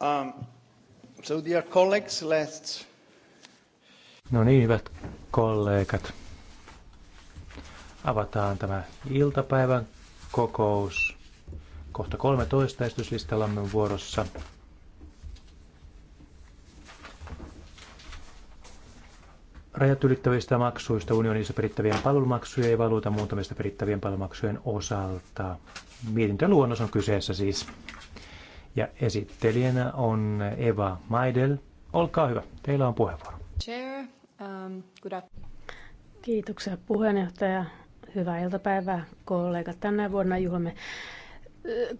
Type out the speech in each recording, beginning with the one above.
Um, so dear colleagues, let's... No niin, hyvät kollegat. Avataan tämä iltapäivän kokous. Kohta 13 esityslistalla on vuorossa rajat ylittävistä maksuista unionissa perittävien palvelumaksujen ja valuutan muutamista perittävien palvelumaksujen osalta. Mietintöluonnos on kyseessä siis. Ja esittelijänä on Eva Maidel. Olkaa hyvä, teillä on puheenvuoro. Chair, um, good Kiitoksia puheenjohtaja. Hyvää iltapäivää kollegat. Tänä vuonna juhlamme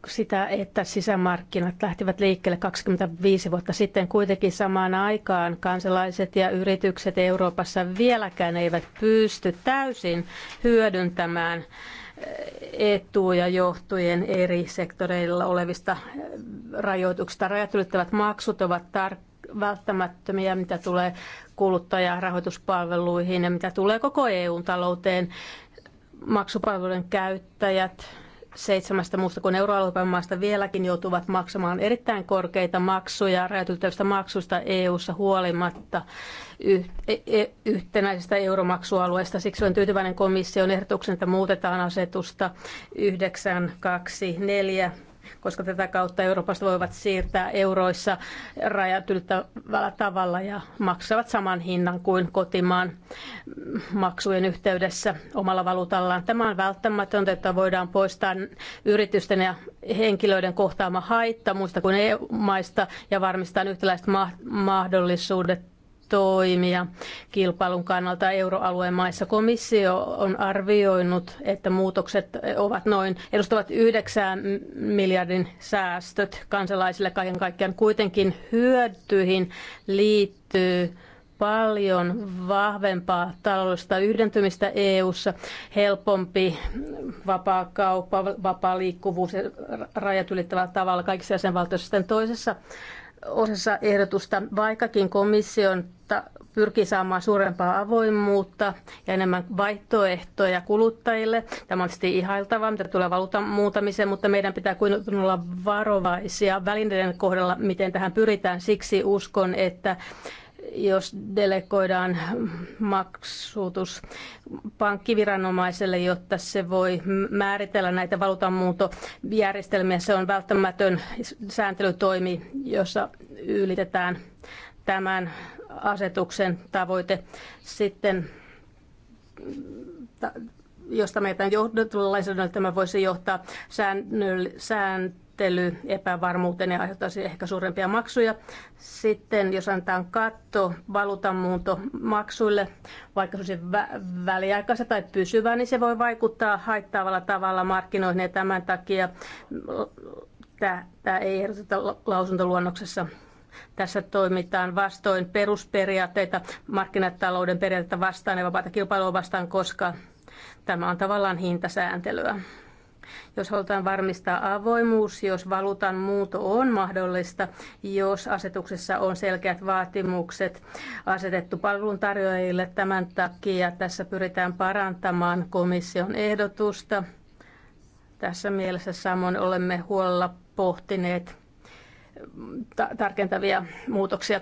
sitä, että sisämarkkinat lähtivät liikkeelle 25 vuotta sitten. Kuitenkin samaan aikaan kansalaiset ja yritykset Euroopassa vieläkään eivät pysty täysin hyödyntämään eh, etuja johtujen eri sektoreilla olevista eh, rajoituksista. Rajat ylittävät maksut ovat tar- välttämättömiä, mitä tulee kuluttajarahoituspalveluihin ja mitä tulee koko EU-talouteen. Maksupalvelujen käyttäjät, seitsemästä muusta kuin euroalueen maasta vieläkin joutuvat maksamaan erittäin korkeita maksuja rajoitettavista maksuista EU-ssa huolimatta e, e, yhtenäisestä euromaksualueesta. Siksi olen tyytyväinen komission ehdotuksen, että muutetaan asetusta 924 koska tätä kautta Euroopasta voivat siirtää euroissa rajat ylittävällä tavalla ja maksavat saman hinnan kuin kotimaan maksujen yhteydessä omalla valuutallaan. Tämä on välttämätöntä, että voidaan poistaa yritysten ja henkilöiden kohtaama haitta muista kuin EU-maista ja varmistaa yhtäläiset mahdollisuudet toimia kilpailun kannalta euroalueen maissa. Komissio on arvioinut, että muutokset ovat noin, edustavat 9 miljardin säästöt kansalaisille kaiken kaikkiaan. Kuitenkin hyötyihin liittyy paljon vahvempaa taloudellista yhdentymistä EU:ssa, helpompi vapaa kauppa, vapaa liikkuvuus ja rajat ylittävällä tavalla kaikissa jäsenvaltioissa. Sitten toisessa osassa ehdotusta, vaikkakin komission pyrkii saamaan suurempaa avoimuutta ja enemmän vaihtoehtoja kuluttajille. Tämä on tietysti ihailtavaa, mitä tulee valuutan muutamiseen, mutta meidän pitää kuitenkin olla varovaisia välineiden kohdalla, miten tähän pyritään. Siksi uskon, että jos delegoidaan maksutus pankkiviranomaiselle, jotta se voi määritellä näitä valuutanmuutojärjestelmiä. Se on välttämätön sääntelytoimi, jossa ylitetään tämän asetuksen tavoite. Sitten josta meidän johdotulla lainsäädännöllä tämä voisi johtaa säännöll- käsittely epävarmuuteen ja aiheuttaisi ehkä suurempia maksuja. Sitten jos antaa katto valuutanmuunto maksuille, vaikka se olisi vä- väliaikaista tai pysyvää, niin se voi vaikuttaa haittaavalla tavalla markkinoihin ja tämän takia tämä ei ehdoteta lausuntoluonnoksessa tässä toimitaan vastoin perusperiaatteita, markkinatalouden periaatteita vastaan ja vapaata kilpailua vastaan, koska tämä on tavallaan hintasääntelyä jos halutaan varmistaa avoimuus, jos valuutan muuto on mahdollista, jos asetuksessa on selkeät vaatimukset asetettu palveluntarjoajille. Tämän takia tässä pyritään parantamaan komission ehdotusta. Tässä mielessä samoin olemme huolella pohtineet tarkentavia muutoksia.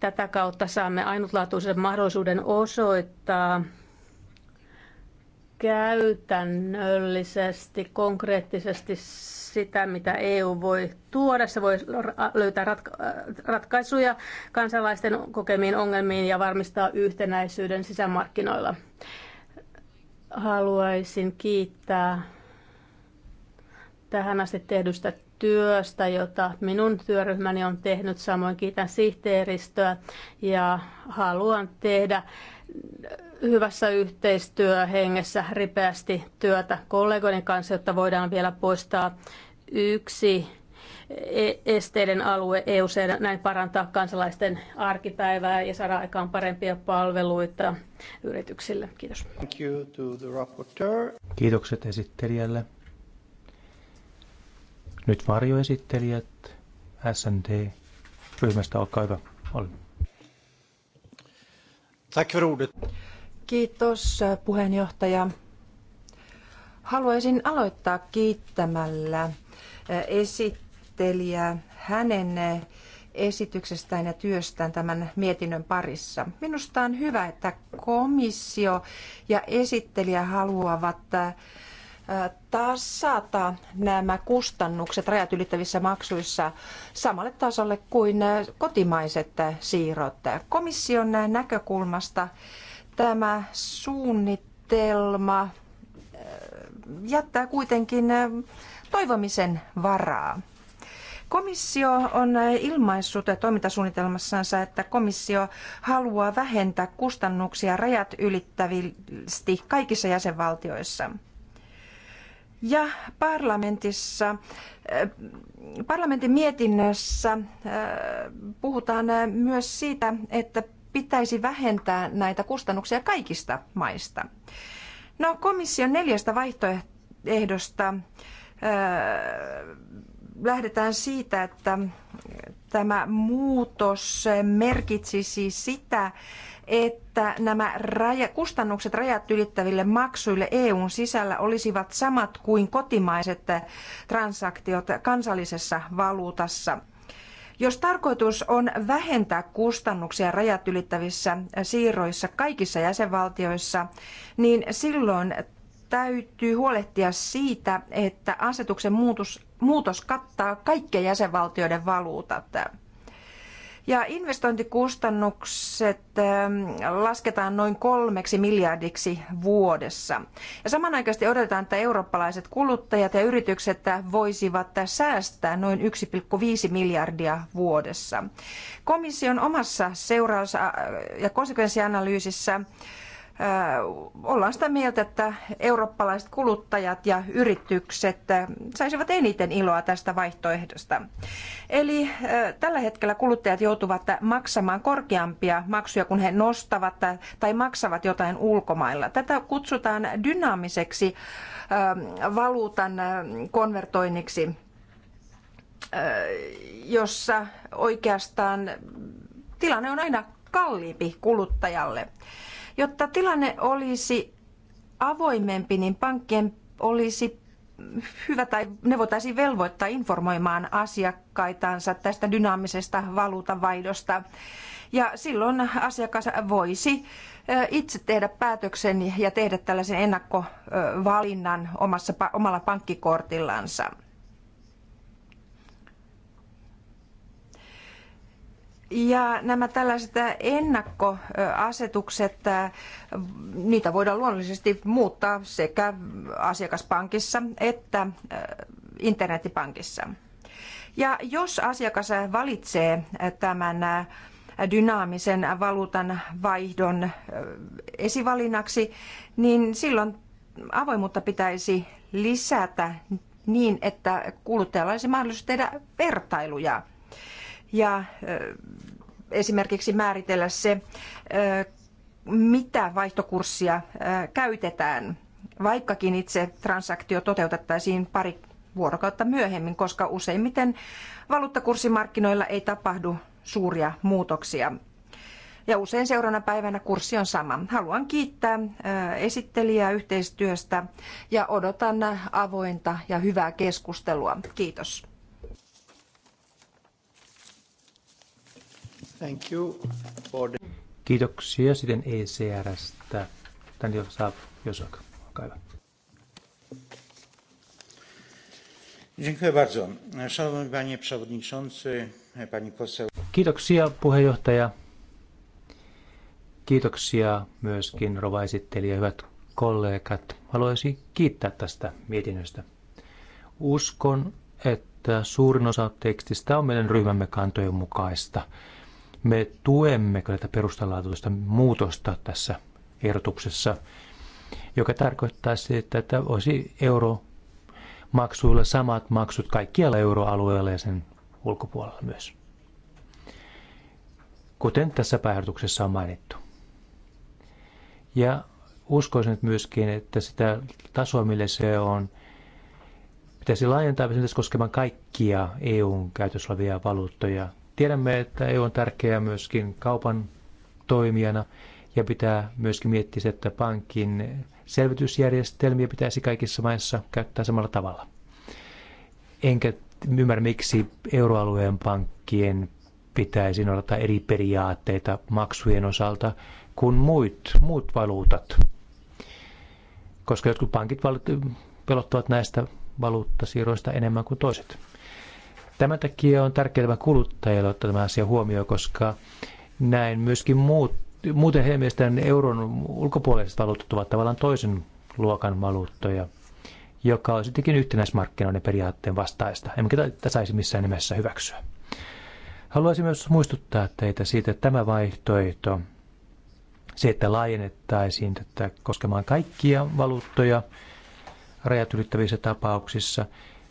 Tätä kautta saamme ainutlaatuisen mahdollisuuden osoittaa, käytännöllisesti, konkreettisesti sitä, mitä EU voi tuoda. Se voi löytää ratka- ratkaisuja kansalaisten kokemiin ongelmiin ja varmistaa yhtenäisyyden sisämarkkinoilla. Haluaisin kiittää tähän asti tehdystä työstä, jota minun työryhmäni on tehnyt. Samoin kiitän sihteeristöä ja haluan tehdä hyvässä yhteistyöhengessä ripeästi työtä kollegoiden kanssa, jotta voidaan vielä poistaa yksi e- esteiden alue EU näin parantaa kansalaisten arkipäivää ja saada aikaan parempia palveluita yrityksille. Kiitos. Thank you to the rapporteur. Kiitokset esittelijälle. Nyt varjoesittelijät S&T ryhmästä olkaa hyvä. Tack för ordet. Kiitos puheenjohtaja. Haluaisin aloittaa kiittämällä eh, esittelijää hänen eh, esityksestään ja työstään tämän mietinnön parissa. Minusta on hyvä, että komissio ja esittelijä haluavat eh, tasata nämä kustannukset rajat ylittävissä maksuissa samalle tasolle kuin kotimaiset siirrot. Komission näkökulmasta tämä suunnitelma eh, jättää kuitenkin eh, toivomisen varaa. Komissio on eh, ilmaissut toimintasuunnitelmassansa, että komissio haluaa vähentää kustannuksia rajat ylittävästi kaikissa jäsenvaltioissa. Ja parlamentissa, parlamentin mietinnössä puhutaan myös siitä, että pitäisi vähentää näitä kustannuksia kaikista maista. No komission neljästä vaihtoehdosta lähdetään siitä, että tämä muutos merkitsisi sitä, että nämä raja, kustannukset rajat ylittäville maksuille EUn sisällä olisivat samat kuin kotimaiset transaktiot kansallisessa valuutassa – jos tarkoitus on vähentää kustannuksia rajat ylittävissä siirroissa kaikissa jäsenvaltioissa, niin silloin täytyy huolehtia siitä, että asetuksen muutos, muutos kattaa kaikkien jäsenvaltioiden valuutat. Ja investointikustannukset ähm, lasketaan noin kolmeksi miljardiksi vuodessa. Ja samanaikaisesti odotetaan, että eurooppalaiset kuluttajat ja yritykset voisivat säästää noin 1,5 miljardia vuodessa. Komission omassa seuraus- ja konsekvenssianalyysissä ollaan sitä mieltä, että eurooppalaiset kuluttajat ja yritykset saisivat eniten iloa tästä vaihtoehdosta. Eli tällä hetkellä kuluttajat joutuvat maksamaan korkeampia maksuja, kun he nostavat tai maksavat jotain ulkomailla. Tätä kutsutaan dynaamiseksi valuutan konvertoinniksi, jossa oikeastaan tilanne on aina kalliimpi kuluttajalle. Jotta tilanne olisi avoimempi, niin pankkien olisi hyvä tai ne voitaisiin velvoittaa informoimaan asiakkaitansa tästä dynaamisesta valuutanvaihdosta. Ja silloin asiakas voisi itse tehdä päätöksen ja tehdä tällaisen ennakkovalinnan omassa, omalla pankkikortillansa. Ja nämä tällaiset ennakkoasetukset, äh, niitä voidaan luonnollisesti muuttaa sekä asiakaspankissa että äh, internetipankissa. Ja jos asiakas valitsee tämän äh, dynaamisen valuutan vaihdon esivalinnaksi, niin silloin avoimuutta pitäisi lisätä niin, että kuluttajalla olisi mahdollisuus tehdä vertailuja ja esimerkiksi määritellä se, mitä vaihtokurssia käytetään, vaikkakin itse transaktio toteutettaisiin pari vuorokautta myöhemmin, koska useimmiten valuuttakurssimarkkinoilla ei tapahdu suuria muutoksia. Ja usein seuraavana päivänä kurssi on sama. Haluan kiittää esittelijää yhteistyöstä ja odotan avointa ja hyvää keskustelua. Kiitos. Thank you for the... Kiitoksia sitten ECRstä. Tän jo saa jos Olkaa hyvä. Dziękuję bardzo. Szanowny panie przewodniczący, pani poseł. Kiitoksia puheenjohtaja. Kiitoksia myöskin esittelijä, hyvät kollegat. Haluaisin kiittää tästä mietinnöstä. Uskon, että suurin osa tekstistä on meidän ryhmämme kantojen mukaista – me tuemmeko tätä perustalaatuista muutosta tässä ehdotuksessa, joka tarkoittaa sitä, että olisi euromaksuilla samat maksut kaikkialla euroalueella ja sen ulkopuolella myös. Kuten tässä päähdotuksessa on mainittu. Ja uskoisin myöskin, että sitä tasoa, millä se on, pitäisi laajentaa esimerkiksi koskemaan kaikkia EUn käytössä olevia valuuttoja – Tiedämme, että EU on tärkeää myöskin kaupan toimijana ja pitää myöskin miettiä että pankin selvitysjärjestelmiä pitäisi kaikissa maissa käyttää samalla tavalla. Enkä ymmärrä, miksi euroalueen pankkien pitäisi noudata eri periaatteita maksujen osalta kuin muut, muut valuutat. Koska jotkut pankit pelottavat näistä valuuttasiirroista enemmän kuin toiset. Tämän takia on tärkeää kuluttajille ottaa tämä asia huomioon, koska näin myöskin muut, muuten heidän mielestään euron ulkopuoliset valuutat ovat tavallaan toisen luokan valuuttoja, joka on sittenkin yhtenäismarkkinoiden periaatteen vastaista, emmekä tätä saisi missään nimessä hyväksyä. Haluaisin myös muistuttaa teitä siitä, että tämä vaihtoehto, se, että laajennettaisiin tätä koskemaan kaikkia valuuttoja rajat ylittävissä tapauksissa,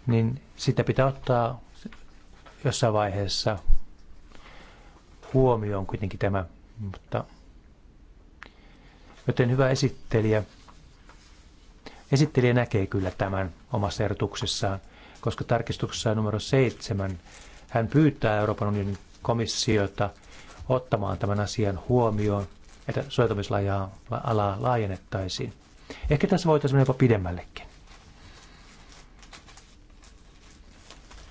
niin sitä pitää ottaa jossain vaiheessa huomioon kuitenkin tämä, mutta joten hyvä esittelijä. Esittelijä näkee kyllä tämän omassa ehdotuksessaan, koska tarkistuksessa numero seitsemän hän pyytää Euroopan unionin komissiota ottamaan tämän asian huomioon, että soitamislajaa alaa laajennettaisiin. Ehkä tässä voitaisiin mennä jopa pidemmällekin.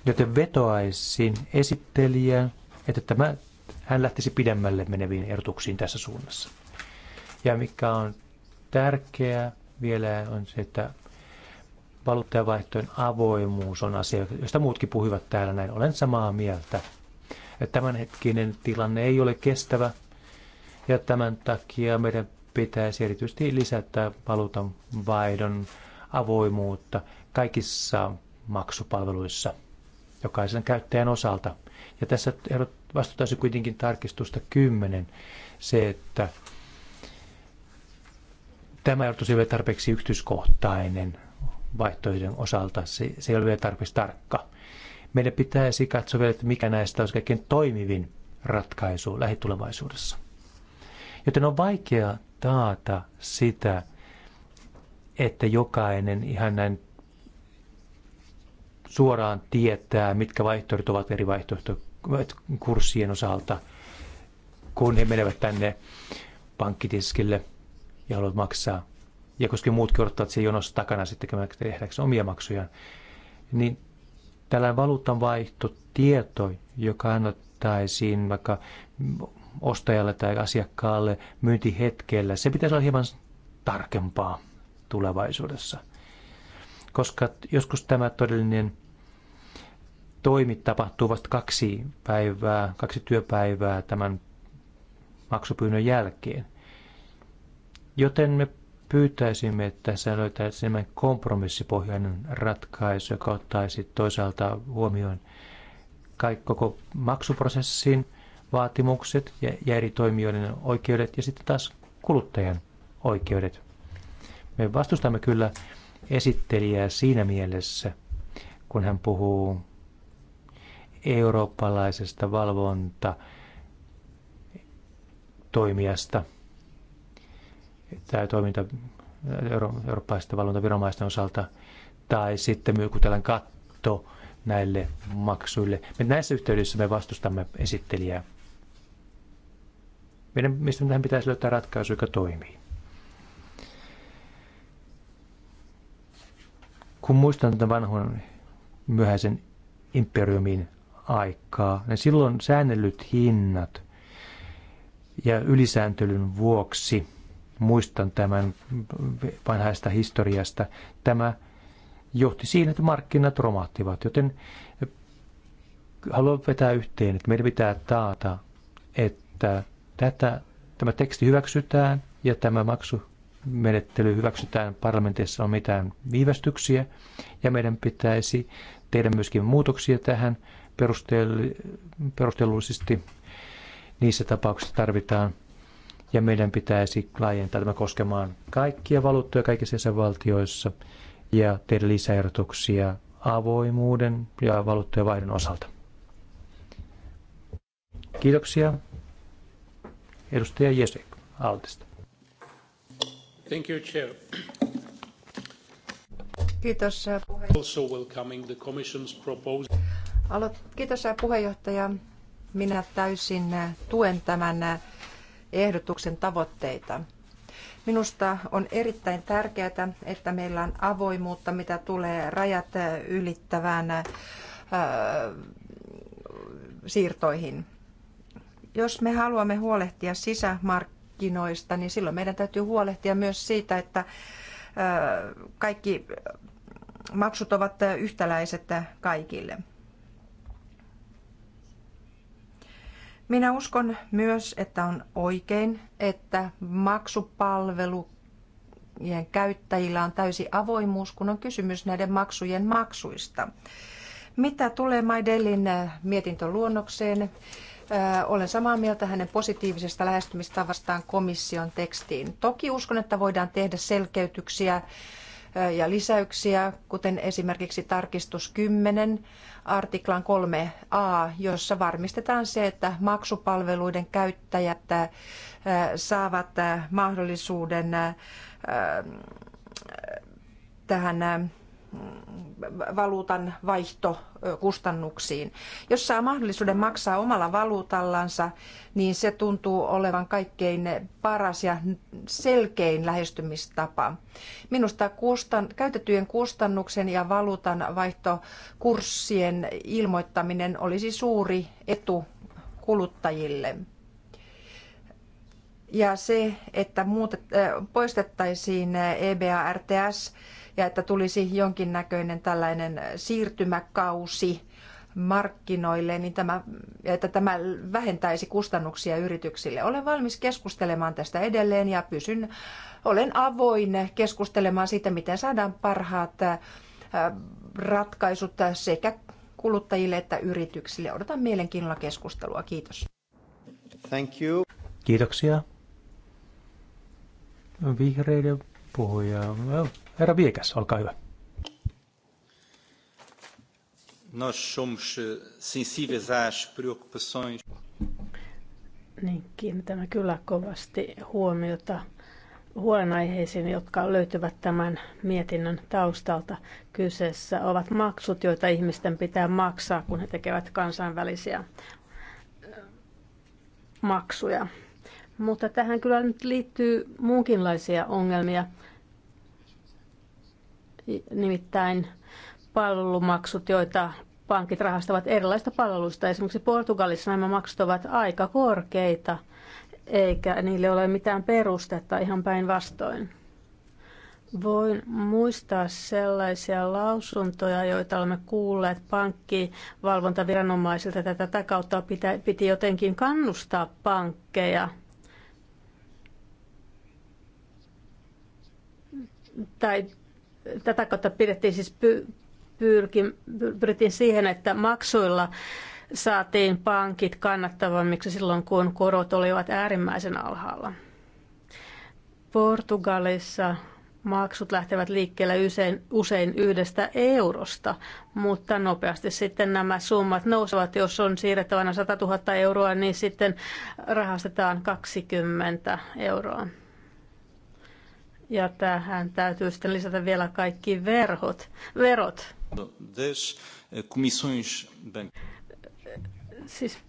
Joten vetoaisin esittelijää, että tämä, hän lähtisi pidemmälle meneviin erotuksiin tässä suunnassa. Ja mikä on tärkeää vielä on se, että valuuttajavaihtojen avoimuus on asia, josta muutkin puhuivat täällä näin. Olen samaa mieltä. että Tämänhetkinen tilanne ei ole kestävä ja tämän takia meidän pitäisi erityisesti lisätä valuutan vaihdon avoimuutta kaikissa maksupalveluissa – jokaisen käyttäjän osalta. Ja tässä vastustaisi kuitenkin tarkistusta 10 se, että tämä ehdotus ei ole tarpeeksi yksityiskohtainen vaihtoehdon osalta, se, se ei ole vielä tarpeeksi tarkka. Meidän pitäisi katsoa vielä, että mikä näistä olisi kaikkein toimivin ratkaisu lähitulevaisuudessa. Joten on vaikea taata sitä, että jokainen ihan näin suoraan tietää, mitkä vaihtoehdot ovat eri kurssien osalta, kun he menevät tänne pankkitiskille ja haluavat maksaa. Ja koska muutkin odottavat siellä jonossa takana sitten, kun tehdäänkö omia maksujaan. Niin tällainen valuutan vaihtotieto, joka annettaisiin vaikka ostajalle tai asiakkaalle myyntihetkellä, se pitäisi olla hieman tarkempaa tulevaisuudessa – koska joskus tämä todellinen toimi tapahtuu vasta kaksi päivää, kaksi työpäivää tämän maksupyynnön jälkeen. Joten me pyytäisimme, että tässä löytäisi enemmän kompromissipohjainen ratkaisu, joka ottaisi toisaalta huomioon kaikki koko maksuprosessin vaatimukset ja, ja eri toimijoiden oikeudet ja sitten taas kuluttajan oikeudet. Me vastustamme kyllä esittelijää siinä mielessä, kun hän puhuu eurooppalaisesta valvonta toimijasta tai toiminta euro, eurooppalaisten valvontaviranomaisten osalta, tai sitten myrkytellään katto näille maksuille. Me näissä yhteydessä me vastustamme esittelijää. Meidän, mistä tähän pitäisi löytää ratkaisu, joka toimii. kun muistan tätä vanhan myöhäisen imperiumin aikaa, niin silloin säännellyt hinnat ja ylisääntelyn vuoksi, muistan tämän vanhaista historiasta, tämä johti siihen, että markkinat romahtivat, joten haluan vetää yhteen, että meidän pitää taata, että tätä, tämä teksti hyväksytään ja tämä maksu menettely hyväksytään parlamentissa on mitään viivästyksiä, ja meidän pitäisi tehdä myöskin muutoksia tähän perustellullisesti. Niissä tapauksissa tarvitaan, ja meidän pitäisi laajentaa tämä koskemaan kaikkia valuuttoja kaikissa jäsenvaltioissa, ja tehdä lisäehdotuksia avoimuuden ja valuuttojen vaihdon osalta. Kiitoksia. Edustaja Jesek Altista arvoisa puhemies Minä täysin tuen tämän ehdotuksen tavoitteita. Minusta on erittäin tärkeää, että meillä on avoimuutta, mitä tulee rajat ylittävään siirtoihin. Jos me haluamme huolehtia sisämarkkinoista, markkinoista, niin silloin meidän täytyy huolehtia myös siitä, että kaikki maksut ovat yhtäläiset kaikille. Minä uskon myös, että on oikein, että maksupalvelujen käyttäjillä on täysi avoimuus, kun on kysymys näiden maksujen maksuista. Mitä tulee Maidelin mietintöluonnokseen, olen samaa mieltä hänen positiivisesta lähestymistavastaan komission tekstiin. Toki uskon, että voidaan tehdä selkeytyksiä ja lisäyksiä, kuten esimerkiksi tarkistus 10 artiklan 3a, jossa varmistetaan se, että maksupalveluiden käyttäjät saavat mahdollisuuden tähän valuutan vaihtokustannuksiin. Jos saa mahdollisuuden maksaa omalla valuutallansa, niin se tuntuu olevan kaikkein paras ja selkein lähestymistapa. Minusta kustan, käytettyjen kustannuksen ja valuutan vaihtokurssien ilmoittaminen olisi suuri etu kuluttajille. Ja se, että muutet, poistettaisiin EBA RTS ja että tulisi jonkinnäköinen tällainen siirtymäkausi markkinoille, niin tämä, että tämä vähentäisi kustannuksia yrityksille. Olen valmis keskustelemaan tästä edelleen ja pysyn, olen avoin keskustelemaan siitä, miten saadaan parhaat äh, ratkaisut sekä kuluttajille että yrityksille. Odotan mielenkiinnolla keskustelua. Kiitos. Thank you. Kiitoksia. Vihreiden puhuja. Herra Viekäs, olkaa hyvä. Nós somos eh, sensíveis às preocupações. Niin, kiinnitämme kyllä kovasti huomiota huolenaiheisiin, jotka löytyvät tämän mietinnön taustalta. Kyseessä ovat maksut, joita ihmisten pitää maksaa, kun he tekevät kansainvälisiä eh, maksuja. Mutta tähän kyllä nyt liittyy muunkinlaisia ongelmia nimittäin palvelumaksut, joita pankit rahastavat erilaista palveluista. Esimerkiksi Portugalissa nämä maksut ovat aika korkeita, eikä niille ole mitään perustetta ihan päinvastoin. Voin muistaa sellaisia lausuntoja, joita olemme kuulleet pankkivalvontaviranomaisilta, että tätä kautta pitä, piti jotenkin kannustaa pankkeja tai tätä kautta pidettiin siis py, pyrkin, pyrittiin siihen, että maksuilla saatiin pankit kannattavammiksi silloin, kun korot olivat äärimmäisen alhaalla. Portugalissa maksut lähtevät liikkeelle usein, usein yhdestä eurosta, mutta nopeasti sitten nämä summat nousevat. Jos on siirrettävänä 100 000 euroa, niin sitten rahastetaan 20 euroa. Ja tähän täytyy sitten lisätä vielä kaikki verhot, verot. Eh, siis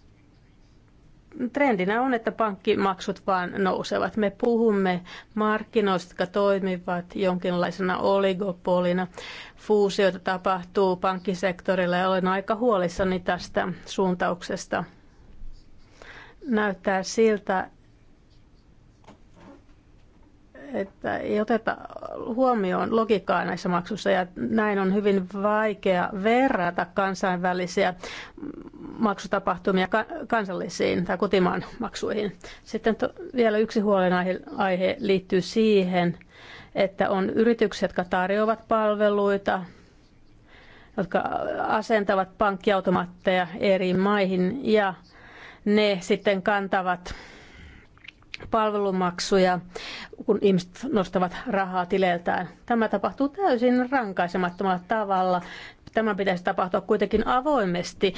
trendinä on, että pankkimaksut vaan nousevat. Me puhumme markkinoista, jotka toimivat jonkinlaisena oligopolina. Fuusioita tapahtuu pankkisektorilla ja olen aika huolissani tästä suuntauksesta. Näyttää siltä, että ei oteta huomioon logiikkaa näissä maksuissa ja näin on hyvin vaikea verrata kansainvälisiä maksutapahtumia kansallisiin tai kotimaan maksuihin. Sitten to, vielä yksi huolenaihe liittyy siihen, että on yritykset, jotka tarjoavat palveluita, jotka asentavat pankkiautomaatteja eri maihin ja ne sitten kantavat palvelumaksuja, kun ihmiset nostavat rahaa tileiltään. Tämä tapahtuu täysin rankaisemattomalla tavalla. Tämä pitäisi tapahtua kuitenkin avoimesti,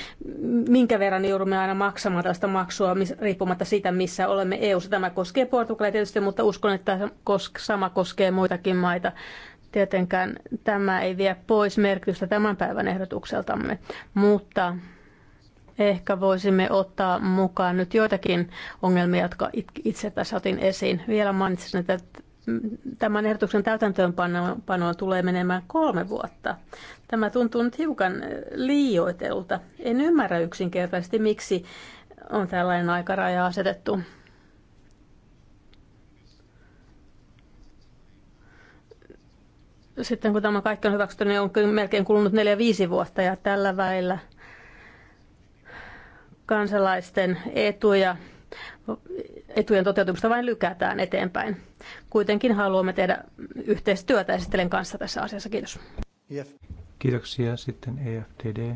minkä verran joudumme aina maksamaan tällaista maksua, riippumatta siitä, missä olemme eu Tämä koskee Portugalia tietysti, mutta uskon, että sama koskee muitakin maita. Tietenkään tämä ei vie pois merkitystä tämän päivän ehdotukseltamme, mutta Ehkä voisimme ottaa mukaan nyt joitakin ongelmia, jotka itse tässä otin esiin. Vielä mainitsin, että tämän ehdotuksen täytäntöönpanoon tulee menemään kolme vuotta. Tämä tuntuu nyt hiukan liioitelta. En ymmärrä yksinkertaisesti, miksi on tällainen aikaraja asetettu. Sitten kun tämä kaikki on hyväksytty, niin on melkein kulunut neljä viisi vuotta ja tällä väillä – kansalaisten etuja etujen toteutumista vain lykätään eteenpäin. Kuitenkin haluamme tehdä yhteistyötä esittelen kanssa tässä asiassa. Kiitos. Kiitoksia. Sitten EFTD.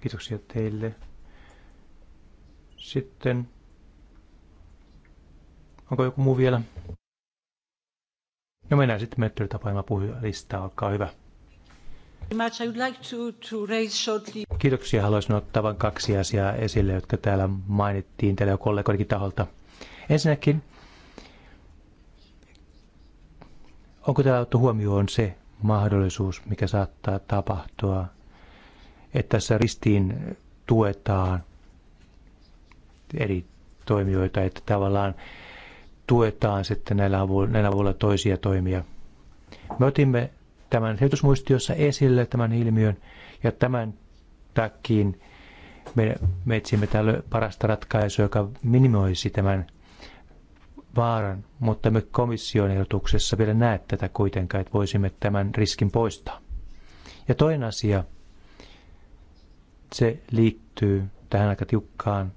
Kiitoksia teille. Sitten, onko joku muu vielä? No mennään sitten menettelytapaailma puhujalistaa, olkaa hyvä. Kiitoksia. Haluaisin ottaa vain kaksi asiaa esille, jotka täällä mainittiin täällä jo kollegoidenkin taholta. Ensinnäkin, onko täällä otettu huomioon se mahdollisuus, mikä saattaa tapahtua, että tässä ristiin tuetaan eri toimijoita, että tavallaan tuetaan sitten näillä avulla, näillä avulla toisia toimia. Me otimme tämän selitysmuistiossa esille tämän ilmiön ja tämän takkiin me, me etsimme täällä parasta ratkaisua, joka minimoisi tämän vaaran, mutta me komission ehdotuksessa vielä näe tätä kuitenkaan, että voisimme tämän riskin poistaa. Ja toinen asia, se liittyy tähän aika tiukkaan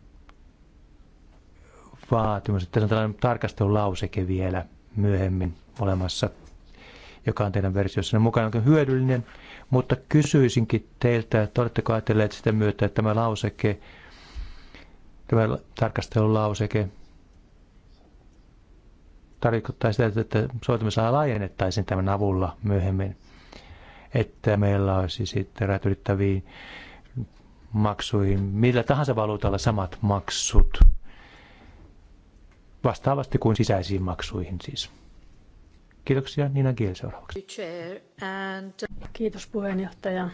vaatimus. Tässä on tällainen tarkastelulauseke vielä myöhemmin olemassa joka on teidän versiossanne mukana, onkin hyödyllinen, mutta kysyisinkin teiltä, että oletteko ajatelleet sitä myötä, että tämä lauseke, tämä tarkastelun lauseke, tarkoittaa sitä, että soitamisella laajennettaisiin tämän avulla myöhemmin, että meillä olisi sitten räätylittäviin maksuihin, millä tahansa valuutalla samat maksut, vastaavasti kuin sisäisiin maksuihin siis. Kiitoksia Nina Giel seuraavaksi. Kiitos puheenjohtaja.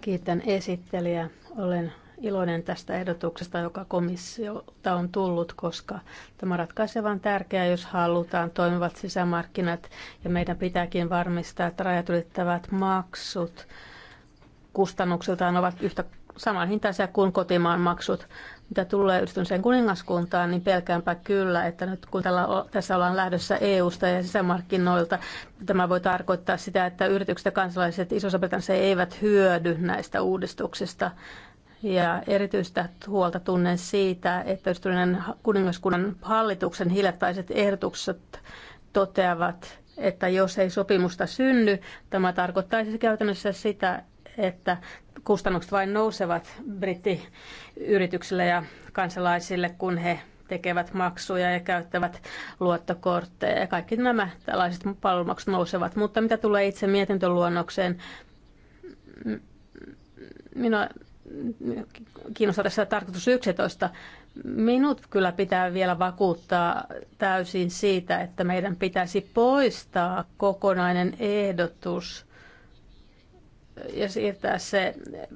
Kiitän esittelijä. Olen iloinen tästä ehdotuksesta, joka komissiolta on tullut, koska tämä on ratkaisevan tärkeää, jos halutaan toimivat sisämarkkinat ja meidän pitääkin varmistaa, että rajat ylittävät maksut kustannuksiltaan ovat yhtä samanhintaisia kuin kotimaan maksut. Mitä tulee sen kuningaskuntaan, niin pelkäänpä kyllä, että nyt kun tällä, tässä ollaan lähdössä EU-sta ja sisämarkkinoilta, tämä voi tarkoittaa sitä, että yritykset ja kansalaiset isossa britannissa eivät hyödy näistä uudistuksista. Ja erityistä huolta tunnen siitä, että yhdistyneen kuningaskunnan hallituksen hiljattaiset ehdotukset toteavat, että jos ei sopimusta synny, tämä tarkoittaisi käytännössä sitä, että kustannukset vain nousevat brittiyrityksille ja kansalaisille, kun he tekevät maksuja ja käyttävät luottokortteja. Ja kaikki nämä tällaiset palvelumaksut nousevat. Mutta mitä tulee itse mietintöluonnokseen, minua kiinnostaa tässä tarkoitus 11. Minut kyllä pitää vielä vakuuttaa täysin siitä, että meidän pitäisi poistaa kokonainen ehdotus – ja siirtää se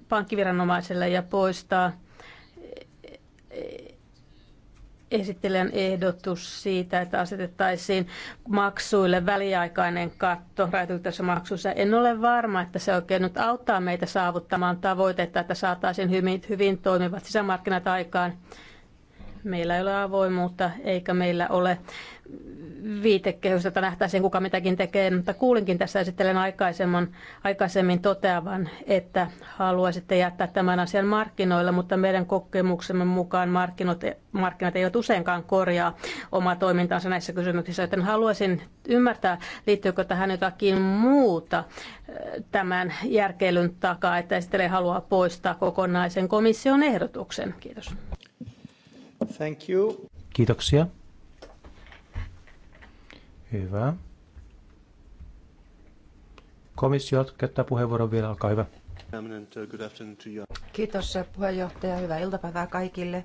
pankkiviranomaiselle ja poistaa esittelijän ehdotus siitä, että asetettaisiin maksuille väliaikainen katto rajoitetuissa maksuissa. En ole varma, että se oikein nyt auttaa meitä saavuttamaan tavoitetta, että saataisiin hyvin, hyvin toimivat sisämarkkinat aikaan. Meillä ei ole avoimuutta eikä meillä ole viitekehystä, että nähtäisiin kuka mitäkin tekee, mutta kuulinkin tässä esittelen aikaisemman aikaisemmin toteavan, että haluaisitte jättää tämän asian markkinoille, mutta meidän kokemuksemme mukaan markkinat, markkinat eivät useinkaan korjaa omaa toimintaansa näissä kysymyksissä, joten haluaisin ymmärtää, liittyykö tähän jotakin muuta eh, tämän järkeilyn takaa, että esittelijä haluaa poistaa kokonaisen komission ehdotuksen. Kiitos. Thank you. Kiitoksia. Hyvä. Komissio käyttää puheenvuoron vielä, olkaa hyvä. Uh, Kiitos uh, puheenjohtaja, hyvää iltapäivää kaikille.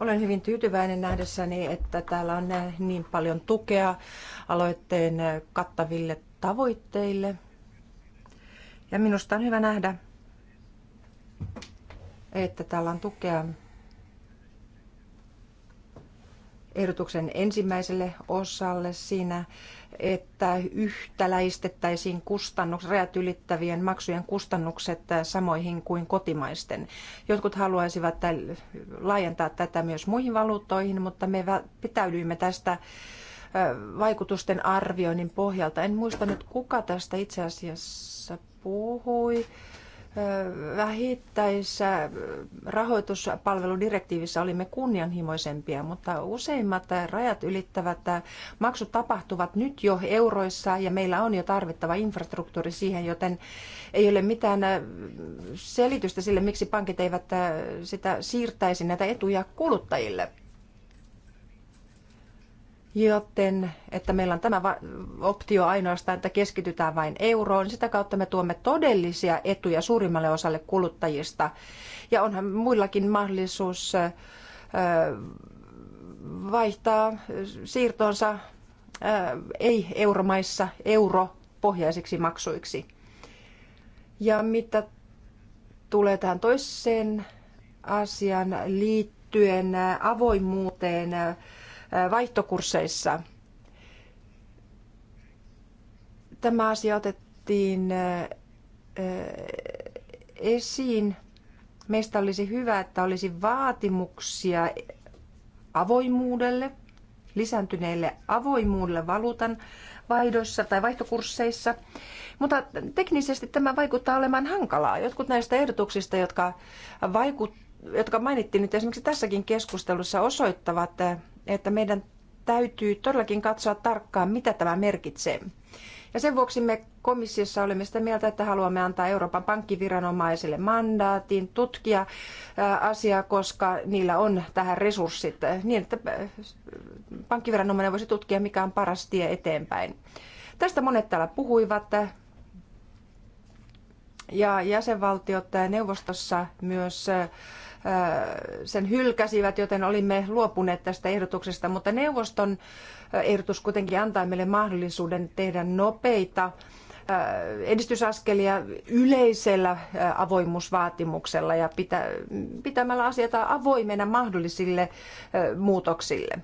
Olen hyvin tyytyväinen nähdessäni, että täällä on uh, niin paljon tukea aloitteen kattaville tavoitteille. Ja minusta on hyvä nähdä, että täällä on tukea ehdotuksen ensimmäiselle osalle siinä, että yhtäläistettäisiin kustannuks, rajat ylittävien maksujen kustannukset samoihin kuin kotimaisten. Jotkut haluaisivat laajentaa tätä myös muihin valuuttoihin, mutta me pitäydyimme tästä vaikutusten arvioinnin pohjalta. En muista nyt, kuka tästä itse asiassa puhui vähittäisessä rahoituspalveludirektiivissä olimme kunnianhimoisempia, mutta useimmat rajat ylittävät maksut tapahtuvat nyt jo euroissa ja meillä on jo tarvittava infrastruktuuri siihen, joten ei ole mitään selitystä sille, miksi pankit eivät sitä siirtäisi näitä etuja kuluttajille. Joten, että meillä on tämä optio ainoastaan, että keskitytään vain euroon, sitä kautta me tuomme todellisia etuja suurimmalle osalle kuluttajista. Ja onhan muillakin mahdollisuus vaihtaa siirtonsa ei-euromaissa europohjaisiksi maksuiksi. Ja mitä tulee tähän toiseen asian liittyen avoimuuteen, vaihtokursseissa. Tämä asia otettiin esiin. Meistä olisi hyvä, että olisi vaatimuksia avoimuudelle, lisääntyneelle avoimuudelle valuutan vaihdoissa tai vaihtokursseissa. Mutta teknisesti tämä vaikuttaa olemaan hankalaa. Jotkut näistä ehdotuksista, jotka, vaikut, jotka mainittiin nyt esimerkiksi tässäkin keskustelussa, osoittavat, että meidän täytyy todellakin katsoa tarkkaan, mitä tämä merkitsee. Ja sen vuoksi me komissiossa olemme sitä mieltä, että haluamme antaa Euroopan pankkiviranomaisille mandaatin tutkia asiaa, koska niillä on tähän resurssit niin, että pankkiviranomainen voisi tutkia, mikä on paras tie eteenpäin. Tästä monet täällä puhuivat ja jäsenvaltiot neuvostossa myös sen hylkäsivät, joten olimme luopuneet tästä ehdotuksesta, mutta neuvoston ehdotus kuitenkin antaa meille mahdollisuuden tehdä nopeita edistysaskelia yleisellä avoimuusvaatimuksella ja pitämällä asioita avoimena mahdollisille muutoksille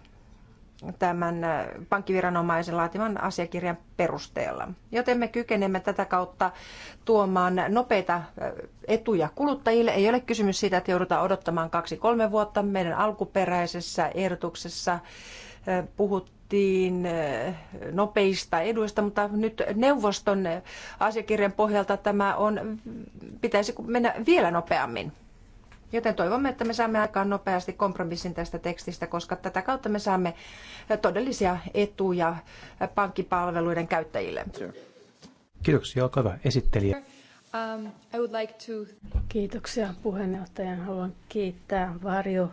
tämän äh, pankkiviranomaisen laatiman asiakirjan perusteella. Joten me kykenemme tätä kautta tuomaan nopeita äh, etuja kuluttajille. Ei ole kysymys siitä, että joudutaan odottamaan kaksi-kolme vuotta. Meidän alkuperäisessä ehdotuksessa äh, puhuttiin nopeista eduista, mutta nyt neuvoston asiakirjan pohjalta tämä on, pitäisi mennä vielä nopeammin. Joten toivomme, että me saamme aikaan nopeasti kompromissin tästä tekstistä, koska tätä kautta me saamme todellisia etuja pankkipalveluiden käyttäjille. Kiitoksia, olkaa hyvä. Esittelijä. Um, I would like to... Kiitoksia puheenjohtajan. Haluan kiittää Varjo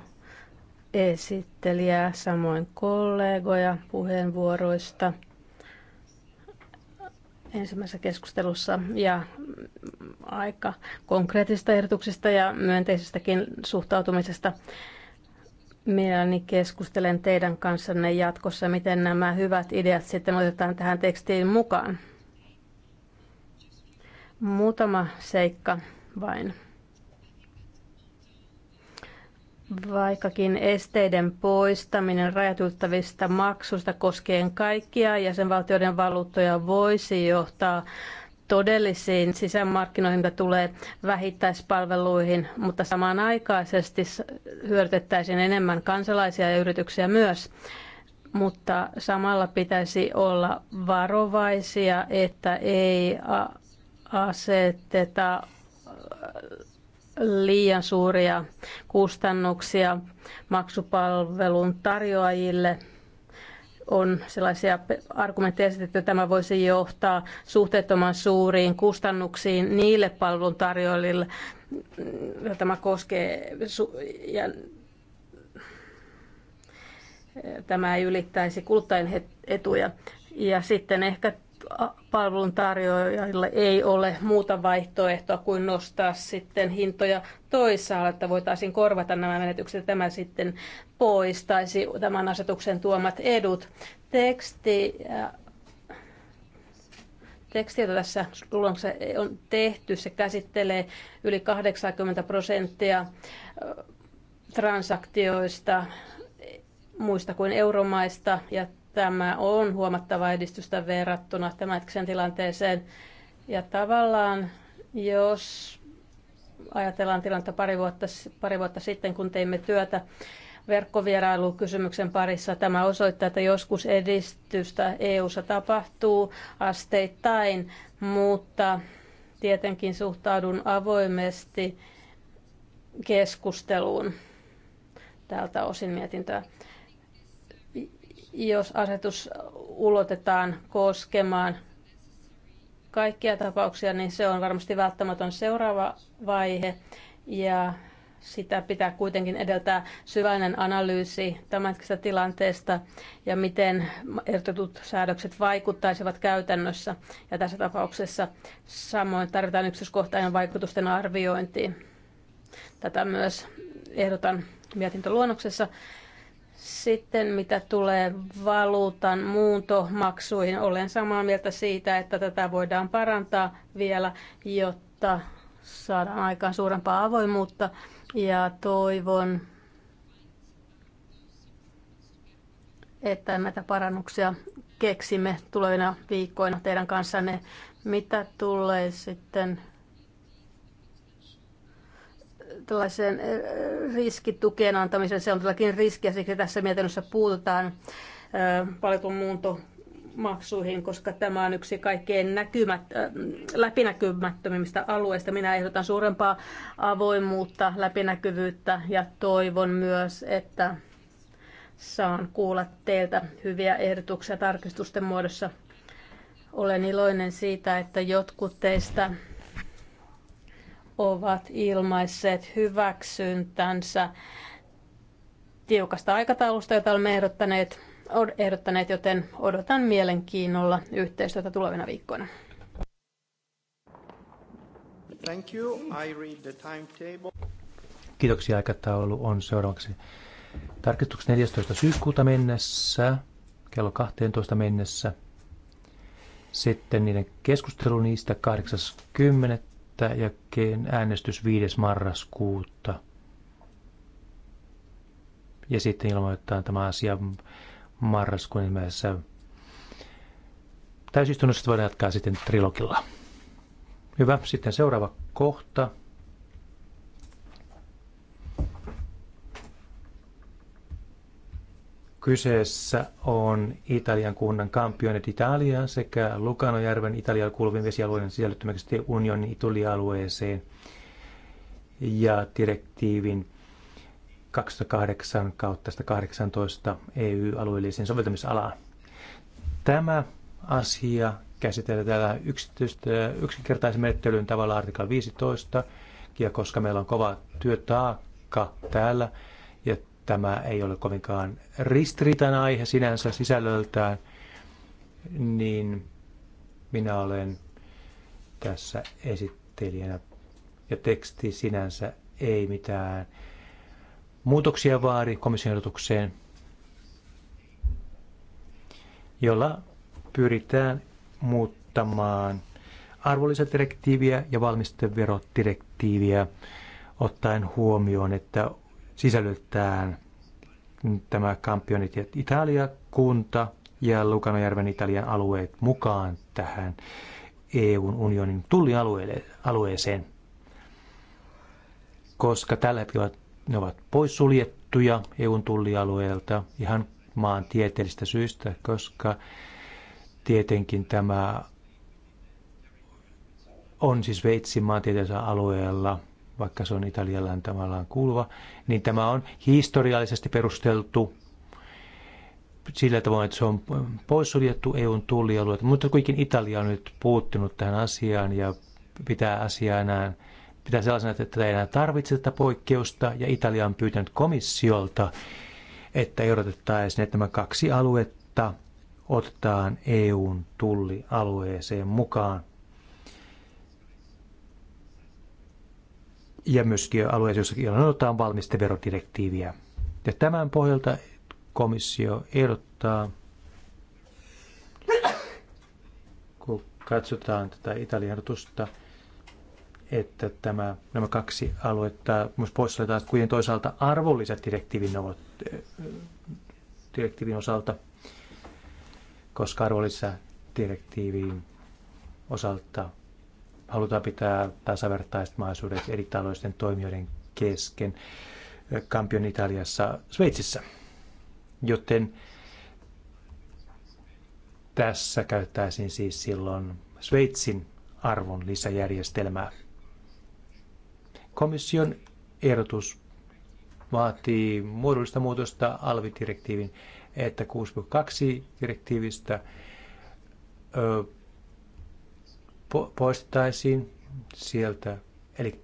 esittelijää, samoin kollegoja puheenvuoroista ensimmäisessä keskustelussa ja aika konkreettisista ehdotuksista ja myönteisestäkin suhtautumisesta. Mielelläni keskustelen teidän kanssanne jatkossa, miten nämä hyvät ideat sitten otetaan tähän tekstiin mukaan. Muutama seikka vain. Vaikkakin esteiden poistaminen rajatultavista maksuista koskien kaikkia jäsenvaltioiden valuuttoja voisi johtaa todellisiin sisämarkkinoihin, mitä tulee vähittäispalveluihin, mutta samanaikaisesti hyödytettäisiin enemmän kansalaisia ja yrityksiä myös. Mutta samalla pitäisi olla varovaisia, että ei aseteta liian suuria kustannuksia maksupalvelun tarjoajille. On sellaisia argumentteja, että tämä voisi johtaa suhteettoman suuriin kustannuksiin niille palveluntarjoajille, joita tämä koskee. Ja tämä ei ylittäisi kuluttajien etuja. Ja sitten ehkä palveluntarjoajille ei ole muuta vaihtoehtoa kuin nostaa sitten hintoja toisaalla, että voitaisiin korvata nämä menetykset. Tämä sitten poistaisi tämän asetuksen tuomat edut. Teksti äh, teksti, jota tässä luonnoksessa on tehty, se käsittelee yli 80 prosenttia äh, transaktioista muista kuin euromaista ja Tämä on huomattava edistystä verrattuna tämänhetkiseen tilanteeseen. Ja tavallaan, jos ajatellaan tilannetta pari vuotta, pari vuotta sitten, kun teimme työtä verkkovierailukysymyksen parissa, tämä osoittaa, että joskus edistystä EU-ssa tapahtuu asteittain, mutta tietenkin suhtaudun avoimesti keskusteluun tältä osin mietintöä jos asetus ulotetaan koskemaan kaikkia tapauksia, niin se on varmasti välttämätön seuraava vaihe. Ja sitä pitää kuitenkin edeltää syvällinen analyysi tämänhetkisestä tilanteesta ja miten ehdotetut säädökset vaikuttaisivat käytännössä. Ja tässä tapauksessa samoin tarvitaan yksityiskohtainen vaikutusten arviointi. Tätä myös ehdotan mietintöluonnoksessa. luonnoksessa. Sitten mitä tulee valuutan muuntomaksuihin, olen samaa mieltä siitä, että tätä voidaan parantaa vielä, jotta saadaan aikaan suurempaa avoimuutta ja toivon, että näitä parannuksia keksimme tulevina viikkoina teidän kanssanne. Mitä tulee sitten tällaisen äh, riskitukeen antamisen. Se on todellakin riski ja siksi tässä mietinnössä puututaan äh, paljon muunto maksuihin, koska tämä on yksi kaikkein näkymät, äh, läpinäkymättömimmistä alueista. Minä ehdotan suurempaa avoimuutta, läpinäkyvyyttä ja toivon myös, että saan kuulla teiltä hyviä ehdotuksia tarkistusten muodossa. Olen iloinen siitä, että jotkut teistä ovat ilmaisseet hyväksyntänsä tiukasta aikataulusta, jota olemme ehdottaneet, ehdottaneet, joten odotan mielenkiinnolla yhteistyötä tulevina viikkoina. Thank you. I read the timetable. Kiitoksia. Aikataulu on seuraavaksi tarkistuksen 14. syyskuuta mennessä, kello 12 mennessä. Sitten niiden keskustelu niistä 80 tämän jälkeen äänestys 5. marraskuuta. Ja sitten ilmoittaa tämä asia marraskuun ensimmäisessä täysistunnossa voidaan jatkaa sitten trilogilla. Hyvä, sitten seuraava kohta. Kyseessä on Italian kunnan Campione d'Italia sekä Lukanojärven Italian kuuluvien vesialueiden sisällyttämiseksi unionin Italia-alueeseen ja direktiivin 2008 18 EU-alueelliseen soveltamisalaan. Tämä asia käsitellään täällä yksinkertaisen menettelyn tavalla artikla 15, ja koska meillä on kova työtaakka täällä, ja tämä ei ole kovinkaan ristiriitainen aihe sinänsä sisällöltään, niin minä olen tässä esittelijänä ja teksti sinänsä ei mitään muutoksia vaadi komission ehdotukseen, jolla pyritään muuttamaan arvonlisädirektiiviä ja valmisteverodirektiiviä ottaen huomioon, että sisällyttään tämä kampionit ja Italia kunta ja Lukanojärven Italian alueet mukaan tähän EUn unionin tullialueeseen, koska tällä hetkellä ne ovat poissuljettuja EUn tullialueelta ihan maantieteellisistä syistä, koska tietenkin tämä on siis Sveitsin maantieteellisellä alueella – vaikka se on Italiallaan tavallaan kuuluva, niin tämä on historiallisesti perusteltu sillä tavoin, että se on poissuljettu EUn tullialueelta. Mutta kuitenkin Italia on nyt puuttunut tähän asiaan ja pitää asiaa enää, pitää sellaisena, että tätä ei enää tarvitse tätä poikkeusta, ja Italia on pyytänyt komissiolta, että ehdotettaisiin, että nämä kaksi aluetta otetaan EUn tullialueeseen mukaan. ja myöskin alueet, joilla noudatetaan valmisteverodirektiiviä. Ja tämän pohjalta komissio ehdottaa, kun katsotaan tätä Italian ehdotusta, että tämä, nämä kaksi aluetta myös poissuljetaan kuitenkin toisaalta arvonlisät direktiivin osalta, koska direktiivin osalta halutaan pitää tasavertaiset mahdollisuudet eri taloudellisten toimijoiden kesken Kampion Italiassa Sveitsissä. Joten tässä käyttäisin siis silloin Sveitsin arvon lisäjärjestelmää. Komission ehdotus vaatii muodollista muutosta alvidirektiivin, että 6.2 direktiivistä ö, poistettaisiin sieltä, eli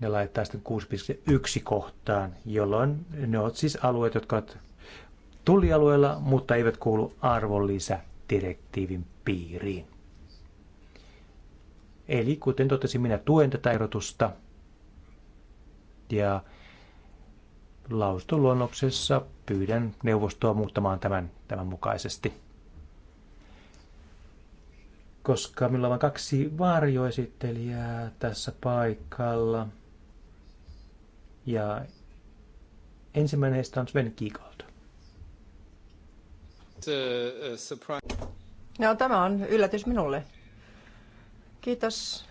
ne laitetaan sitten 6.1 kohtaan, jolloin ne ovat siis alueet, jotka ovat tullialueella, mutta eivät kuulu arvonlisädirektiivin piiriin. Eli kuten totesin, minä tuen tätä erotusta. Ja lausuntoluonnoksessa pyydän neuvostoa muuttamaan tämän, tämän mukaisesti koska meillä on kaksi varjoesittelijää tässä paikalla. Ja ensimmäinen heistä on Sven Kiegold. No, tämä on yllätys minulle. Kiitos.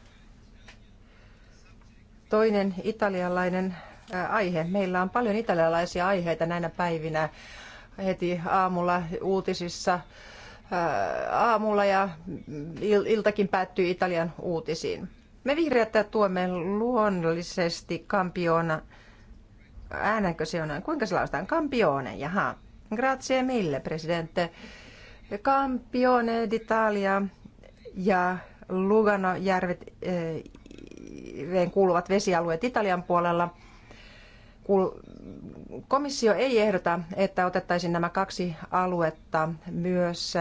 Toinen italialainen äh, aihe. Meillä on paljon italialaisia aiheita näinä päivinä heti aamulla uutisissa aamulla ja iltakin päättyi Italian uutisiin. Me vihreät tuomme luonnollisesti kampiona. Äänäkö se on? Kuinka se lausutaan? Kampione, jaha. Grazie mille, presidente. Kampione d'Italia ja Lugano järvet eh, kuuluvat vesialueet Italian puolella – komissio ei ehdota, että otettaisiin nämä kaksi aluetta myös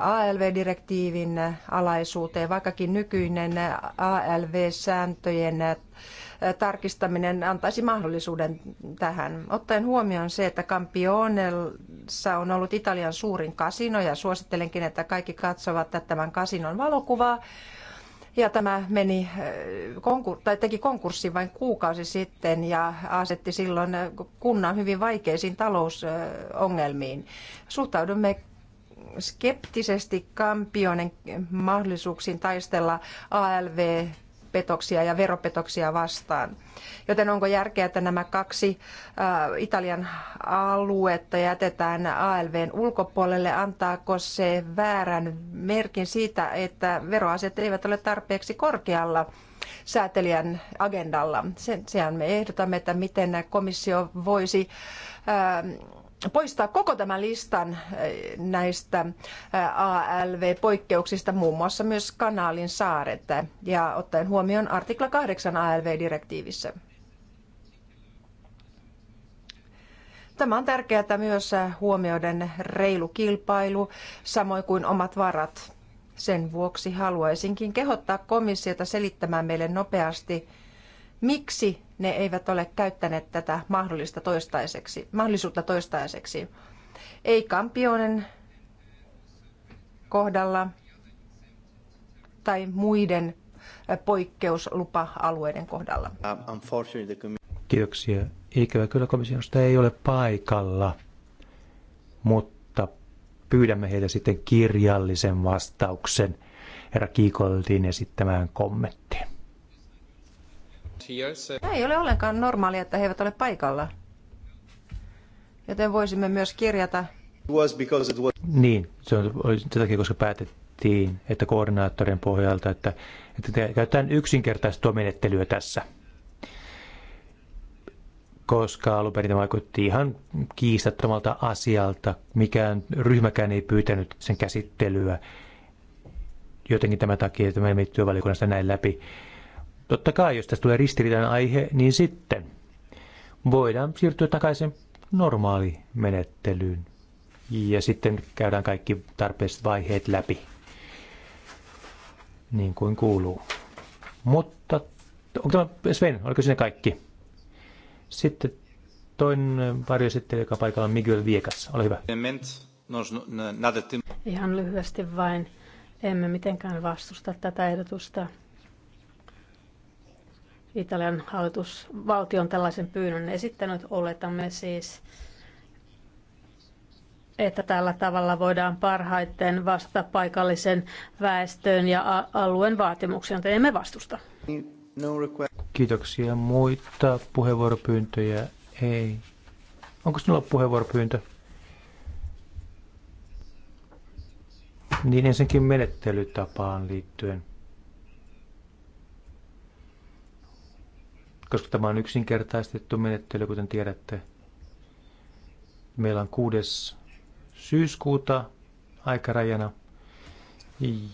ALV-direktiivin alaisuuteen, vaikkakin nykyinen ALV-sääntöjen tarkistaminen antaisi mahdollisuuden tähän. Ottaen huomioon se, että Campionessa on ollut Italian suurin kasino ja suosittelenkin, että kaikki katsovat tämän kasinon valokuvaa, ja tämä meni, äh, tai teki konkurssin vain kuukausi sitten ja asetti silloin kunnan hyvin vaikeisiin talousongelmiin. Suhtaudumme skeptisesti kampionen mahdollisuuksiin taistella ALV petoksia ja veropetoksia vastaan. Joten onko järkeä, että nämä kaksi äh, Italian aluetta jätetään ALVn ulkopuolelle? Antaako se väärän merkin siitä, että veroasiat eivät ole tarpeeksi korkealla? säätelijän agendalla. Sen sijaan me ehdotamme, että miten komissio voisi äh, poistaa koko tämän listan eh, näistä eh, ALV-poikkeuksista, muun muassa myös kanaalin saaret, ja ottaen huomioon artikla 8 ALV-direktiivissä. Tämä on tärkeää myös eh, huomioiden reilu kilpailu, samoin kuin omat varat. Sen vuoksi haluaisinkin kehottaa komissiota selittämään meille nopeasti, miksi ne eivät ole käyttäneet tätä mahdollista toistaiseksi, mahdollisuutta toistaiseksi. Ei Kampionen kohdalla tai muiden poikkeuslupa-alueiden kohdalla. Kiitoksia. Ikävä kyllä komissiosta ei ole paikalla, mutta pyydämme heitä sitten kirjallisen vastauksen herra Kiikoltiin esittämään kommenttiin. Tämä ei ole ollenkaan normaalia, että he eivät ole paikalla. Joten voisimme myös kirjata. Niin, se on sitäkin, koska päätettiin, että koordinaattorin pohjalta, että, että käytetään yksinkertaista menettelyä tässä. Koska alun perin vaikutti ihan kiistattomalta asialta, mikään ryhmäkään ei pyytänyt sen käsittelyä. Jotenkin tämä takia, että me ei valiokunnasta näin läpi. Totta kai, jos tästä tulee ristiriitainen aihe, niin sitten voidaan siirtyä takaisin normaaliin menettelyyn. Ja sitten käydään kaikki tarpeelliset vaiheet läpi, niin kuin kuuluu. Mutta onko tämä, Sven, oliko sinne kaikki? Sitten toinen sitten joka on paikalla on Miguel Viekas. Ole hyvä. Ihan lyhyesti vain. Emme mitenkään vastusta tätä ehdotusta Italian hallitus, valtion tällaisen pyynnön esittänyt. Oletamme siis, että tällä tavalla voidaan parhaiten vastata paikallisen väestön ja alueen vaatimuksiin, joten emme vastusta. Kiitoksia. Muita puheenvuoropyyntöjä ei. Onko sinulla puheenvuoropyyntö? Niin ensinnäkin menettelytapaan liittyen. koska tämä on yksinkertaistettu menettely, kuten tiedätte. Meillä on 6. syyskuuta aikarajana.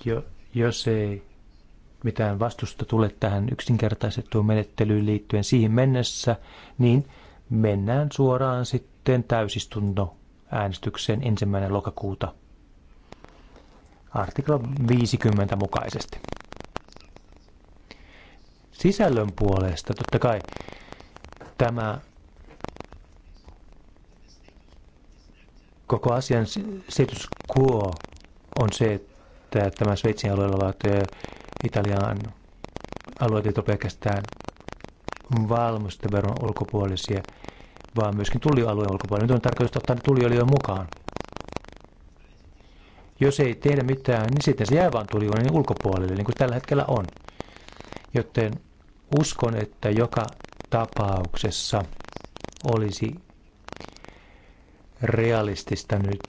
Jo, jos ei mitään vastusta tule tähän yksinkertaistettuun menettelyyn liittyen siihen mennessä, niin mennään suoraan sitten täysistunto äänestykseen ensimmäinen lokakuuta artikla 50 mukaisesti sisällön puolesta. Totta kai tämä koko asian status quo on se, että tämä Sveitsin alueella ovat Italian alueet eivät ole pelkästään valmisteveron ulkopuolisia, vaan myöskin tulialueen ulkopuolella. Nyt on tarkoitus ottaa tulijoille mukaan. Jos ei tehdä mitään, niin sitten se jää vain tulijoiden ulkopuolelle, niin kuin tällä hetkellä on. Joten Uskon, että joka tapauksessa olisi realistista nyt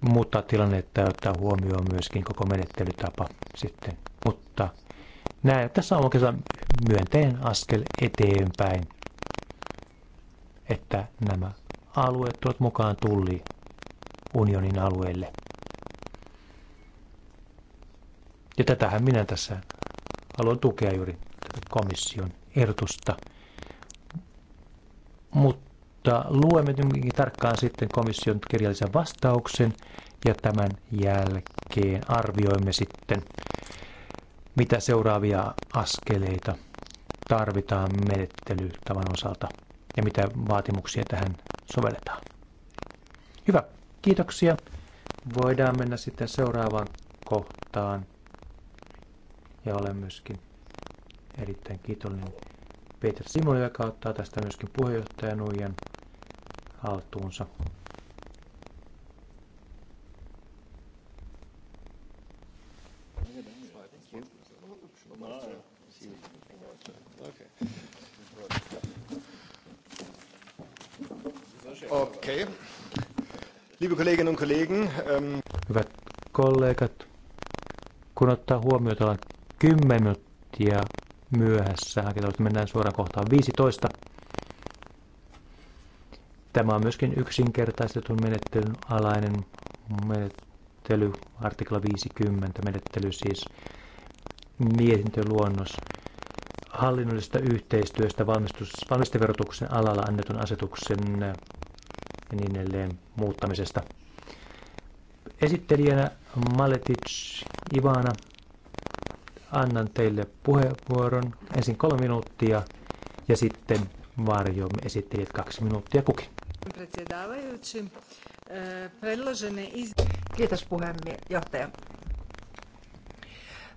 muuttaa tilannetta ja ottaa huomioon myöskin koko menettelytapa sitten. Mutta näin, tässä on oikeastaan myönteinen askel eteenpäin, että nämä alueet tuot mukaan tulli unionin alueelle. Ja tätähän minä tässä haluan tukea juuri komission ehdotusta. Mutta luemme tarkkaan sitten komission kirjallisen vastauksen ja tämän jälkeen arvioimme sitten, mitä seuraavia askeleita tarvitaan menettelytavan osalta ja mitä vaatimuksia tähän sovelletaan. Hyvä, kiitoksia. Voidaan mennä sitten seuraavaan kohtaan ja olen myöskin erittäin kiitollinen Peter Simon, joka ottaa tästä myöskin puheenjohtajan uijan haltuunsa. Okay. Liebe Kolleginnen und Kollegen, ähm Hyvät kollegat, kun ottaa huomioon 10 minuuttia myöhässä. Aikataulusta mennään suoraan kohtaan 15. Tämä on myöskin yksinkertaistetun menettelyn alainen menettely, artikla 50 menettely siis mietintöluonnos hallinnollisesta yhteistyöstä valmisteverotuksen alalla annetun asetuksen ja niin edelleen muuttamisesta. Esittelijänä Maletic Ivana annan teille puheenvuoron. Ensin kolme minuuttia ja sitten varjom esittelijät kaksi minuuttia kukin. E, Kiitos puheenjohtaja.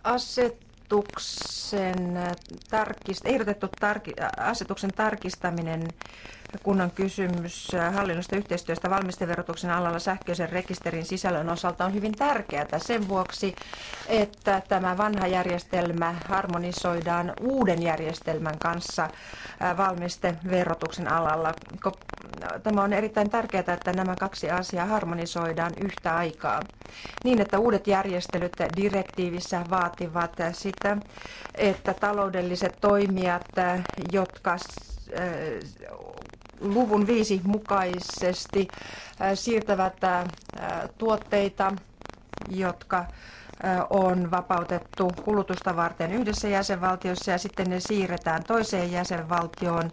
Asetuksen tarkist, ehdotettu tarki, asetuksen tarkistaminen kun on kysymys hallinnosta yhteistyöstä valmisteverotuksen alalla sähköisen rekisterin sisällön osalta on hyvin tärkeää sen vuoksi, että tämä vanha järjestelmä harmonisoidaan uuden järjestelmän kanssa valmisteverotuksen alalla. Tämä on erittäin tärkeää, että nämä kaksi asiaa harmonisoidaan yhtä aikaa niin, että uudet järjestelyt direktiivissä vaativat sitä, että taloudelliset toimijat, jotka luvun viisi mukaisesti äh, siirtävät äh, tuotteita, jotka äh, on vapautettu kulutusta varten yhdessä jäsenvaltiossa ja sitten ne siirretään toiseen jäsenvaltioon,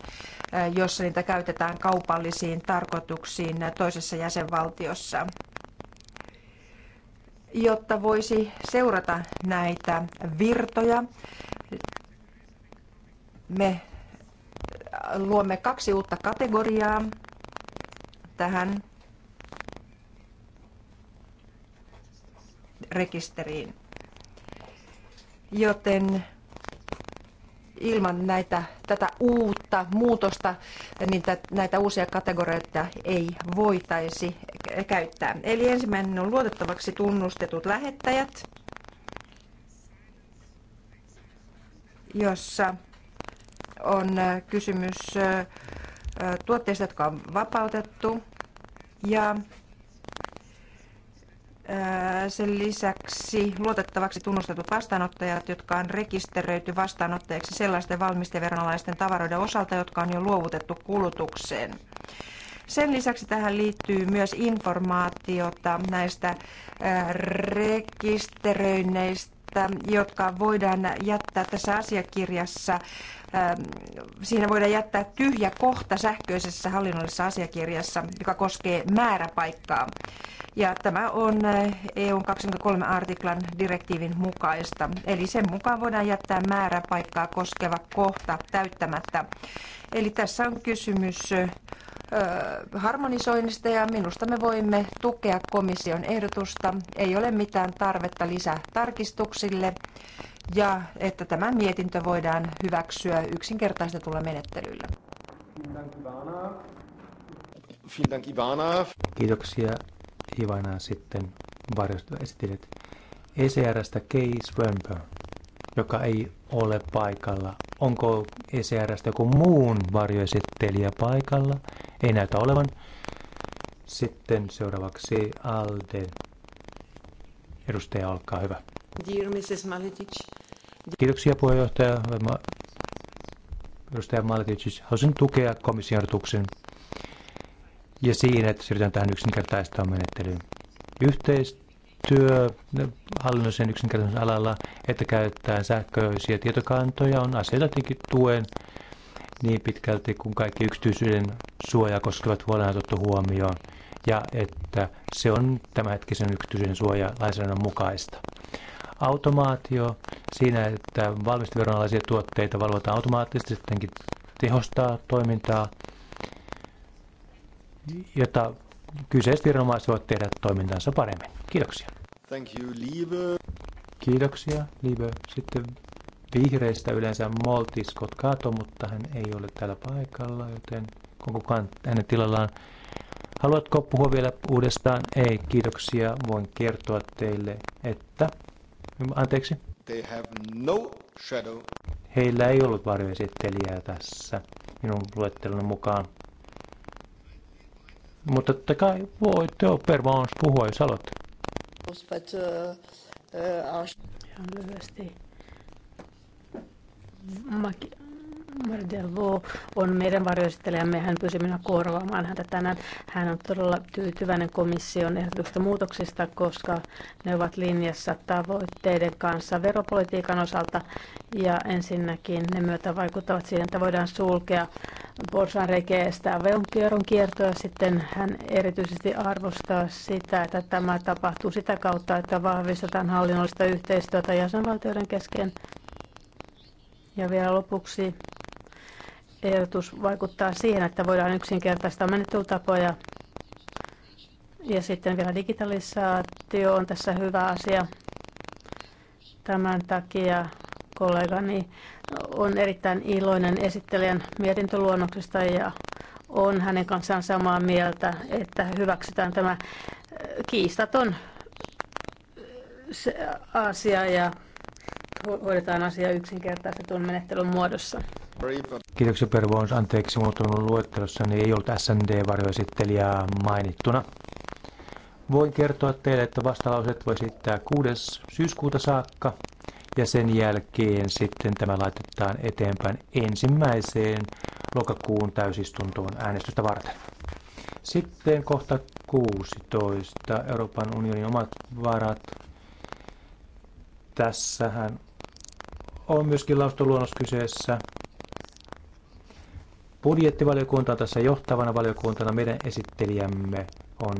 jossa niitä käytetään kaupallisiin tarkoituksiin toisessa jäsenvaltiossa jotta voisi seurata näitä virtoja. Me luomme kaksi uutta kategoriaa tähän rekisteriin. Joten ilman näitä, tätä uutta muutosta, niin näitä uusia kategorioita ei voitaisi käyttää. Eli ensimmäinen on luotettavaksi tunnustetut lähettäjät, jossa on kysymys tuotteista, jotka on vapautettu ja sen lisäksi luotettavaksi tunnustetut vastaanottajat, jotka on rekisteröity vastaanottajaksi sellaisten valmisteveronalaisten tavaroiden osalta, jotka on jo luovutettu kulutukseen. Sen lisäksi tähän liittyy myös informaatiota näistä rekisteröinneistä jotka voidaan jättää tässä asiakirjassa Ähm, siinä voidaan jättää tyhjä kohta sähköisessä hallinnollisessa asiakirjassa, joka koskee määräpaikkaa. Ja tämä on äh, EU 23 artiklan direktiivin mukaista. Eli sen mukaan voidaan jättää määräpaikkaa koskeva kohta täyttämättä. Eli tässä on kysymys harmonisoinnista ja minusta me voimme tukea komission ehdotusta. Ei ole mitään tarvetta lisätarkistuksille ja että tämä mietintö voidaan hyväksyä yksinkertaistetulla menettelyllä. Kiitoksia Ivana sitten esittelijät ECRstä Kei Ramper, joka ei ole paikalla. Onko ECRstä joku muun varjoesittelijä paikalla? Ei näytä olevan. Sitten seuraavaksi Alde Edustaja, olkaa hyvä. Dear Mrs. Maletic. Kiitoksia puheenjohtaja. Edustaja Maletic, siis haluaisin tukea komission ehdotuksen ja siinä, että siirrytään tähän yksinkertaistaan menettelyyn. Yhteistyö hallinnollisen yksinkertaisen alalla, että käytetään sähköisiä tietokantoja, on asia tuen niin pitkälti, kun kaikki yksityisyyden suojaa koskevat huolenaiheet otettu huomioon ja että se on tämänhetkisen yksityisen suojalainsäädännön mukaista. Automaatio siinä, että valmisteveron alaisia tuotteita valvotaan automaattisesti, sittenkin tehostaa toimintaa, jota kyseiset viranomaiset voivat tehdä toimintansa paremmin. Kiitoksia. Thank you, Liebe. Kiitoksia, Liebe. Sitten vihreistä yleensä Moltiskot kato, mutta hän ei ole täällä paikalla, joten kun kukaan hänen tilallaan Haluatko puhua vielä uudestaan? Ei, kiitoksia. Voin kertoa teille, että... Anteeksi. They have no shadow. Heillä ei ollut varjoesittelijää tässä minun luettelun mukaan. Mutta totta kai voi Teo Pervaons puhua, jos haluat. But, uh, uh, lyhyesti. Maki- Mardelvo on meidän varjoesittelijämme. Hän pyysi minua korvaamaan häntä tänään. Hän on todella tyytyväinen komission ehdotuksista muutoksista, koska ne ovat linjassa tavoitteiden kanssa veropolitiikan osalta. Ja ensinnäkin ne myötä vaikuttavat siihen, että voidaan sulkea porsanreikiä estää veronkierron kiertoa. Sitten hän erityisesti arvostaa sitä, että tämä tapahtuu sitä kautta, että vahvistetaan hallinnollista yhteistyötä jäsenvaltioiden kesken. Ja vielä lopuksi ehdotus vaikuttaa siihen, että voidaan yksinkertaistaa menettelytapoja. Ja sitten vielä digitalisaatio on tässä hyvä asia. Tämän takia kollegani on erittäin iloinen esittelijän mietintöluonnoksesta ja on hänen kanssaan samaa mieltä, että hyväksytään tämä kiistaton asia ja hoidetaan asia yksinkertaistetun menettelyn muodossa. Kiitoksia Per Vons. Anteeksi, muuttunut luettelossa niin ei ollut SND-varjoesittelijää mainittuna. Voin kertoa teille, että vastalauset voi esittää 6. syyskuuta saakka ja sen jälkeen sitten tämä laitetaan eteenpäin ensimmäiseen lokakuun täysistuntoon äänestystä varten. Sitten kohta 16. Euroopan unionin omat varat. Tässähän on myöskin lausuntoluonnos kyseessä. Budjettivaliokunta on tässä johtavana valiokuntana. Meidän esittelijämme on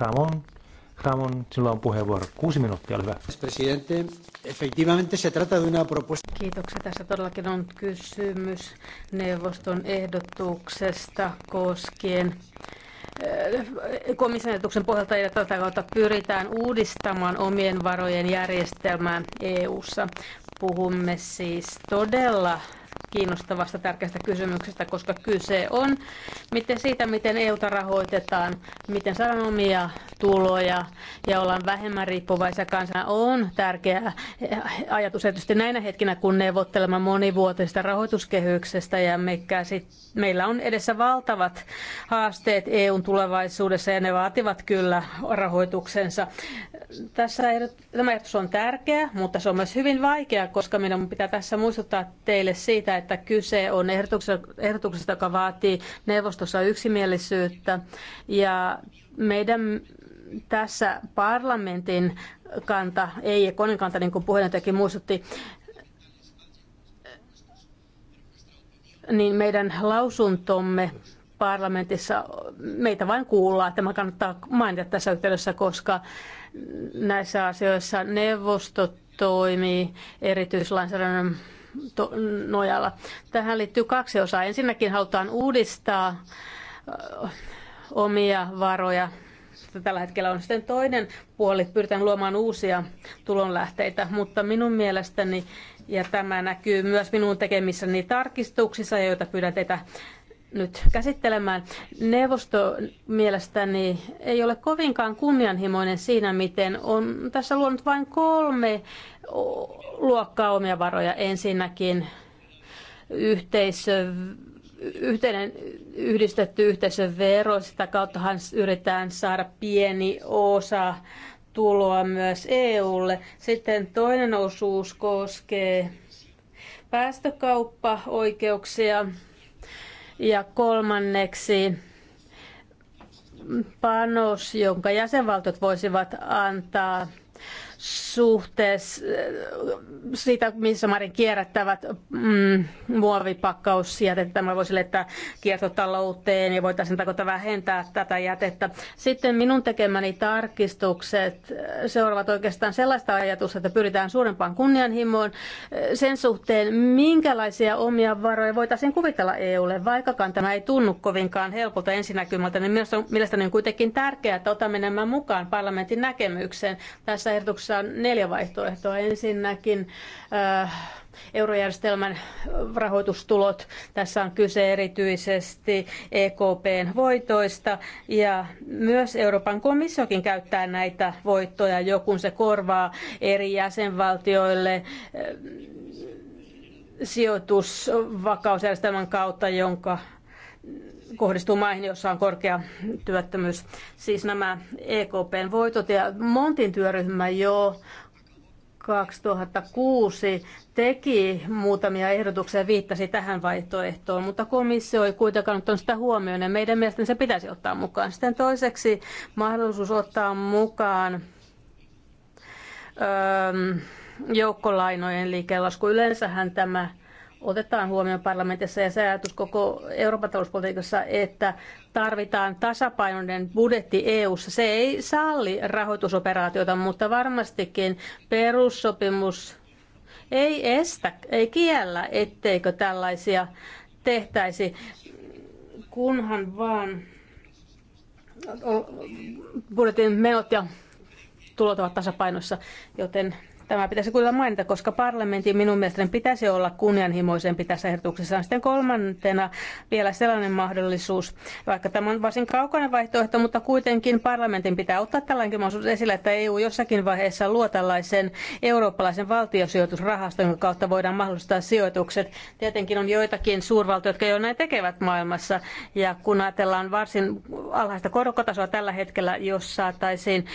Ramon. Ramon, sinulla on puheenvuoro. Kuusi minuuttia, hyvä. Presidente, efectivamente se trata de una propuesta. Kiitoksia. Tässä todellakin on kysymys neuvoston ehdotuksesta koskien Eh, komission ehdotuksen pohjalta ja tätä kautta pyritään uudistamaan omien varojen järjestelmää EU:ssa. Puhumme siis todella kiinnostavasta tärkeästä kysymyksestä, koska kyse on miten siitä, miten EUta rahoitetaan, miten saadaan omia tuloja ja ollaan vähemmän riippuvaisia kansana on tärkeä ajatus. Tietysti näinä hetkinä, kun neuvottelemme monivuotisesta rahoituskehyksestä ja me käsit, meillä on edessä valtavat haasteet EUn tulevaisuudessa ja ne vaativat kyllä rahoituksensa. Tässä ehdot, tämä ehdotus on tärkeä, mutta se on myös hyvin vaikea, koska meidän pitää tässä muistuttaa teille siitä, siitä, että kyse on ehdotuksesta, joka vaatii neuvostossa yksimielisyyttä. Ja meidän tässä parlamentin kanta, ei Ekonin kanta, niin kuin puheenjohtajakin muistutti, niin meidän lausuntomme parlamentissa, meitä vain kuullaan. Tämä kannattaa mainita tässä yhteydessä, koska näissä asioissa neuvosto toimii erityislainsäädännön to- nojalla. Tähän liittyy kaksi osaa. Ensinnäkin halutaan uudistaa omia varoja. Tällä hetkellä on sitten toinen puoli, pyritään luomaan uusia tulonlähteitä, mutta minun mielestäni, ja tämä näkyy myös minun tekemissäni tarkistuksissa, joita pyydän teitä nyt käsittelemään. Neuvosto mielestäni ei ole kovinkaan kunnianhimoinen siinä, miten on tässä luonut vain kolme luokkaa omia varoja. Ensinnäkin yhteisö, yhteinen yhdistetty yhteisövero, sitä kauttahan yritetään saada pieni osa tuloa myös EUlle. Sitten toinen osuus koskee päästökauppaoikeuksia ja kolmanneksi panos, jonka jäsenvaltiot voisivat antaa suhteessa äh, siitä, missä määrin kierrättävät mm, muovipakkausjätettä. Mä voisin leittää kiertotalouteen ja voitaisiin tarkoittaa vähentää tätä jätettä. Sitten minun tekemäni tarkistukset äh, seuraavat oikeastaan sellaista ajatusta, että pyritään suurempaan kunnianhimoon äh, sen suhteen, minkälaisia omia varoja voitaisiin kuvitella EUlle, vaikkakaan tämä ei tunnu kovinkaan helpolta ensinäkymältä, niin mielestäni on kuitenkin tärkeää, että otamme nämä mukaan parlamentin näkemykseen. Tässä ehdotuksessa tässä on neljä vaihtoehtoa. Ensinnäkin äh, eurojärjestelmän rahoitustulot. Tässä on kyse erityisesti EKPn voitoista ja myös Euroopan komissiokin käyttää näitä voittoja. Joku se korvaa eri jäsenvaltioille äh, sijoitusvakausjärjestelmän kautta, jonka kohdistuu maihin, joissa on korkea työttömyys. Siis nämä EKPn voitot ja Montin työryhmä jo 2006 teki muutamia ehdotuksia ja viittasi tähän vaihtoehtoon, mutta komissio ei kuitenkaan ottanut sitä huomioon ja meidän mielestämme se pitäisi ottaa mukaan. Sitten toiseksi mahdollisuus ottaa mukaan öö, joukkolainojen liikelasku. Yleensähän tämä otetaan huomioon parlamentissa ja se ajatus koko Euroopan talouspolitiikassa, että tarvitaan tasapainoinen budjetti EU:ssa. Se ei salli rahoitusoperaatiota, mutta varmastikin perussopimus ei estä, ei kiellä, etteikö tällaisia tehtäisi, kunhan vaan budjetin menot ja tulot ovat tasapainossa, joten Tämä pitäisi kyllä mainita, koska parlamentin minun mielestäni pitäisi olla kunnianhimoisempi tässä ehdotuksessa. Sitten kolmantena vielä sellainen mahdollisuus, vaikka tämä on varsin kaukana vaihtoehto, mutta kuitenkin parlamentin pitää ottaa tällainen mahdollisuus esille, että EU jossakin vaiheessa luo tällaisen eurooppalaisen valtiosijoitusrahaston, jonka kautta voidaan mahdollistaa sijoitukset. Tietenkin on joitakin suurvaltoja, jotka jo näin tekevät maailmassa, ja kun ajatellaan varsin alhaista korkotasoa tällä hetkellä, jos saataisiin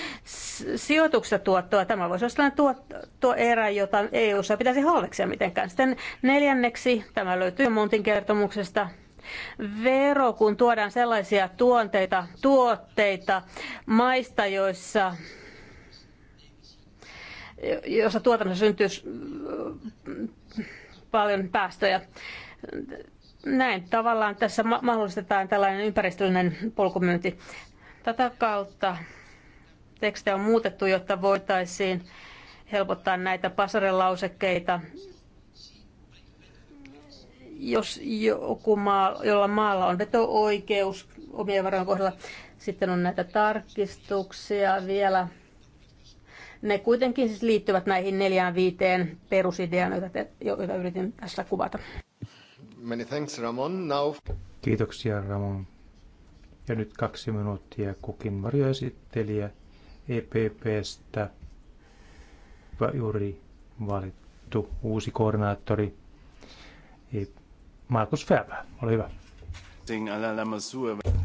sijoituksesta tuottoa, tämä voisi olla sellainen tuotto, tuo erä, jota eu pitäisi halveksia mitenkään. Sitten neljänneksi, tämä löytyy Montin kertomuksesta, vero, kun tuodaan sellaisia tuonteita, tuotteita maista, joissa jossa tuotannossa syntyy äh, paljon päästöjä. Näin tavallaan tässä mahdollistetaan tällainen ympäristöllinen polkumyynti. Tätä kautta tekstejä on muutettu, jotta voitaisiin helpottaa näitä pasarelausekkeita. Jos joku maa, jolla maalla on veto-oikeus omien varojen kohdalla, sitten on näitä tarkistuksia vielä. Ne kuitenkin siis liittyvät näihin neljään viiteen perusideaan, joita, te, joita yritin tässä kuvata. Many thanks, Ramon. Now... Kiitoksia, Ramon. Ja nyt kaksi minuuttia kukin varjoesittelijä EPPstä juuri valittu uusi koordinaattori Markus Fäbä. Ole hyvä.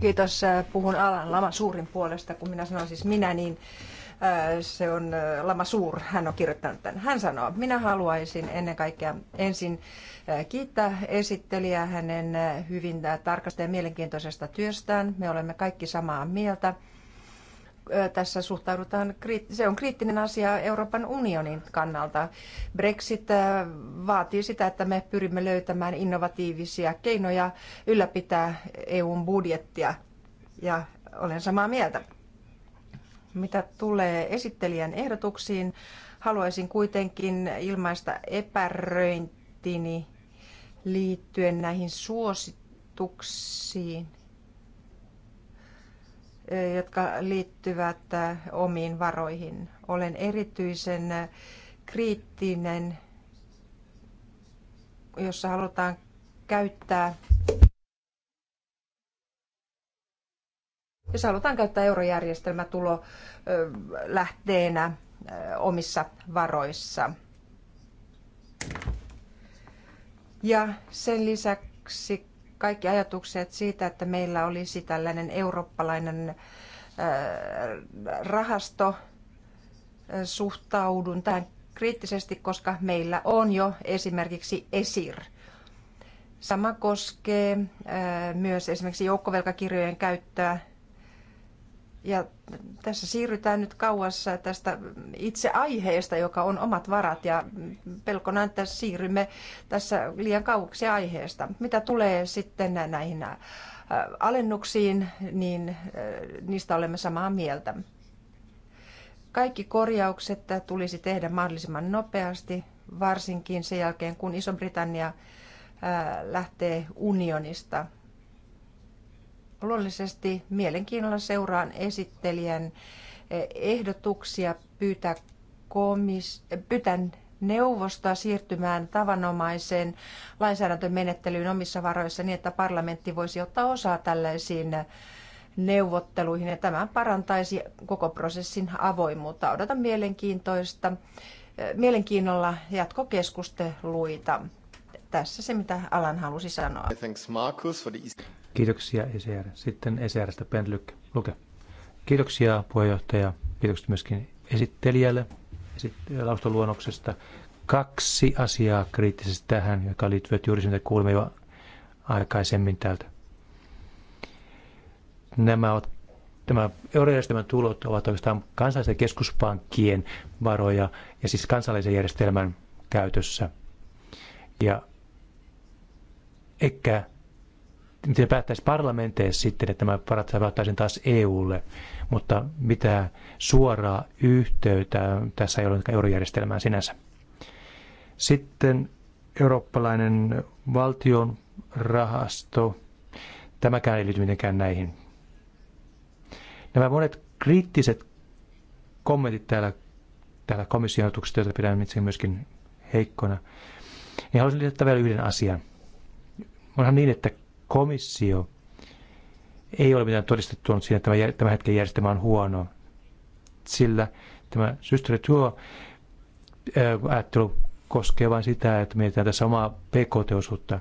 Kiitos. Äh, puhun Alan Lama Suurin puolesta. Kun minä sanon siis minä, niin äh, se on äh, Lama Suur. Hän on kirjoittanut tämän. Hän sanoo, minä haluaisin ennen kaikkea ensin kiittää esittelijää hänen hyvin tarkasta ja mielenkiintoisesta työstään. Me olemme kaikki samaa mieltä tässä suhtaudutaan, se on kriittinen asia Euroopan unionin kannalta. Brexit vaatii sitä, että me pyrimme löytämään innovatiivisia keinoja ylläpitää EUn budjettia ja olen samaa mieltä. Mitä tulee esittelijän ehdotuksiin, haluaisin kuitenkin ilmaista epäröintini liittyen näihin suosituksiin – jotka liittyvät omiin varoihin. Olen erityisen kriittinen, jossa halutaan käyttää jos halutaan käyttää eurojärjestelmä tulo lähteenä omissa varoissa. Ja sen lisäksi kaikki ajatukset siitä, että meillä olisi tällainen eurooppalainen äh, rahasto, äh, suhtaudun tähän kriittisesti, koska meillä on jo esimerkiksi ESIR. Sama koskee äh, myös esimerkiksi joukkovelkakirjojen käyttöä ja tässä siirrytään nyt kauas tästä itse aiheesta, joka on omat varat, ja pelkona, että siirrymme tässä liian kauaksi aiheesta. Mitä tulee sitten näihin äh, alennuksiin, niin äh, niistä olemme samaa mieltä. Kaikki korjaukset tulisi tehdä mahdollisimman nopeasti, varsinkin sen jälkeen, kun Iso-Britannia äh, lähtee unionista – luonnollisesti mielenkiinnolla seuraan esittelijän eh, ehdotuksia pyytää komis, pyytän neuvostoa siirtymään tavanomaiseen lainsäädäntömenettelyyn omissa varoissa niin, että parlamentti voisi ottaa osaa tällaisiin neuvotteluihin ja tämä parantaisi koko prosessin avoimuutta. Odotan mielenkiintoista, eh, mielenkiinnolla jatkokeskusteluita. Tässä se, mitä Alan halusi sanoa. Thanks Markus for the... Kiitoksia ECR. Sitten ECRstä Ben Luke. Kiitoksia puheenjohtaja. Kiitokset myöskin esittelijälle esit- lausuntoluonnoksesta. Kaksi asiaa kriittisesti tähän, joka liittyvät juuri siihen, mitä kuulimme jo aikaisemmin täältä. Nämä ovat Tämä eurojärjestelmän tulot ovat oikeastaan kansallisen keskuspankkien varoja ja siis kansallisen järjestelmän käytössä. Ja eikä se päättäisi parlamenteissa sitten, että nämä varat saavuttaisiin taas EUlle, mutta mitä suoraa yhteyttä tässä ei ole eurojärjestelmään sinänsä. Sitten eurooppalainen valtion rahasto, tämäkään ei liity mitenkään näihin. Nämä monet kriittiset kommentit täällä, täällä komission otuksesta, joita pidän itse myöskin heikkona, niin haluaisin lisätä vielä yhden asian. Onhan niin, että komissio ei ole mitään todistettua siinä, että tämä, tämän hetken järjestelmä on huono. Sillä tämä systeri tuo ajattelu koskee vain sitä, että mietitään tässä omaa pk teosuutta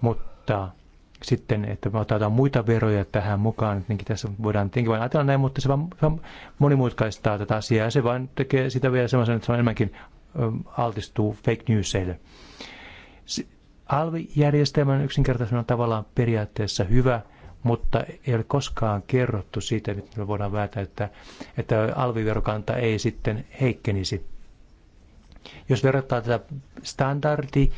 mutta sitten, että me otetaan muita veroja tähän mukaan, tietenkin tässä voidaan tietenkin vain ajatella näin, mutta se vaan, se vaan monimutkaistaa tätä asiaa ja se vain tekee sitä vielä sellaisen, että se on enemmänkin altistuu fake newsille alvi on yksinkertaisena tavallaan periaatteessa hyvä, mutta ei ole koskaan kerrottu siitä, että me voidaan väittää, että, että alviverokanta ei sitten heikkenisi. Jos verrataan tätä standardi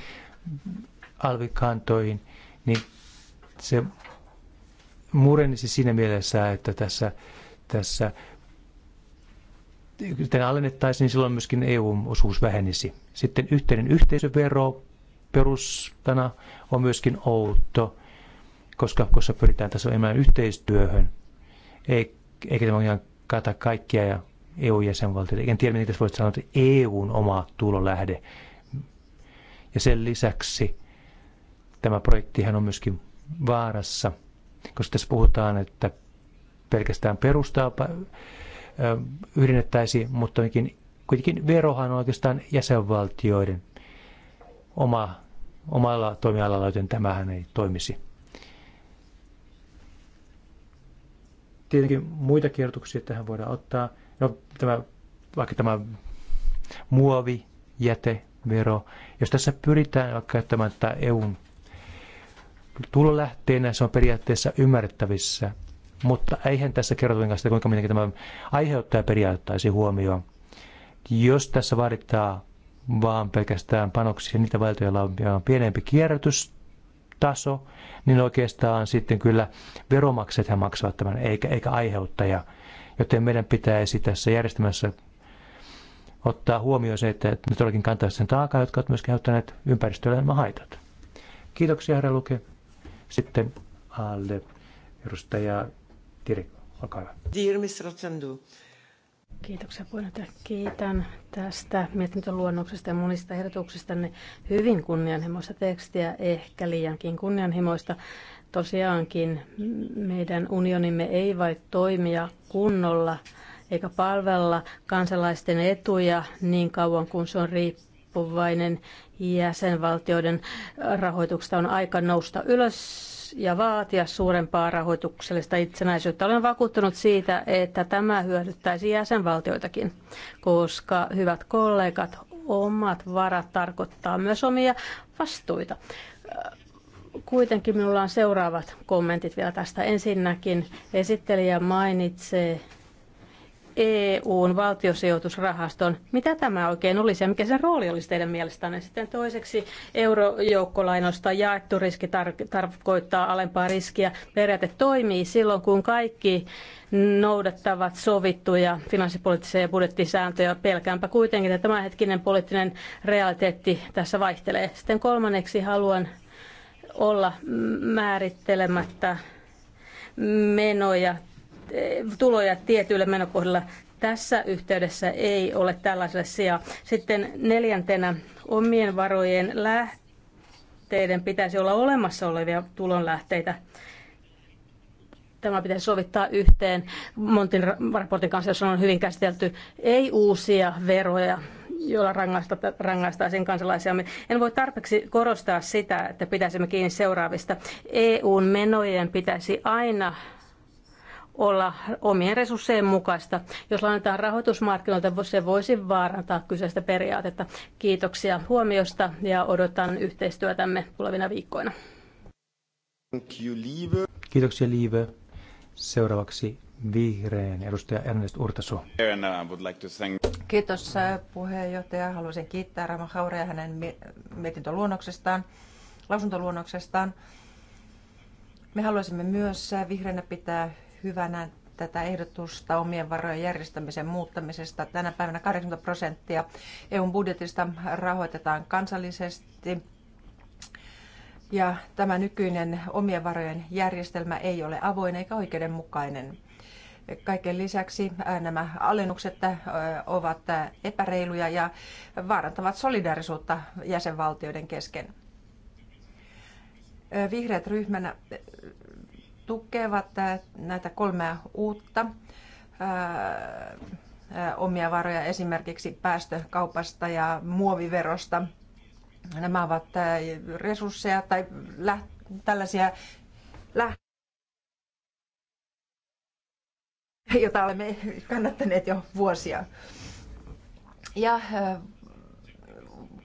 alvikantoihin, niin se murenisi siinä mielessä, että tässä, tässä sitten alennettaisiin, niin silloin myöskin EU-osuus vähenisi. Sitten yhteinen yhteisövero perustana on myöskin outo, koska, koska pyritään tässä enemmän yhteistyöhön, eikä tämä ihan kata kaikkia ja EU-jäsenvaltioita. En tiedä, miten tässä voisi sanoa, että EUn oma tulolähde. Ja sen lisäksi tämä projektihan on myöskin vaarassa, koska tässä puhutaan, että pelkästään perustaa yhdennettäisiin, mutta kuitenkin verohan on oikeastaan jäsenvaltioiden oma, omalla toimialalla, joten tämähän ei toimisi. Tietenkin muita kierrätyksiä tähän voidaan ottaa. No, tämä, vaikka tämä muovi, jäte, vero. Jos tässä pyritään vaikka käyttämään tätä EUn tulolähteenä, se on periaatteessa ymmärrettävissä. Mutta eihän tässä kerrota kanssa, kuinka mitenkä tämä aiheuttaja periaatteisiin huomioon. Jos tässä vaaditaan vaan pelkästään panoksia niitä valtoja, joilla on pienempi kierrätystaso, niin oikeastaan sitten kyllä he maksavat tämän, eikä, eikä aiheuttaja. Joten meidän pitäisi tässä järjestelmässä ottaa huomioon se, että ne todellakin kantaa sen taakaa, jotka ovat myös käyttäneet ympäristöelämän haitat. Kiitoksia, herra Luke. Sitten alle edustaja Tiri, olkaa hyvä. Kiitoksia puheenjohtaja. Kiitän tästä mietintöluonnoksesta ja monista ehdotuksista hyvin kunnianhimoista tekstiä, ehkä liiankin kunnianhimoista. Tosiaankin meidän unionimme ei vain toimia kunnolla eikä palvella kansalaisten etuja niin kauan kuin se on riippuvainen jäsenvaltioiden rahoituksesta on aika nousta ylös ja vaatia suurempaa rahoituksellista itsenäisyyttä. Olen vakuuttunut siitä, että tämä hyödyttäisi jäsenvaltioitakin, koska hyvät kollegat, omat varat tarkoittaa myös omia vastuita. Kuitenkin minulla on seuraavat kommentit vielä tästä. Ensinnäkin esittelijä mainitsee EUn valtiosijoitusrahaston. Mitä tämä oikein olisi ja mikä sen rooli olisi teidän mielestänne? Sitten toiseksi eurojoukkolainosta jaettu riski tar- tarkoittaa alempaa riskiä. Periaate toimii silloin, kun kaikki noudattavat sovittuja finanssipoliittisia ja budjettisääntöjä. Pelkäänpä kuitenkin, että tämänhetkinen poliittinen realiteetti tässä vaihtelee. Sitten kolmanneksi haluan olla määrittelemättä menoja Eh, tuloja tietyillä menokohdilla. Tässä yhteydessä ei ole tällaiselle sijaa. Sitten neljäntenä omien varojen lähteiden pitäisi olla olemassa olevia tulonlähteitä tämä pitäisi sovittaa yhteen Montin raportin kanssa, jossa on hyvin käsitelty ei uusia veroja, joilla rangaista, rangaistaisiin kansalaisiamme. En voi tarpeeksi korostaa sitä, että pitäisimme kiinni seuraavista. EUn menojen pitäisi aina olla omien resurssien mukaista. Jos lainataan rahoitusmarkkinoilta, se voisi vaarantaa kyseistä periaatetta. Kiitoksia huomiosta ja odotan yhteistyötämme tulevina viikkoina. Kiitoksia Liive. Seuraavaksi vihreän edustaja Ernest Urtasu. Uh, Kiitos äh, puheenjohtaja. Haluaisin kiittää Rama Haurea hänen mietintöluonnoksestaan, lausuntoluonnoksestaan. Me haluaisimme myös äh, vihreänä pitää hyvänä tätä ehdotusta omien varojen järjestämisen muuttamisesta. Tänä päivänä 80 prosenttia EUn budjetista rahoitetaan kansallisesti. Ja tämä nykyinen omien varojen järjestelmä ei ole avoin eikä oikeudenmukainen. Kaiken lisäksi nämä alennukset ovat epäreiluja ja vaarantavat solidaarisuutta jäsenvaltioiden kesken. Vihreät ryhmänä tukevat äh, näitä kolmea uutta äh, äh, omia varoja esimerkiksi päästökaupasta ja muoviverosta. Nämä ovat resursseja tai tällaisia lähteitä jota olemme kannattaneet jo vuosia. Ja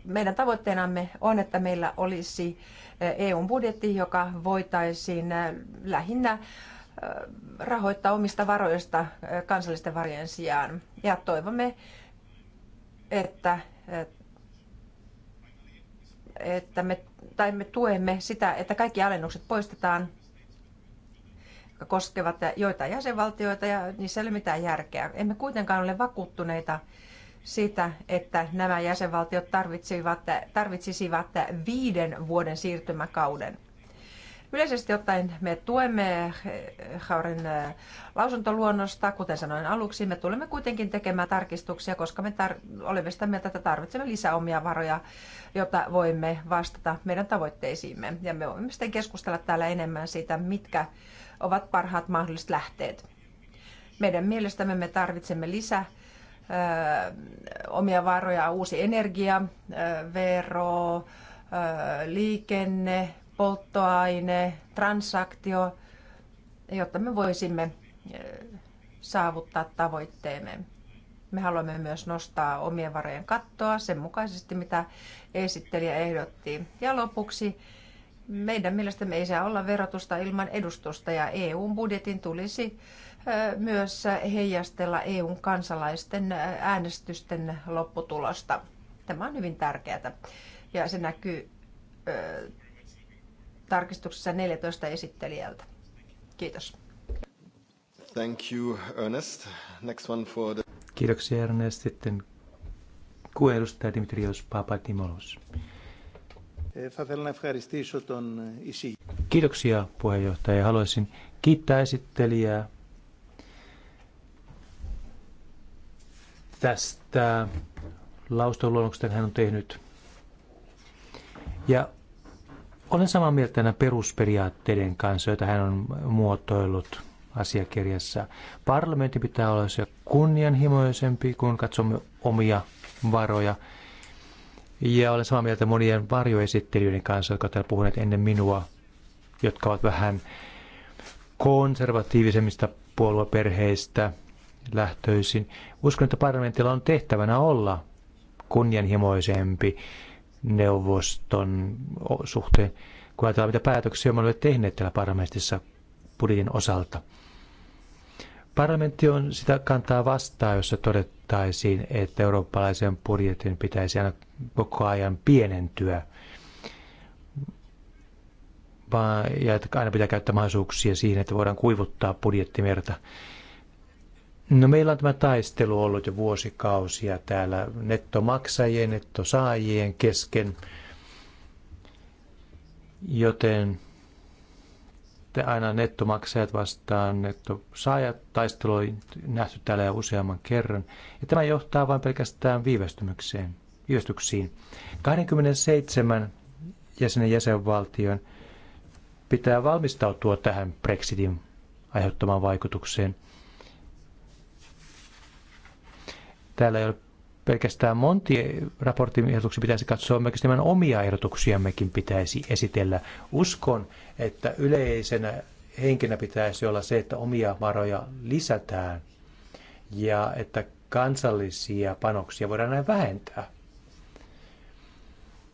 meidän tavoitteenamme on, että meillä olisi EUn budjetti, joka voitaisiin äh, lähinnä äh, rahoittaa omista varoista äh, kansallisten varojen sijaan. Ja toivomme, että, että me, tai me tuemme sitä, että kaikki alennukset poistetaan, jotka koskevat joitain jäsenvaltioita ja niissä ei ole mitään järkeä. Emme kuitenkaan ole vakuuttuneita sitä, että nämä jäsenvaltiot tarvitsivat, tarvitsisivat viiden vuoden siirtymäkauden. Yleisesti ottaen me tuemme Hauren eh, eh, lausuntoluonnosta. Kuten sanoin aluksi, me tulemme kuitenkin tekemään tarkistuksia, koska me tar- olemme sitä mieltä, että tarvitsemme lisää omia varoja, jotta voimme vastata meidän tavoitteisiimme. Ja me voimme sitten keskustella täällä enemmän siitä, mitkä ovat parhaat mahdolliset lähteet. Meidän mielestämme me tarvitsemme lisää omia varoja, uusi energia, vero, liikenne, polttoaine, transaktio, jotta me voisimme saavuttaa tavoitteemme. Me haluamme myös nostaa omien varojen kattoa sen mukaisesti, mitä esittelijä ehdotti. Ja lopuksi meidän mielestämme ei saa olla verotusta ilman edustusta ja EU-budjetin tulisi myös heijastella EUn kansalaisten äänestysten lopputulosta. Tämä on hyvin tärkeää ja se näkyy ö, tarkistuksessa 14 esittelijältä. Kiitos. Thank you, Ernest. Next one for the... Kiitoksia Ernest. Sitten kuuedustaja Dimitrios Papadimoulos. Kiitoksia puheenjohtaja. Haluaisin kiittää esittelijää tästä lausuntoluonnoksen hän on tehnyt. Ja olen samaa mieltä näiden perusperiaatteiden kanssa, joita hän on muotoillut asiakirjassa. Parlamentti pitää olla se kunnianhimoisempi, kun katsomme omia varoja. Ja olen samaa mieltä monien varjoesittelijöiden kanssa, jotka ovat puhuneet ennen minua, jotka ovat vähän konservatiivisemmista puolueperheistä – lähtöisin. Uskon, että parlamentilla on tehtävänä olla kunnianhimoisempi neuvoston suhteen, kun ajatellaan, mitä päätöksiä me olemme tehneet täällä parlamentissa budjetin osalta. Parlamentti on sitä kantaa vastaan, jossa todettaisiin, että eurooppalaisen budjetin pitäisi aina koko ajan pienentyä. Ja että aina pitää käyttää mahdollisuuksia siihen, että voidaan kuivuttaa budjettimerta. No meillä on tämä taistelu ollut jo vuosikausia täällä nettomaksajien, nettosaajien kesken, joten te aina nettomaksajat vastaan nettosaajat taistelu on nähty täällä jo useamman kerran. Ja tämä johtaa vain pelkästään viivästymykseen, viivästyksiin. 27 jäsenen jäsenvaltion pitää valmistautua tähän Brexitin aiheuttamaan vaikutukseen – Täällä ei ole pelkästään monti raportin ehdotuksia pitäisi katsoa, myös tämän omia ehdotuksiammekin pitäisi esitellä. Uskon, että yleisenä henkenä pitäisi olla se, että omia varoja lisätään ja että kansallisia panoksia voidaan näin vähentää.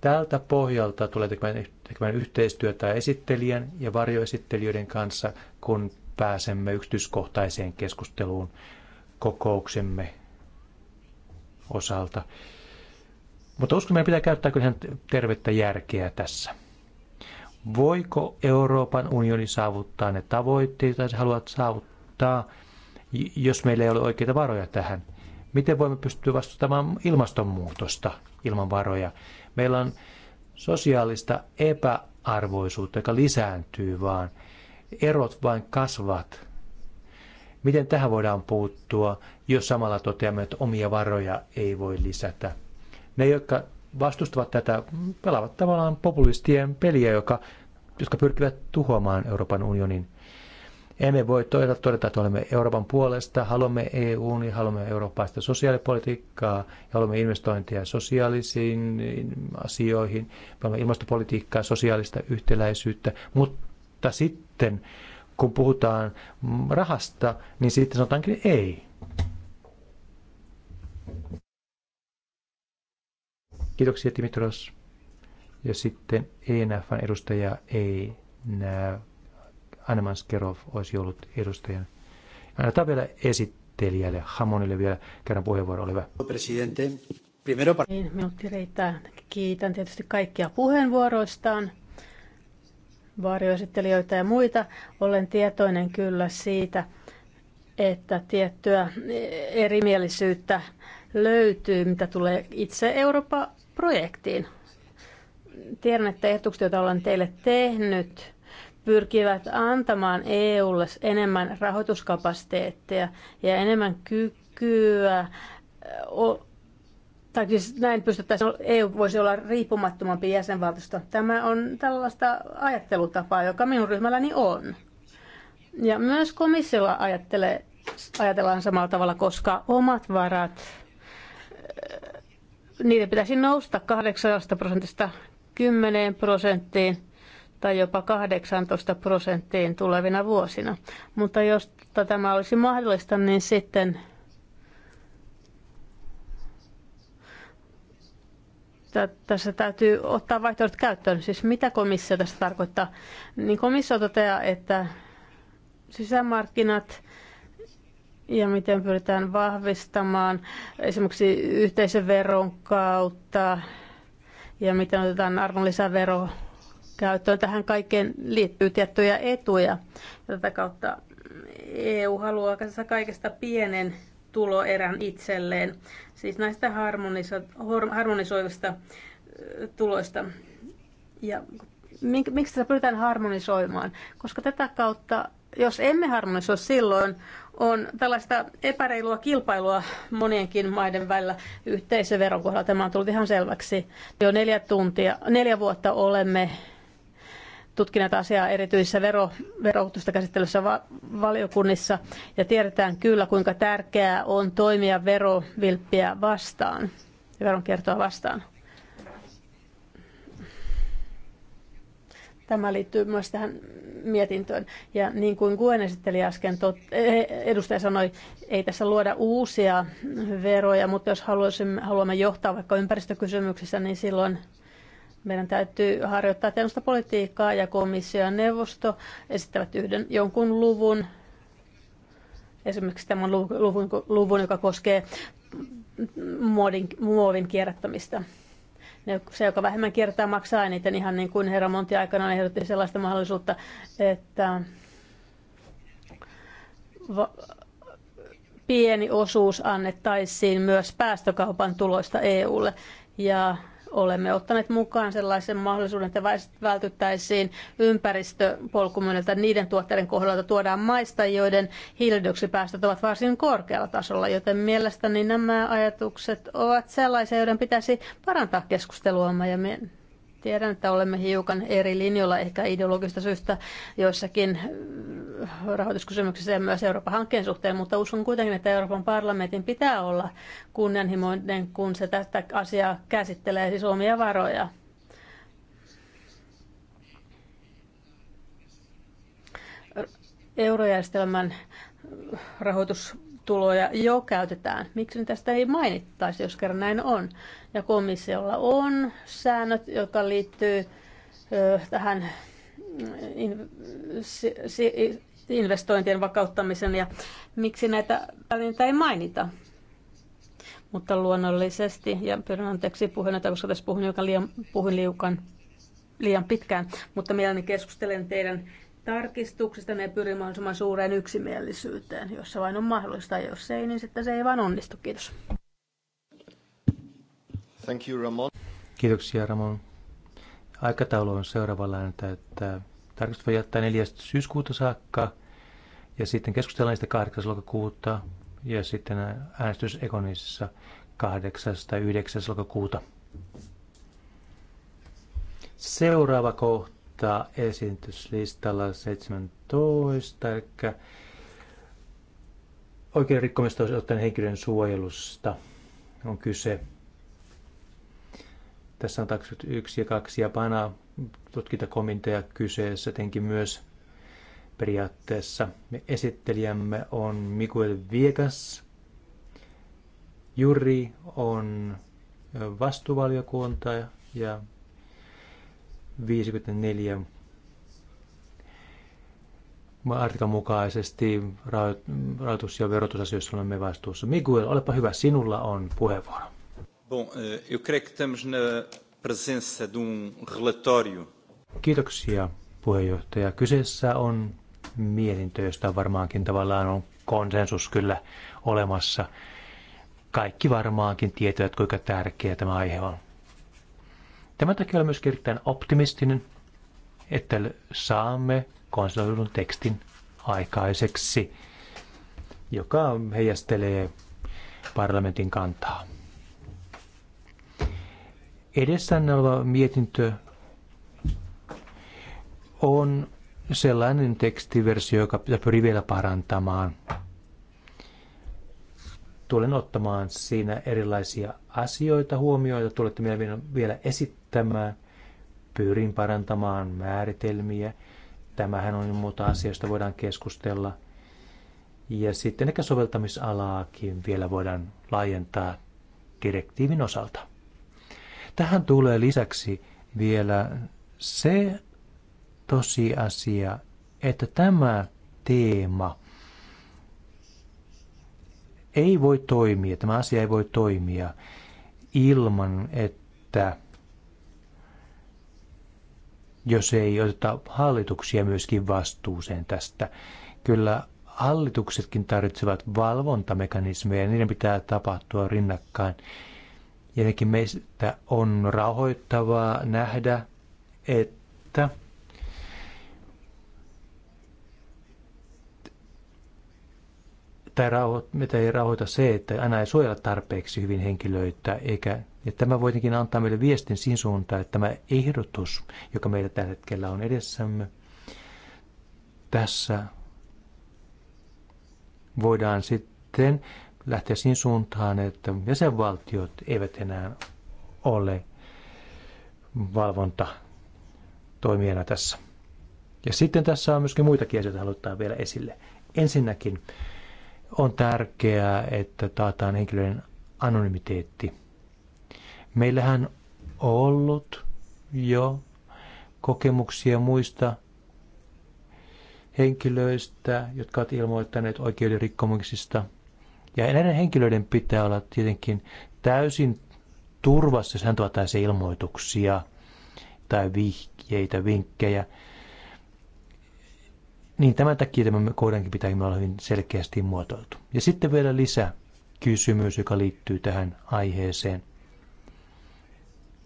Tältä pohjalta tulee tekemään, tekemään yhteistyötä esittelijän ja varjoesittelijöiden kanssa, kun pääsemme yksityiskohtaiseen keskusteluun kokouksemme osalta. Mutta uskon, meidän pitää käyttää kyllä ihan tervettä järkeä tässä. Voiko Euroopan unioni saavuttaa ne tavoitteet, joita se haluat saavuttaa, jos meillä ei ole oikeita varoja tähän? Miten voimme pystyä vastustamaan ilmastonmuutosta ilman varoja? Meillä on sosiaalista epäarvoisuutta, joka lisääntyy vaan. Erot vain kasvavat Miten tähän voidaan puuttua, jos samalla toteamme, että omia varoja ei voi lisätä? Ne, jotka vastustavat tätä, pelaavat tavallaan populistien peliä, joka, jotka pyrkivät tuhoamaan Euroopan unionin. Emme voi todeta, todeta, että olemme Euroopan puolesta, haluamme EU: niin haluamme eurooppaista sosiaalipolitiikkaa ja haluamme investointeja sosiaalisiin asioihin, haluamme ilmastopolitiikkaa, sosiaalista yhtäläisyyttä, mutta sitten kun puhutaan rahasta, niin sitten sanotaankin ei. Kiitoksia Dimitros. Ja sitten ENFn edustaja ei näe. Anemans Skerov olisi ollut edustajan. Annetaan vielä esittelijälle, Hamonille vielä kerran puheenvuoro, ole hyvä. Presidente, primero... Niin, minuutti riittää. Kiitän tietysti kaikkia puheenvuoroistaan varjoesittelijöitä ja muita. Olen tietoinen kyllä siitä, että tiettyä erimielisyyttä löytyy, mitä tulee itse Eurooppa-projektiin. Tiedän, että ehdotukset, joita olen teille tehnyt, pyrkivät antamaan EUlle enemmän rahoituskapasiteettia ja enemmän kykyä tai siis näin pystyttäisiin, EU voisi olla riippumattomampi jäsenvaltiosta. Tämä on tällaista ajattelutapaa, joka minun ryhmälläni on. Ja myös komissiolla ajattelee, ajatellaan samalla tavalla, koska omat varat, eh, niiden pitäisi nousta 8 prosentista 10 prosenttiin tai jopa 18 prosenttiin tulevina vuosina. Mutta jos tämä olisi mahdollista, niin sitten tässä täytyy ottaa vaihtoehdot käyttöön. Siis mitä komissio tässä tarkoittaa? Niin komissio toteaa, että sisämarkkinat ja miten pyritään vahvistamaan esimerkiksi yhteisöveron kautta ja miten otetaan arvonlisävero käyttöön. Tähän kaikkeen liittyy tiettyjä etuja. Tätä kautta EU haluaa kaikesta pienen tuloerän itselleen, siis näistä harmonisoivista tuloista. Ja miksi sitä pyritään harmonisoimaan? Koska tätä kautta, jos emme harmonisoi silloin, on tällaista epäreilua kilpailua monienkin maiden välillä yhteisöveron kohdalla. Tämä on tullut ihan selväksi. Jo neljä, tuntia, neljä vuotta olemme tutkineet asiaa erityisissä vero, verotusta käsittelyssä va, valiokunnissa ja tiedetään kyllä, kuinka tärkeää on toimia verovilppiä vastaan ja veronkiertoa vastaan. Tämä liittyy myös tähän mietintöön. Ja niin kuin Guen esitteli äsken, tot, eh, edustaja sanoi, ei tässä luoda uusia veroja, mutta jos haluaisimme, haluamme johtaa vaikka ympäristökysymyksissä, niin silloin meidän täytyy harjoittaa tällaista politiikkaa ja komissio ja neuvosto esittävät yhden jonkun luvun, esimerkiksi tämän luvun, luvun joka koskee muodin, muovin kierrättämistä. Se, joka vähemmän kiertää, maksaa eniten, ihan niin kuin herra Monti aikana ehdotti sellaista mahdollisuutta, että pieni osuus annettaisiin myös päästökaupan tuloista EUlle. Ja olemme ottaneet mukaan sellaisen mahdollisuuden, että vältyttäisiin ympäristöpolkumyynniltä niiden tuotteiden kohdalla, joita tuodaan maista, joiden hiilidioksipäästöt ovat varsin korkealla tasolla. Joten mielestäni nämä ajatukset ovat sellaisia, joiden pitäisi parantaa keskusteluamme ja Tiedän, että olemme hiukan eri linjoilla ehkä ideologista syystä joissakin mm, rahoituskysymyksissä ja myös Euroopan hankkeen suhteen, mutta uskon kuitenkin, että Euroopan parlamentin pitää olla kunnianhimoinen, kun se tästä asiaa käsittelee, siis omia varoja. Eurojärjestelmän rahoitus tuloja jo käytetään. Miksi tästä ei mainittaisi, jos kerran näin on? Ja komissiolla on säännöt, jotka liittyy tähän mm, investointien vakauttamisen ja miksi näitä välineitä ei mainita. Mutta luonnollisesti, ja pyydän anteeksi puheenjohtaja, koska tässä puhun, joka liian, puhun liukan, liian pitkään, mutta mielelläni keskustelen teidän tarkistuksista me pyrimme mahdollisimman suureen yksimielisyyteen, jos se vain on mahdollista. Ja jos ei, niin sitten se ei vaan onnistu. Kiitos. Thank you, Ramon. Kiitoksia, Ramon. Aikataulu on seuraavanlainen, että tarkistus voi jättää 4. syyskuuta saakka ja sitten keskustellaan niistä 8. lokakuuta ja sitten äänestys Ekonissa 8. tai 9. lokakuuta. Seuraava kohta listaa esityslistalla 17, eli oikeuden rikkomista ottaen henkilön suojelusta on kyse. Tässä on 21 ja 2 ja pana tutkintakomintoja kyseessä tietenkin myös periaatteessa. Me esittelijämme on Miguel Viegas. Juri on vastuvaliokunta ja 54 artikan mukaisesti rahoitus- ja verotusasioissa olemme vastuussa. Miguel, olepa hyvä, sinulla on puheenvuoro. Bom, eh, eu creio que estamos na presença de um relatório. Kiitoksia, puheenjohtaja. Kyseessä on mietintö, josta varmaankin tavallaan on konsensus kyllä olemassa. Kaikki varmaankin tietävät, kuinka tärkeä tämä aihe on. Tämän takia olen myös erittäin optimistinen, että saamme konsoloidun tekstin aikaiseksi, joka heijastelee parlamentin kantaa. Edessänne oleva mietintö on sellainen tekstiversio, joka pyrii vielä parantamaan tulen ottamaan siinä erilaisia asioita huomioita, tulette vielä, vielä esittämään. Pyrin parantamaan määritelmiä. Tämähän on muuta asioista voidaan keskustella. Ja sitten ehkä soveltamisalaakin vielä voidaan laajentaa direktiivin osalta. Tähän tulee lisäksi vielä se tosiasia, että tämä teema – ei voi toimia, tämä asia ei voi toimia ilman, että jos ei oteta hallituksia myöskin vastuuseen tästä. Kyllä hallituksetkin tarvitsevat valvontamekanismeja, ja niiden pitää tapahtua rinnakkain. Jotenkin meistä on rahoittavaa nähdä, että tai rauho, mitä ei rahoita se, että aina ei suojella tarpeeksi hyvin henkilöitä, eikä, ja tämä voitinkin antaa meille viestin siihen suuntaan, että tämä ehdotus, joka meillä tällä hetkellä on edessämme, tässä voidaan sitten lähteä siihen suuntaan, että jäsenvaltiot eivät enää ole valvonta toimijana tässä. Ja sitten tässä on myöskin muitakin asioita, haluttaa halutaan vielä esille. Ensinnäkin on tärkeää, että taataan henkilöiden anonymiteetti. Meillähän on ollut jo kokemuksia muista henkilöistä, jotka ovat ilmoittaneet oikeuden rikkomuksista. Ja näiden henkilöiden pitää olla tietenkin täysin turvassa, jos hän tuottaisi ilmoituksia tai vihjeitä, vinkkejä, niin tämän takia tämän koodankin pitää olla hyvin selkeästi muotoiltu. Ja sitten vielä lisää kysymys, joka liittyy tähän aiheeseen,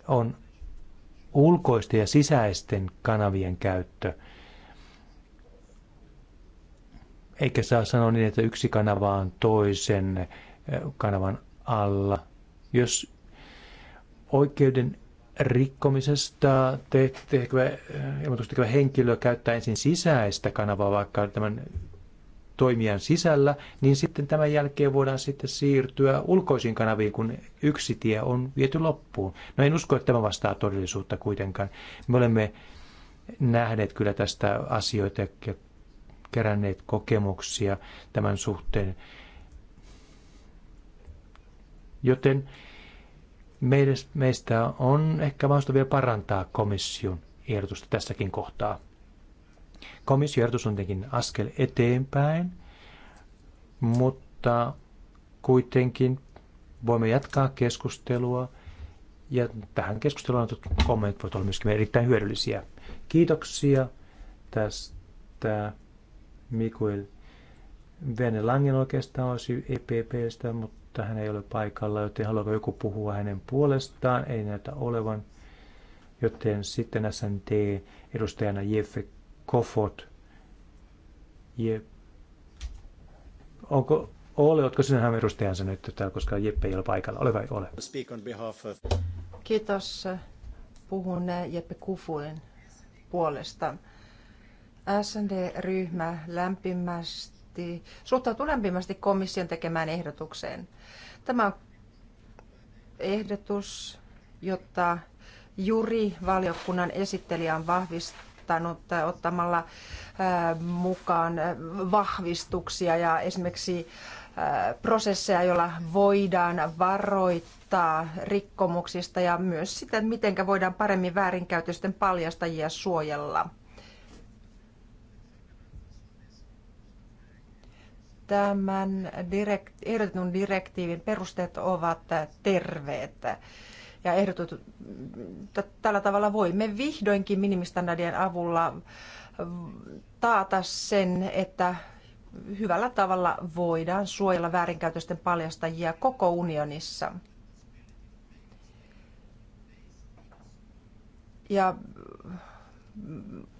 on ulkoisten ja sisäisten kanavien käyttö. Eikä saa sanoa niin, että yksi kanava on toisen eh, kanavan alla. Jos oikeuden rikkomisesta te, tekevä, eh, ilmoitus tekevä henkilö käyttää ensin sisäistä kanavaa vaikka tämän toimijan sisällä, niin sitten tämän jälkeen voidaan sitten siirtyä ulkoisiin kanaviin, kun yksi tie on viety loppuun. No en usko, että tämä vastaa todellisuutta kuitenkaan. Me olemme nähneet kyllä tästä asioita ja keränneet kokemuksia tämän suhteen. Joten meistä on ehkä mahdollista vielä parantaa komission ehdotusta tässäkin kohtaa. Komission ehdotus on tietenkin askel eteenpäin, mutta kuitenkin voimme jatkaa keskustelua ja tähän keskusteluun annetut kommentit voivat olla myöskin erittäin hyödyllisiä. Kiitoksia tästä Mikuel Vene Langen oikeastaan olisi EPPstä, mutta mutta hän ei ole paikalla, joten haluaako joku puhua hänen puolestaan? Ei näytä olevan. Joten sitten SNT edustajana Jeffe Kofot. Je... Onko Ole, oletko sinä hänen edustajansa nyt täällä, koska Jeppe ei ole paikalla? Ole vai ole? Kiitos. Puhun eh, Jeppe Kufuen puolesta. SND-ryhmä lämpimästi lämpimästi, suhtautuu lämpimästi komission tekemään ehdotukseen. Tämä on ehdotus, jota Juri valiokunnan esittelijä on vahvistanut äh, ottamalla äh, mukaan äh, vahvistuksia ja esimerkiksi prosesseja, joilla voidaan varoittaa rikkomuksista ja myös sitä, miten voidaan paremmin väärinkäytösten paljastajia suojella. tämän direkt, ehdotetun direktiivin perusteet ovat terveet. Ja ehdotut, tällä tavalla voimme vihdoinkin minimistandardien avulla taata sen, että hyvällä tavalla voidaan suojella väärinkäytösten paljastajia koko unionissa. Ja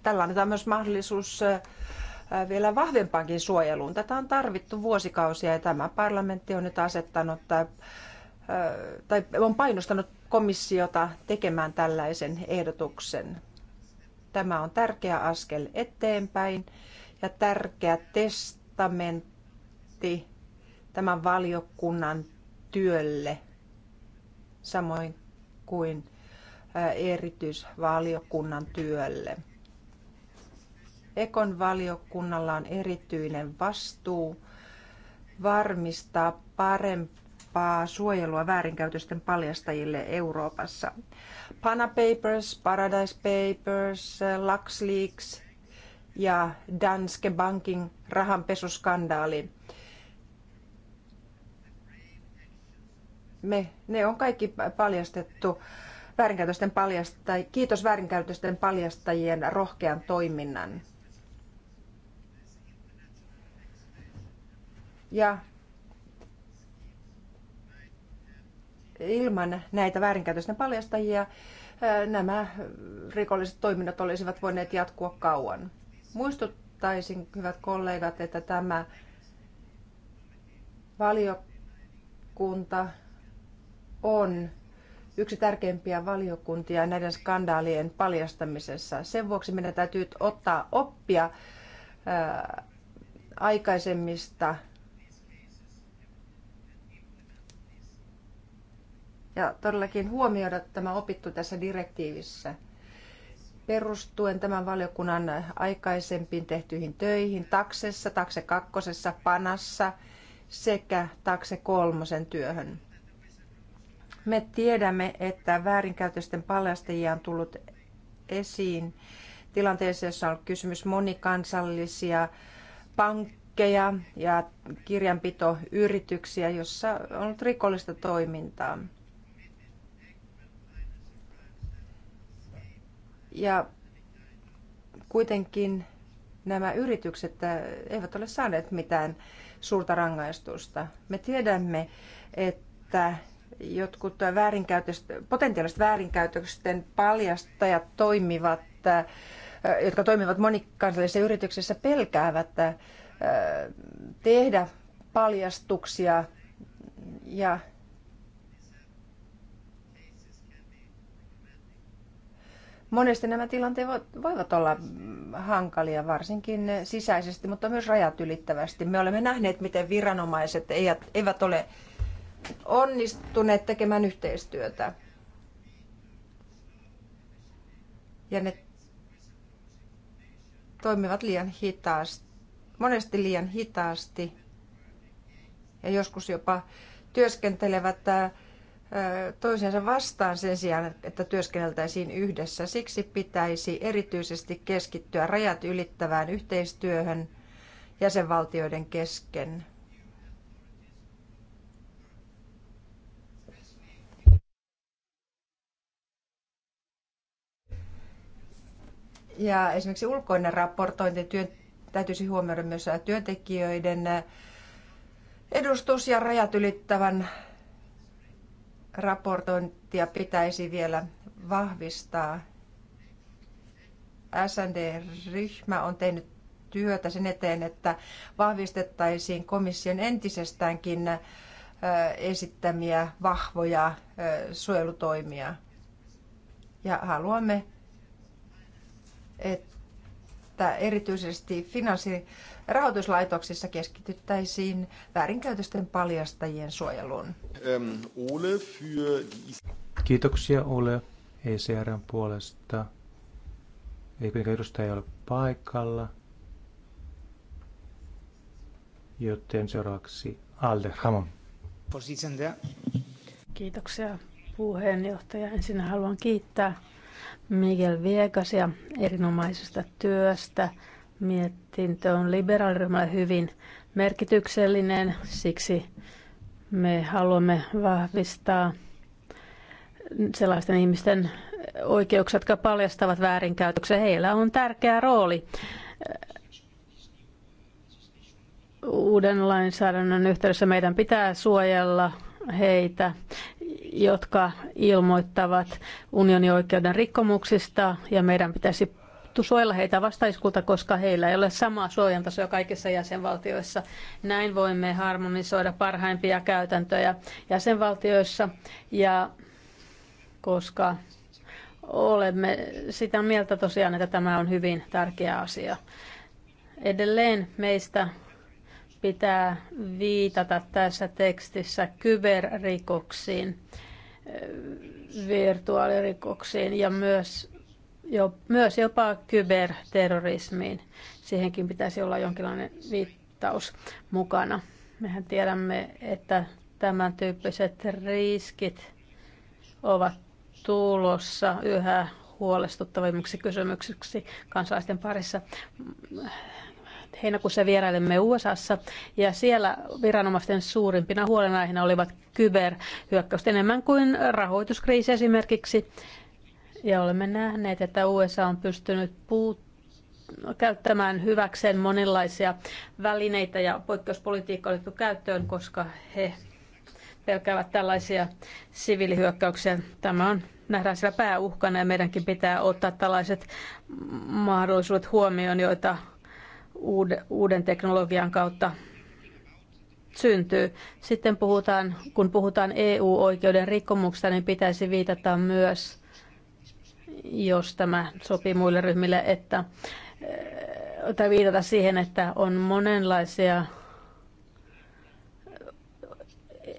tällä annetaan myös mahdollisuus vielä vahvempaankin suojeluun. Tätä on tarvittu vuosikausia ja tämä parlamentti on nyt asettanut tai, tai on painostanut komissiota tekemään tällaisen ehdotuksen. Tämä on tärkeä askel eteenpäin ja tärkeä testamentti tämän valiokunnan työlle, samoin kuin erityisvaliokunnan työlle. Ekon valiokunnalla on erityinen vastuu varmistaa parempaa suojelua väärinkäytösten paljastajille Euroopassa. Pana Papers, Paradise Papers, LuxLeaks ja Danske Bankin rahanpesuskandaali. Me, ne on kaikki paljastettu väärinkäytösten paljastaj- kiitos väärinkäytösten paljastajien rohkean toiminnan. Ja ilman näitä väärinkäytösten paljastajia nämä rikolliset toiminnot olisivat voineet jatkua kauan. Muistuttaisin, hyvät kollegat, että tämä valiokunta on yksi tärkeimpiä valiokuntia näiden skandaalien paljastamisessa. Sen vuoksi meidän täytyy ottaa oppia aikaisemmista ja todellakin huomioida tämä opittu tässä direktiivissä. Perustuen tämän valiokunnan aikaisempiin tehtyihin töihin taksessa, takse kakkosessa, panassa sekä takse kolmosen työhön. Me tiedämme, että väärinkäytösten paljastajia on tullut esiin tilanteessa, jossa on kysymys monikansallisia pankkeja ja kirjanpitoyrityksiä, jossa on ollut rikollista toimintaa. Ja kuitenkin nämä yritykset äh, eivät ole saaneet mitään suurta rangaistusta. Me tiedämme, että jotkut potentiaaliset väärinkäytösten paljastajat toimivat, äh, jotka toimivat monikansallisissa yrityksissä, pelkäävät äh, tehdä paljastuksia ja Monesti nämä tilanteet voivat olla hankalia, varsinkin sisäisesti, mutta myös rajat ylittävästi. Me olemme nähneet, miten viranomaiset eivät ole onnistuneet tekemään yhteistyötä. Ja ne toimivat liian hitaasti, monesti liian hitaasti ja joskus jopa työskentelevät äh, toisiansa vastaan sen sijaan, että työskenneltäisiin yhdessä. Siksi pitäisi erityisesti keskittyä rajat ylittävään yhteistyöhön jäsenvaltioiden kesken. Ja esimerkiksi ulkoinen raportointi työn, täytyisi huomioida myös työntekijöiden edustus ja rajat ylittävän raportointia pitäisi vielä vahvistaa. SND-ryhmä on tehnyt työtä sen eteen, että vahvistettaisiin komission entisestäänkin esittämiä vahvoja suojelutoimia. Ja haluamme, että että erityisesti finanssirahoituslaitoksissa keskityttäisiin väärinkäytösten paljastajien suojeluun. Ähm, Kiitoksia Ole ECRn puolesta. Eikö edustaja ole paikalla? Joten seuraavaksi Alde Hamon. Kiitoksia puheenjohtaja. Ensin haluan kiittää Miguel Viegas ja erinomaisesta työstä. Mietintö on liberaaliryhmälle hyvin merkityksellinen, siksi me haluamme vahvistaa sellaisten ihmisten oikeuksia, jotka paljastavat väärinkäytöksen. Heillä on tärkeä rooli uuden lainsäädännön yhteydessä meidän pitää suojella heitä, jotka ilmoittavat unionin oikeuden rikkomuksista ja meidän pitäisi suojella heitä vastaiskulta, koska heillä ei ole samaa suojantasoa kaikissa jäsenvaltioissa. Näin voimme harmonisoida parhaimpia käytäntöjä jäsenvaltioissa ja koska olemme sitä mieltä tosiaan, että tämä on hyvin tärkeä asia. Edelleen meistä pitää viitata tässä tekstissä kyberrikoksiin, virtuaalirikoksiin ja myös, jo, myös jopa kyberterrorismiin. Siihenkin pitäisi olla jonkinlainen viittaus mukana. Mehän tiedämme, että tämän tyyppiset riskit ovat tulossa yhä huolestuttavimmiksi kysymyksiksi kansalaisten parissa heinäkuussa vierailimme USAssa ja siellä viranomaisten suurimpina huolenaiheina olivat kyberhyökkäykset enemmän kuin rahoituskriisi esimerkiksi. Ja olemme nähneet, että USA on pystynyt puuttumaan käyttämään hyväkseen monenlaisia välineitä ja poikkeuspolitiikka on otettu käyttöön, koska he pelkäävät tällaisia siviilihyökkäyksiä. Tämä on nähdään siellä pääuhkana ja meidänkin pitää ottaa tällaiset mahdollisuudet huomioon, joita uuden teknologian kautta syntyy. Sitten puhutaan, kun puhutaan EU-oikeuden rikkomuksesta, niin pitäisi viitata myös, jos tämä sopii muille ryhmille, että, eh, tai viitata siihen, että on monenlaisia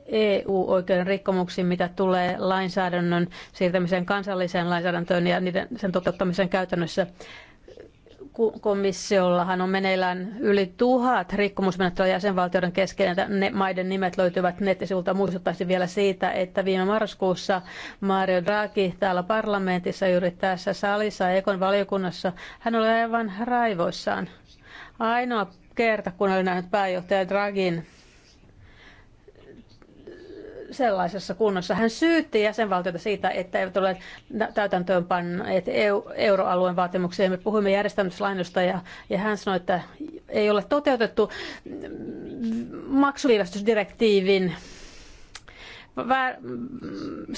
EU-oikeuden rikkomuksiin, mitä tulee lainsäädännön siirtämiseen kansalliseen lainsäädäntöön ja niiden, sen toteuttamisen käytännössä komissiollahan on meneillään yli tuhat rikkomusmenettelyä jäsenvaltioiden kesken, ja ne maiden nimet löytyvät nettisivulta. Muistuttaisin vielä siitä, että viime marraskuussa Mario Draghi täällä parlamentissa juuri tässä salissa Ekon valiokunnassa, hän oli aivan raivoissaan. Ainoa kerta, kun olin nähnyt pääjohtaja Dragin sellaisessa kunnossa. Hän syytti jäsenvaltioita siitä, että eivät ole täytäntöön panneet euroalueen vaatimuksia. Me puhuimme järjestämislainosta ja, ja hän sanoi, että ei ole toteutettu maksuviivästysdirektiivin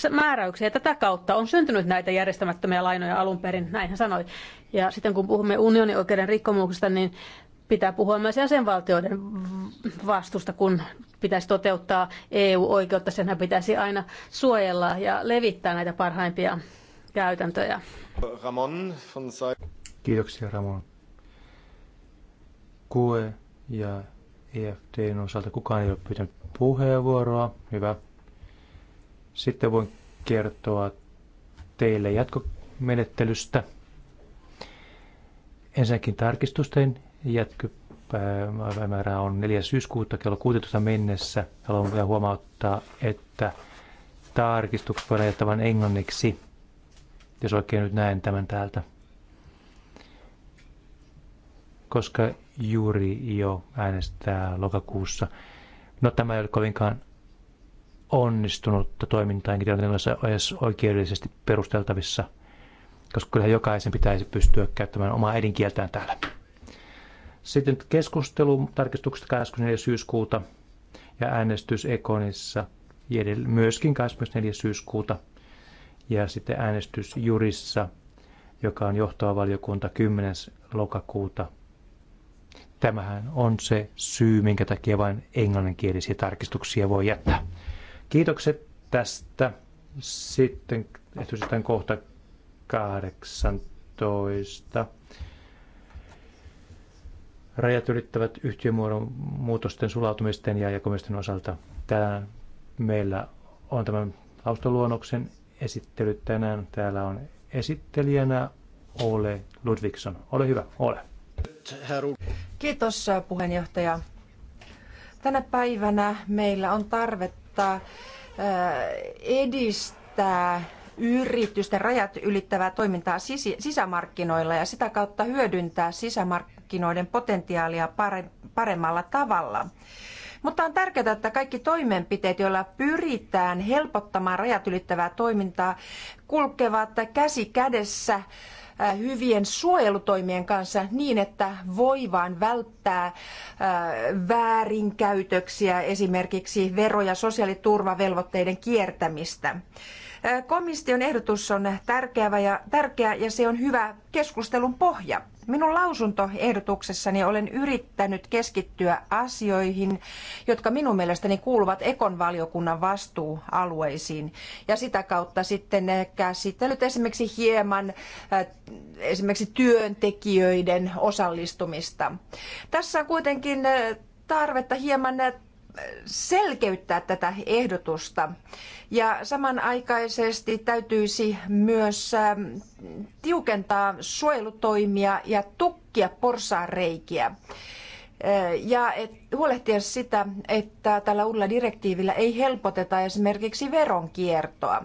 määräyksiä. Tätä kautta on syntynyt näitä järjestämättömiä lainoja alun perin, näin hän sanoi. Ja sitten kun puhumme unionin oikeuden rikkomuksista, niin pitää puhua myös jäsenvaltioiden vastusta, kun pitäisi toteuttaa EU-oikeutta. Senhän pitäisi aina suojella ja levittää näitä parhaimpia käytäntöjä. Ramon von Kiitoksia Ramon. Kue ja EFT, osalta kukaan ei ole pyytänyt puheenvuoroa. Hyvä. Sitten voin kertoa teille jatkomenettelystä. Ensinnäkin tarkistusten jätkypäivämäärä on 4. syyskuuta kello 16 mennessä. Haluan vielä huomauttaa, että tarkistukset voidaan jättää vain englanniksi, jos oikein nyt näen tämän täältä. Koska juuri jo äänestää lokakuussa. No tämä ei ole kovinkaan onnistunutta toimintaa, enkä tiedä, edes oikeudellisesti perusteltavissa, koska kyllähän jokaisen pitäisi pystyä käyttämään omaa äidinkieltään täällä. Sitten keskustelu tarkistuksesta 24. syyskuuta ja äänestys Ekonissa myöskin 24. syyskuuta. Ja sitten äänestys Jurissa, joka on johtava valiokunta 10. lokakuuta. Tämähän on se syy, minkä takia vain englanninkielisiä tarkistuksia voi jättää. Kiitokset tästä. Sitten ehdotetaan kohta 18 rajat ylittävät yhtiömuodon muutosten sulautumisten ja jakomisten osalta. Tämä meillä on tämän taustaluonnoksen esittely tänään. Täällä on esittelijänä Ole Ludvigson. Ole hyvä, ole. Kiitos puheenjohtaja. Tänä päivänä meillä on tarvetta edistää yritysten rajat ylittävää toimintaa sisämarkkinoilla ja sitä kautta hyödyntää sisämarkkinoiden potentiaalia paremmalla tavalla. Mutta on tärkeää, että kaikki toimenpiteet, joilla pyritään helpottamaan rajat ylittävää toimintaa, kulkevat käsi kädessä äh, hyvien suojelutoimien kanssa niin, että voi vaan välttää äh, väärinkäytöksiä, esimerkiksi vero- ja sosiaaliturvavelvoitteiden kiertämistä. Komission ehdotus on tärkeä ja, tärkeä ja se on hyvä keskustelun pohja. Minun lausuntoehdotuksessani olen yrittänyt keskittyä asioihin, jotka minun mielestäni kuuluvat Ekon valiokunnan vastuualueisiin. Ja sitä kautta sitten käsittelyt esimerkiksi hieman esimerkiksi työntekijöiden osallistumista. Tässä on kuitenkin tarvetta hieman selkeyttää tätä ehdotusta. Ja samanaikaisesti täytyisi myös ähm, tiukentaa suojelutoimia ja tukkia porsaanreikiä äh, ja et, huolehtia sitä, että tällä uudella direktiivillä ei helpoteta esimerkiksi veronkiertoa.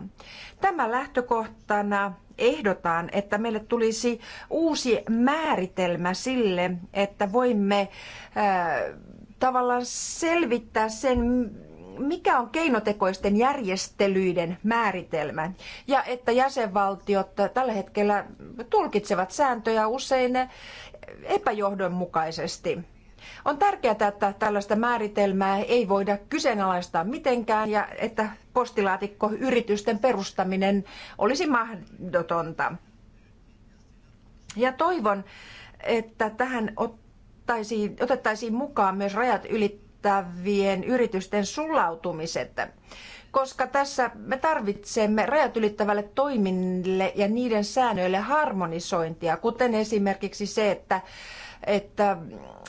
Tämä lähtökohtana ehdotan, että meille tulisi uusi määritelmä sille, että voimme äh, tavallaan selvittää sen, mikä on keinotekoisten järjestelyiden määritelmä ja että jäsenvaltiot tällä hetkellä tulkitsevat sääntöjä usein epäjohdonmukaisesti. On tärkeää, että tällaista määritelmää ei voida kyseenalaistaa mitenkään ja että yritysten perustaminen olisi mahdotonta. Ja toivon, että tähän ot- otettaisiin, otettaisiin mukaan myös rajat ylittävien yritysten sulautumiset, koska tässä me tarvitsemme rajat ylittävälle toiminnille ja niiden säännöille harmonisointia, kuten esimerkiksi se, että että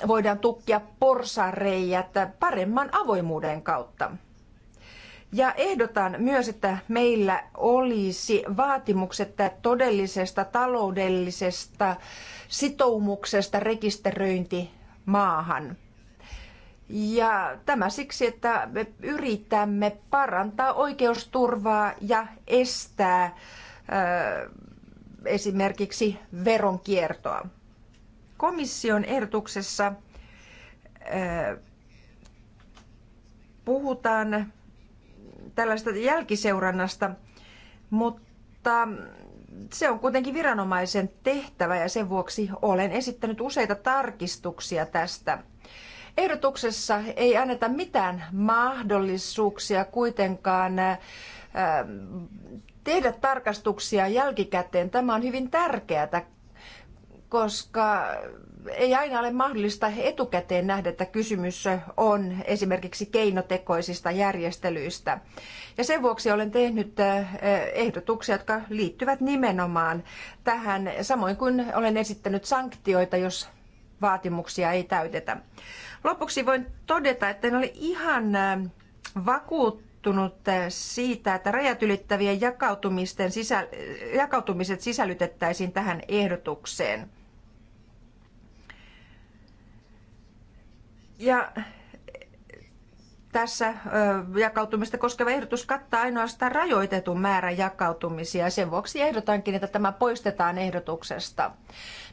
voidaan tukkia porsareijät paremman avoimuuden kautta. Ja ehdotan myös, että meillä olisi vaatimukset todellisesta taloudellisesta sitoumuksesta rekisteröinti maahan. Ja tämä siksi, että me yritämme parantaa oikeusturvaa ja estää esimerkiksi veronkiertoa. Komission ehdotuksessa puhutaan tällaista jälkiseurannasta, mutta se on kuitenkin viranomaisen tehtävä ja sen vuoksi olen esittänyt useita tarkistuksia tästä. Ehdotuksessa ei anneta mitään mahdollisuuksia kuitenkaan äh, tehdä tarkastuksia jälkikäteen. Tämä on hyvin tärkeää, koska ei aina ole mahdollista etukäteen nähdä, että kysymys on esimerkiksi keinotekoisista järjestelyistä. Ja sen vuoksi olen tehnyt äh, ehdotuksia, jotka liittyvät nimenomaan tähän, samoin kuin olen esittänyt sanktioita, jos vaatimuksia ei täytetä. Lopuksi voin todeta, että en ole ihan äh, vakuuttunut äh, siitä, että rajat ylittävien jakautumisten sisä, jakautumiset sisällytettäisiin tähän ehdotukseen. Ja eh, tässä jakautumista koskeva ehdotus kattaa ainoastaan rajoitetun määrän jakautumisia. Sen vuoksi ehdotankin, että tämä poistetaan ehdotuksesta.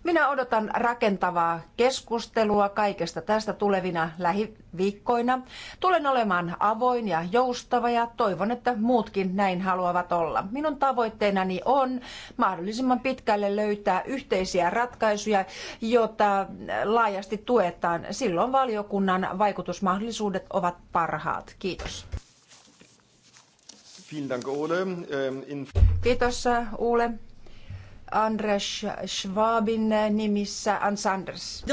Minä odotan rakentavaa keskustelua kaikesta tästä tulevina lähiviikkoina. Tulen olemaan avoin ja joustava ja toivon, että muutkin näin haluavat olla. Minun tavoitteenani on mahdollisimman pitkälle löytää yhteisiä ratkaisuja, joita laajasti tuetaan. Silloin valiokunnan vaikutusmahdollisuudet ovat parhaat. Kiitos. Ähm, Kiitos Ule. Andres Schwabin nimissä Ans Anders.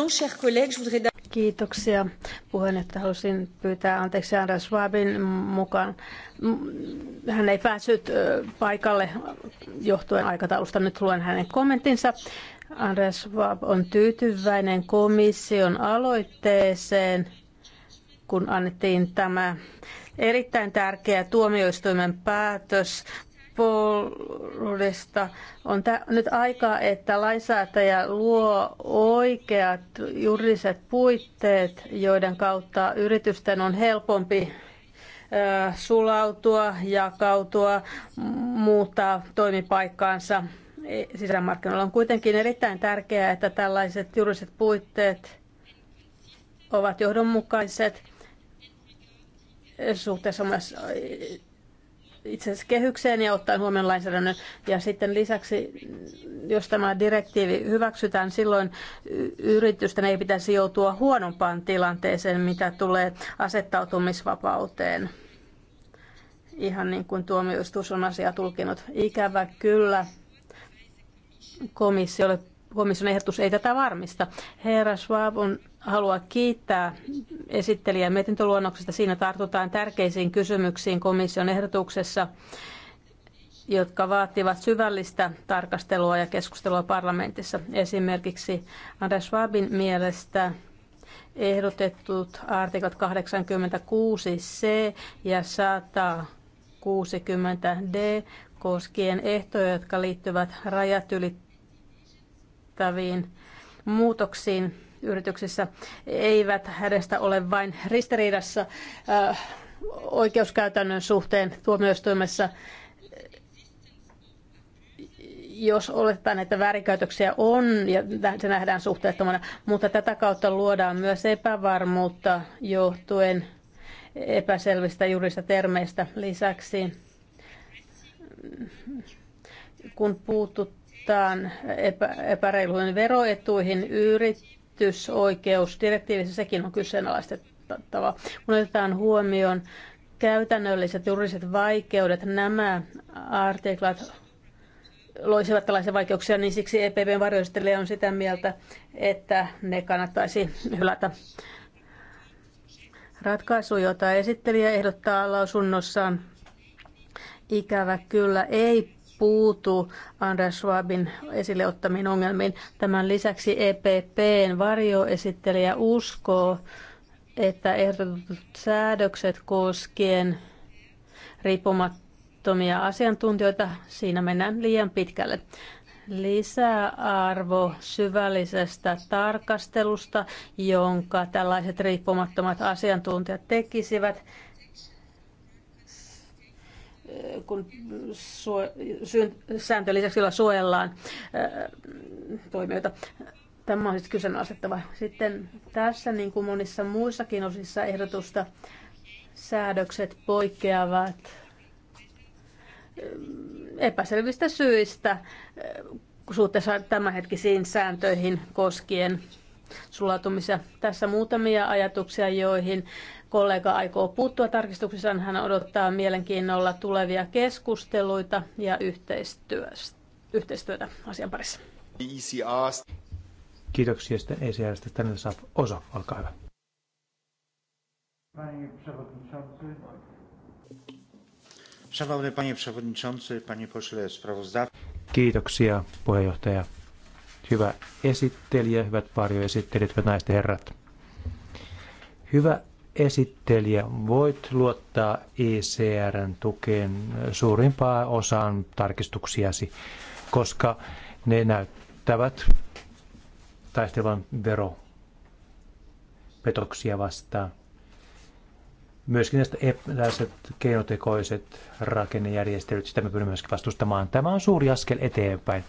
Kiitoksia että Haluaisin pyytää anteeksi Andres Schwabin mukaan. Hän ei päässyt paikalle johtuen aikataulusta. Nyt luen hänen kommenttinsa. Andres Schwab on tyytyväinen komission aloitteeseen, kun annettiin tämä erittäin tärkeä tuomioistuimen päätös vastapuoluudesta. On nyt aika, että lainsäätäjä luo oikeat juridiset puitteet, joiden kautta yritysten on helpompi sulautua, jakautua, muuttaa toimipaikkaansa. Sisämarkkinoilla on kuitenkin erittäin tärkeää, että tällaiset juridiset puitteet ovat johdonmukaiset suhteessa myös itse asiassa kehykseen ja ottaen huomioon lainsäädännön. Ja sitten lisäksi, jos tämä direktiivi hyväksytään, silloin yritysten ei pitäisi joutua huonompaan tilanteeseen, mitä tulee asettautumisvapauteen. Ihan niin kuin tuomioistus on asia tulkinut. Ikävä kyllä komissio komission ehdotus ei tätä varmista. Herra Schwab on, haluaa kiittää esittelijää mietintöluonnoksesta. Siinä tartutaan tärkeisiin kysymyksiin komission ehdotuksessa jotka vaativat syvällistä tarkastelua ja keskustelua parlamentissa. Esimerkiksi Anders Schwabin mielestä ehdotetut artiklat 86c ja 160d koskien ehtoja, jotka liittyvät rajat ylittämään merkittäviin muutoksiin yrityksissä eivät hänestä ole vain ristiriidassa äh, oikeuskäytännön suhteen tuomioistuimessa jos oletetaan, että väärinkäytöksiä on ja se nähdään suhteettomana, mutta tätä kautta luodaan myös epävarmuutta johtuen epäselvistä juridista termeistä lisäksi. Kun puutut viittaan epä, epäreiluihin veroetuihin direktiivissä sekin on kyseenalaistettava. Kun otetaan huomioon käytännölliset juridiset vaikeudet, nämä artiklat loisivat tällaisia vaikeuksia, niin siksi EPVn varjoistelija on sitä mieltä, että ne kannattaisi hylätä. Ratkaisu, jota esittelijä ehdottaa lausunnossaan, ikävä kyllä ei puutu Andreas Schwabin esille ottamiin ongelmiin. Tämän lisäksi EPPn varjoesittelijä uskoo, että ehdotetut säädökset koskien riippumattomia asiantuntijoita, siinä mennään liian pitkälle lisäarvo syvällisestä tarkastelusta, jonka tällaiset riippumattomat asiantuntijat tekisivät, Äh, kun sääntö lisäksi suojellaan äh, toimijoita. Tämä on sitten siis kyseenalaistettava. Sitten tässä, niin kuin monissa muissakin osissa ehdotusta, säädökset poikkeavat äh, epäselvistä syistä suhteessa tämänhetkisiin sääntöihin koskien sulautumisia. Tässä muutamia ajatuksia, joihin kollega aikoo puuttua tarkistuksissa, Hän odottaa mielenkiinnolla tulevia keskusteluita ja yhteistyötä asian parissa. Kiitoksia sitten ECRstä. Tänne saa osa. Olkaa hyvä. przewodniczący, Kiitoksia puheenjohtaja. Hyvä esittelijä, hyvät varjoesittelijät, hyvät naiset ja herrat. Hyvä esittelijä, voit luottaa ICRn e tukeen suurimpaan osaan tarkistuksiasi, koska ne näyttävät taistelevan veropetoksia vastaan. Myöskin näistä epäiset keinotekoiset rakennejärjestelyt, sitä me pyrimme myöskin vastustamaan. Tämä on suuri askel eteenpäin.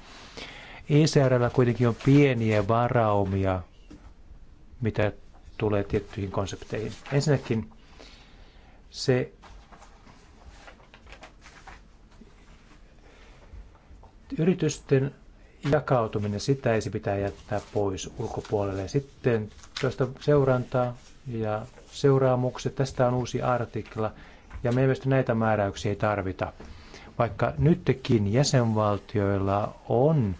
ICRllä e kuitenkin on pieniä varaumia, mitä tulee tiettyihin konsepteihin. Ensinnäkin se yritysten jakautuminen, sitä ei se pitää jättää pois ulkopuolelle. Sitten tuosta seurantaa ja seuraamukset, tästä on uusi artikla, ja meidän näitä määräyksiä ei tarvita. Vaikka nytkin jäsenvaltioilla on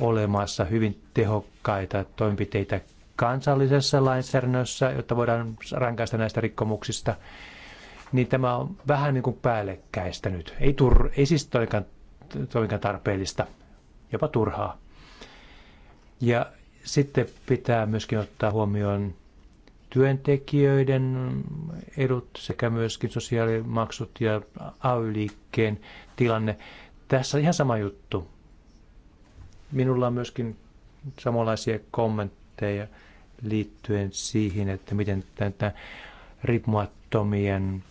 olemassa hyvin tehokkaita toimenpiteitä kansallisessa lainsäädännössä, jotta voidaan rankaista näistä rikkomuksista, niin tämä on vähän niin kuin päällekkäistä nyt. Ei, tur, ei siis toinkaan, toinkaan tarpeellista, jopa turhaa. Ja sitten pitää myöskin ottaa huomioon työntekijöiden edut sekä myöskin sosiaalimaksut ja AY-liikkeen tilanne. Tässä on ihan sama juttu. Minulla on myöskin samanlaisia kommentteja liittyen siihen, että miten tätä riippumattomien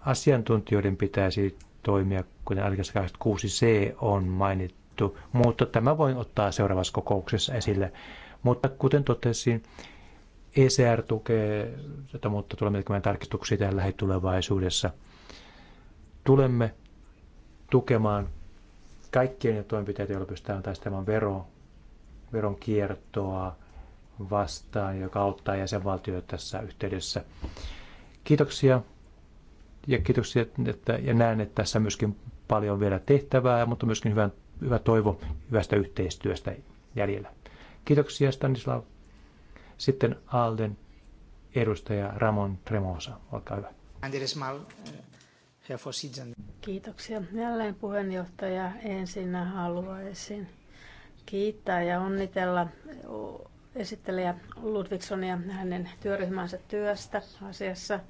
asiantuntijoiden pitäisi toimia, kuten artikassa 86c on mainittu. Mutta tämä voin ottaa seuraavassa kokouksessa esille. Mutta kuten totesin, ECR tukee tätä, mutta tulemme tekemään tarkistuksia tähän lähitulevaisuudessa. Tulemme tukemaan kaikkien ne toimenpiteitä, joilla pystytään taistamaan vero, veron kiertoa, vastaan, joka auttaa jäsenvaltio tässä yhteydessä. Kiitoksia ja kiitoksia, että, ja näen, että tässä myöskin paljon vielä tehtävää, mutta myöskin hyvä, hyvä toivo hyvästä yhteistyöstä jäljellä. Kiitoksia Stanislav. Sitten Alden edustaja Ramon Tremosa, olkaa hyvä. Andres Mal, eh, Kiitoksia. Jälleen puheenjohtaja, ensin haluaisin kiittää ja onnitella esittelijä Ludvigsson ja hänen työryhmänsä työstä asiassa.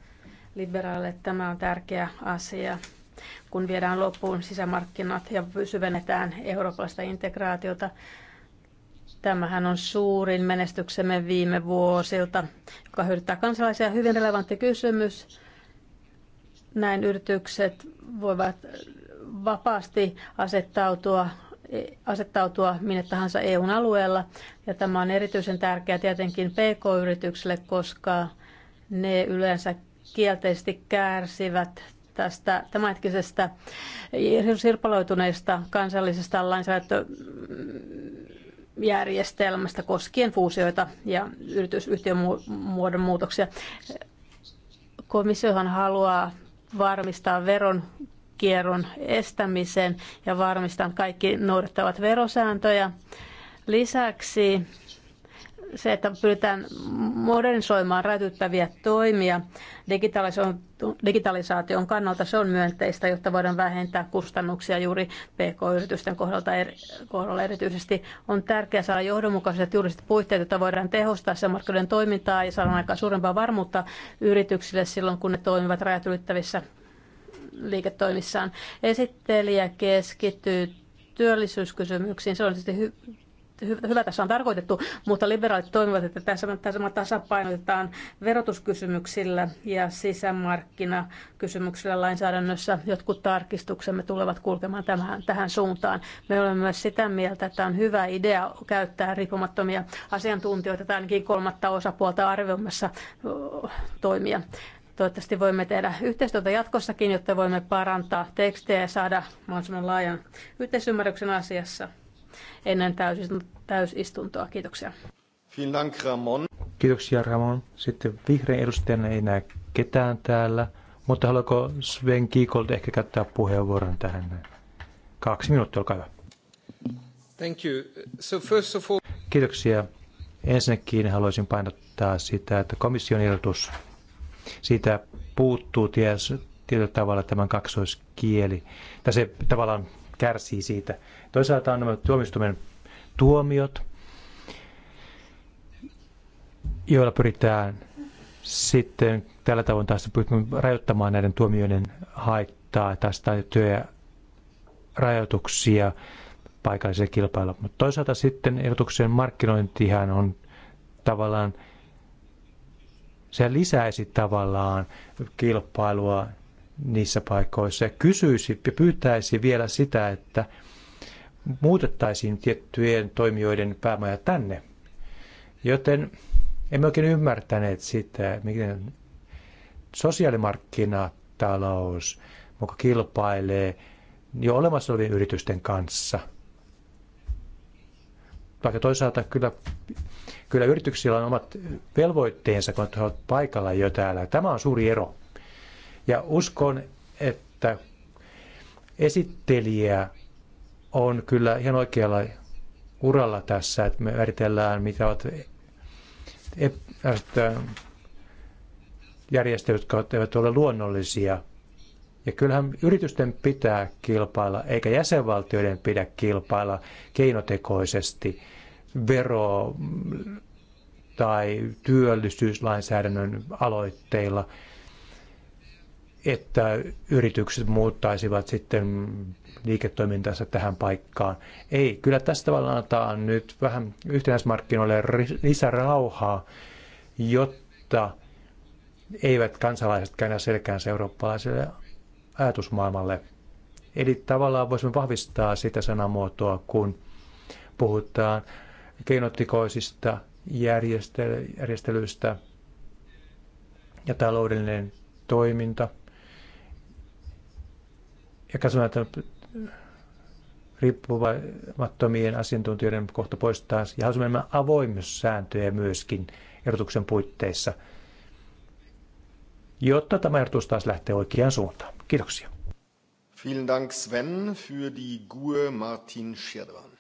Liberaaleille tämä on tärkeä asia, kun viedään loppuun sisämarkkinat ja syvennetään eurooppalaista integraatiota. Tämähän on suurin menestyksemme viime vuosilta, joka hyödyttää kansalaisia. Hyvin relevantti kysymys. Näin yritykset voivat vapaasti asettautua asettautua minne tahansa EUn alueella. Ja tämä on erityisen tärkeää tietenkin PK-yrityksille, koska ne yleensä kielteisesti kärsivät tästä tämänhetkisestä sirpaloituneesta kansallisesta lainsäädäntöjärjestelmästä koskien fuusioita ja yritysyhtiömuodon muutoksia. Komissiohan haluaa varmistaa veron veronkierron estämisen ja varmistan kaikki noudattavat verosääntöjä. Lisäksi se, että pyritään modernisoimaan rätyttäviä toimia digitalisaation kannalta, se on myönteistä, jotta voidaan vähentää kustannuksia juuri PK-yritysten kohdalla eri, kohdalla erityisesti. On tärkeää saada johdonmukaiset juridiset puitteet, jotta voidaan tehostaa sen markkinoiden toimintaa ja saada aikaan suurempaa varmuutta yrityksille silloin, kun ne toimivat rajat ylittävissä liiketoimissaan. Esittelijä keskittyy työllisyyskysymyksiin. Se on tietysti siis hy- hy- hyvä tässä on tarkoitettu, mutta liberaalit toimivat, että tässä, tässä tasapainotetaan verotuskysymyksillä ja sisämarkkinakysymyksillä lainsäädännössä. Jotkut tarkistuksemme tulevat kulkemaan tämän, tähän suuntaan. Me olemme myös sitä mieltä, että on hyvä idea käyttää riippumattomia asiantuntijoita tai ainakin kolmatta osapuolta arvioimassa toimia. Toivottavasti voimme tehdä yhteistyötä jatkossakin, jotta voimme parantaa tekstejä ja saada mahdollisimman laajan yhteisymmärryksen asiassa ennen täysistuntoa. Kiitoksia. Dank, Ramon. Kiitoksia Ramon. Sitten vihreän edustajana ei näe ketään täällä, mutta haluaako Sven Kiikold ehkä käyttää puheenvuoron tähän? Kaksi minuuttia, olkaa hyvä. Thank you. So first of all... Kiitoksia. Ensinnäkin haluaisin painottaa sitä, että komission ehdotus siitä puuttuu ties, tietyllä tavalla tämän kaksoiskieli, tai se tavallaan kärsii siitä. Toisaalta on nämä tuomistumen tuomiot, joilla pyritään sitten tällä tavoin taas rajoittamaan näiden tuomioiden haittaa tästä työ rajoituksia paikalliselle kilpailulle. Mutta toisaalta sitten ehdotuksen markkinointihan on tavallaan se lisäisi tavallaan kilpailua niissä paikoissa ja kysyisi ja pyytäisi vielä sitä, että muutettaisiin tiettyjen toimijoiden päämaja tänne. Joten emme oikein ymmärtäneet sitä, miten sosiaalimarkkinatalous muka kilpailee jo olemassa olevien yritysten kanssa. Vaikka toisaalta kyllä Kyllä yrityksillä on omat velvoitteensa, kun he ovat paikalla jo täällä. Tämä on suuri ero. Ja uskon, että esittelijä on kyllä ihan oikealla uralla tässä, että me määritellään, mitä ovat äh, järjestelyt, jotka eivät ole luonnollisia. Ja kyllähän yritysten pitää kilpailla, eikä jäsenvaltioiden pidä kilpailla keinotekoisesti vero- tai työllisyyslainsäädännön aloitteilla, että yritykset muuttaisivat sitten liiketoimintansa tähän paikkaan. Ei, kyllä tässä tavallaan annetaan nyt vähän yhtenäismarkkinoille lisärauhaa, jotta eivät kansalaiset käännä selkäänsä eurooppalaiselle ajatusmaailmalle. Eli tavallaan voisimme vahvistaa sitä sanamuotoa, kun puhutaan keinotikoisista järjestelyistä ja taloudellinen toiminta. Ja katsotaan, että riippumattomien asiantuntijoiden kohta poistetaan. Ja haluaisimme enemmän avoimuussääntöjä myöskin erotuksen puitteissa, jotta tämä erotus taas lähtee oikeaan suuntaan. Kiitoksia. Vielen Dank Sven für die GUE Martin Schirdewan.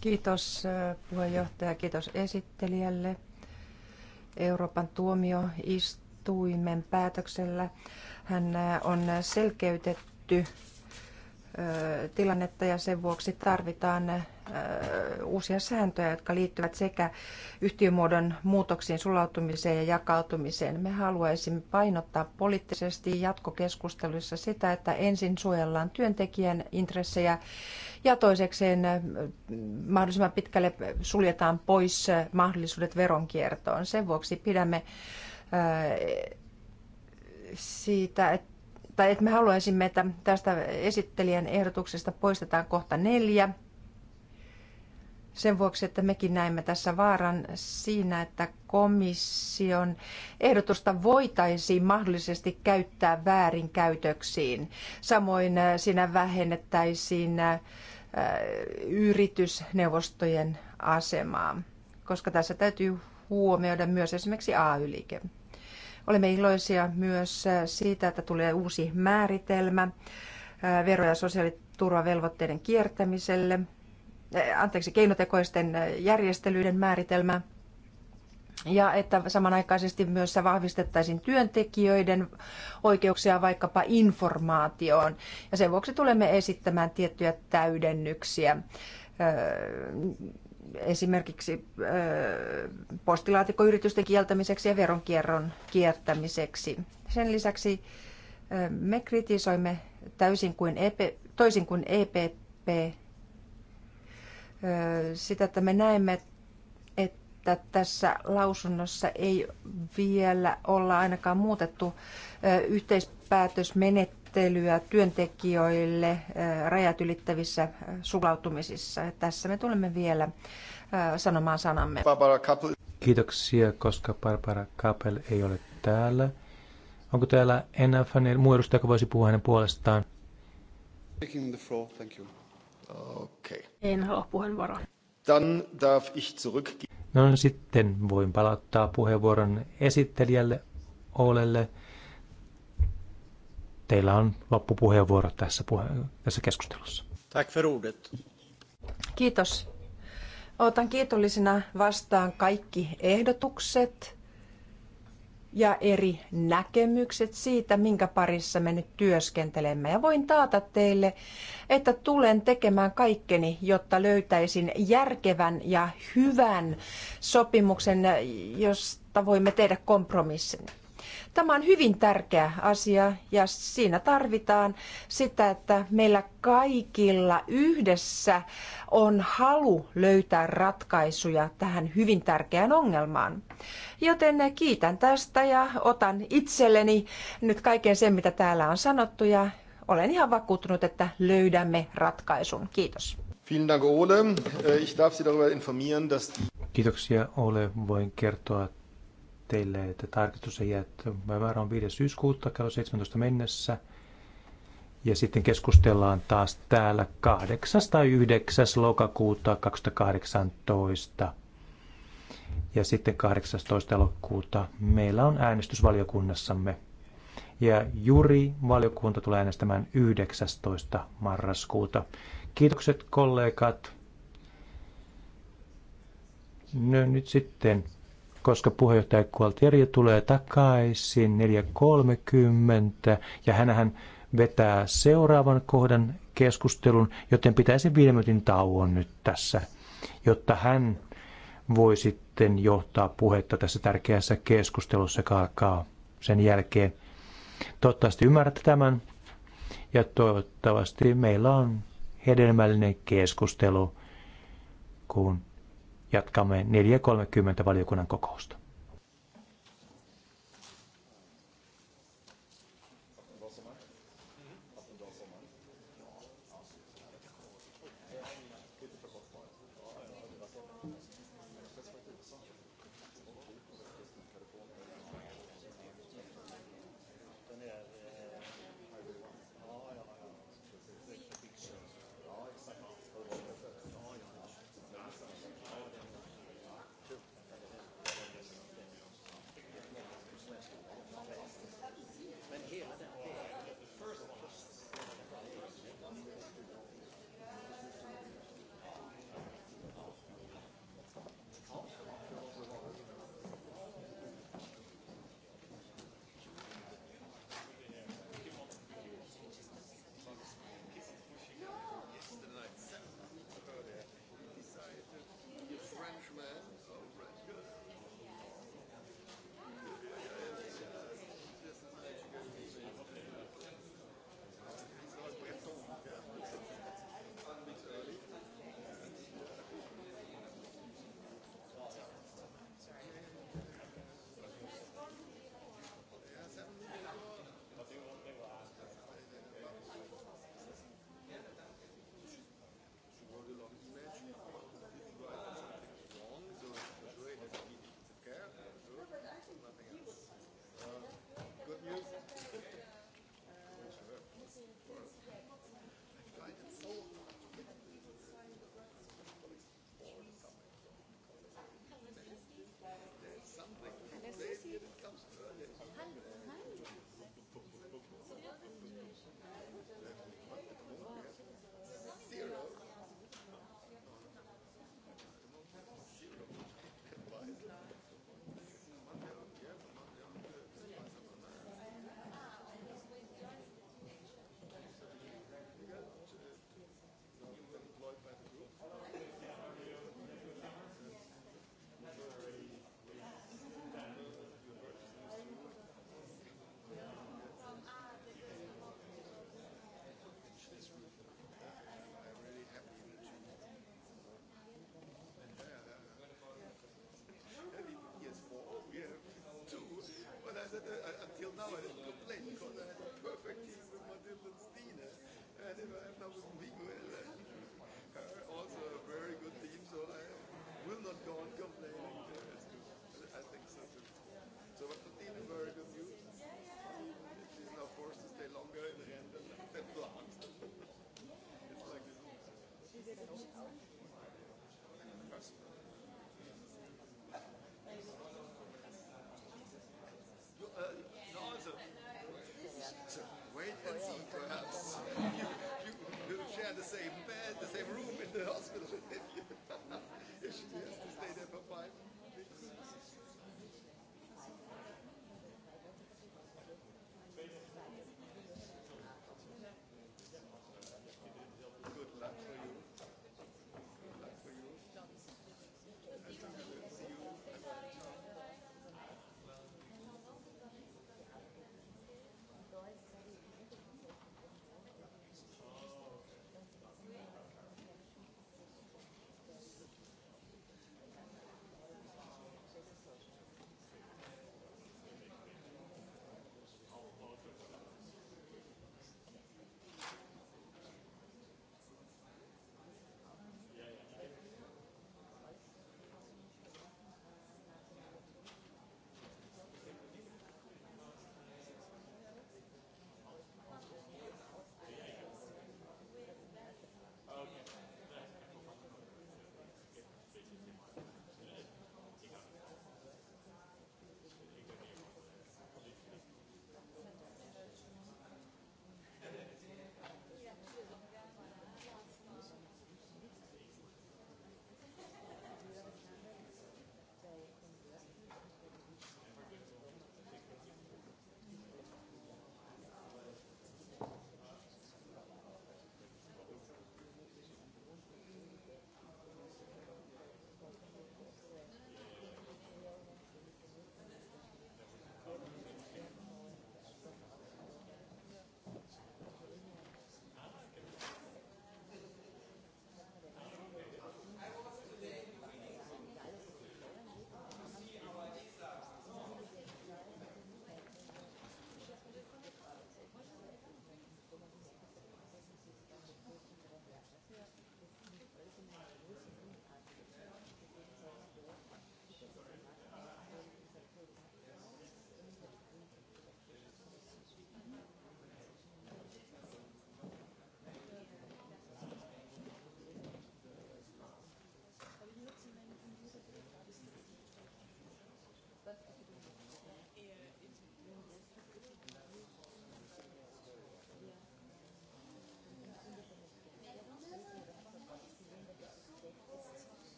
Kiitos äh, puheenjohtaja, kiitos esittelijälle. Euroopan tuomioistuimen päätöksellä hän äh, on selkeytetty tilannetta ja sen vuoksi tarvitaan uusia sääntöjä, jotka liittyvät sekä yhtiömuodon muutoksiin, sulautumiseen ja jakautumiseen. Me haluaisimme painottaa poliittisesti jatkokeskusteluissa sitä, että ensin suojellaan työntekijän intressejä ja toisekseen mahdollisimman pitkälle suljetaan pois mahdollisuudet veronkiertoon. Sen vuoksi pidämme siitä, että mutta että me haluaisimme, että tästä esittelijän ehdotuksesta poistetaan kohta neljä. Sen vuoksi, että mekin näemme tässä vaaran siinä, että komission ehdotusta voitaisiin mahdollisesti käyttää väärinkäytöksiin. Samoin äh, siinä vähennettäisiin äh, yritysneuvostojen asemaa, koska tässä täytyy huomioida myös esimerkiksi AY-liike. Olemme iloisia myös äh, siitä, että tulee uusi määritelmä äh, vero- ja sosiaaliturvavelvoitteiden kiertämiselle, äh, anteeksi, keinotekoisten järjestelyiden määritelmä, ja että samanaikaisesti myös vahvistettaisiin työntekijöiden oikeuksia vaikkapa informaatioon. Ja sen vuoksi tulemme esittämään tiettyjä täydennyksiä esimerkiksi postilaatikkoyritysten kieltämiseksi ja veronkierron kiertämiseksi. Sen lisäksi me kritisoimme täysin kuin EP, toisin kuin EPP sitä, että me näemme, että tässä lausunnossa ei vielä olla ainakaan muutettu yhteispäätösmenettelyä sääntelyä työntekijöille äh, rajat ylittävissä äh, sulautumisissa. Tässä me tulemme vielä äh, sanomaan sanamme. Kiitoksia, koska Barbara Kapel ei ole täällä. Onko täällä enää fani, muu edustaja, joka voisi puhua hänen puolestaan? Okay. En halua puheenvuoroa. Dann darf ich zurück... No sitten voin palauttaa puheenvuoron esittelijälle Oolelle Teillä on loppupuheenvuoro tässä, puhe- tässä keskustelussa. Tack för ordet. Kiitos. Otan kiitollisena vastaan kaikki ehdotukset ja eri näkemykset siitä, minkä parissa me nyt työskentelemme. Ja voin taata teille, että tulen tekemään kaikkeni, jotta löytäisin järkevän ja hyvän sopimuksen, josta voimme tehdä kompromissin. Tämä on hyvin tärkeä asia ja siinä tarvitaan sitä, että meillä kaikilla yhdessä on halu löytää ratkaisuja tähän hyvin tärkeään ongelmaan. Joten kiitän tästä ja otan itselleni nyt kaiken sen, mitä täällä on sanottu ja olen ihan vakuuttunut, että löydämme ratkaisun. Kiitos. Äh, Kiitoksia Ole. Voin kertoa teille, että tarkistus ei jää, määrä on 5. syyskuuta kello 17 mennessä. Ja sitten keskustellaan taas täällä 8. tai 9. lokakuuta 2018. Ja sitten 18. elokuuta meillä on äänestysvaliokunnassamme. Ja Juri valiokunta tulee äänestämään 19. marraskuuta. Kiitokset kollegat. No nyt sitten koska puheenjohtaja Gualtieri tulee takaisin 4.30 ja hänhän vetää seuraavan kohdan keskustelun, joten pitäisi viiden minuutin tauon nyt tässä, jotta hän voi sitten johtaa puhetta tässä tärkeässä keskustelussa alkaa sen jälkeen. Toivottavasti ymmärrätte tämän ja toivottavasti meillä on hedelmällinen keskustelu, kun Jatkamme 4.30 valiokunnan kokousta. I right now with Miguel and her, also a very good team, so I øh, will not go on complaining. I think so too. So, but the team is very good news. She's er now forced to stay longer in Rennes than, than planned. it's like this.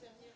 servir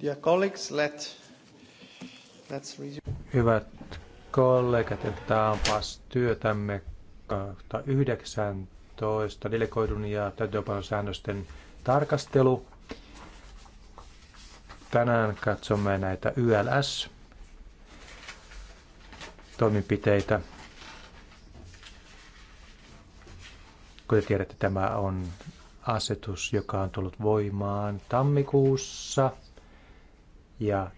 Dear colleagues, let, let's resume. Hyvät kollegat, otetaanpas työtämme 2019 delegoidun ja täytäntöönpanosäännösten tarkastelu. Tänään katsomme näitä YLS toimenpiteitä. Kuten tiedätte, tämä on asetus, joka on tullut voimaan tammikuussa – ja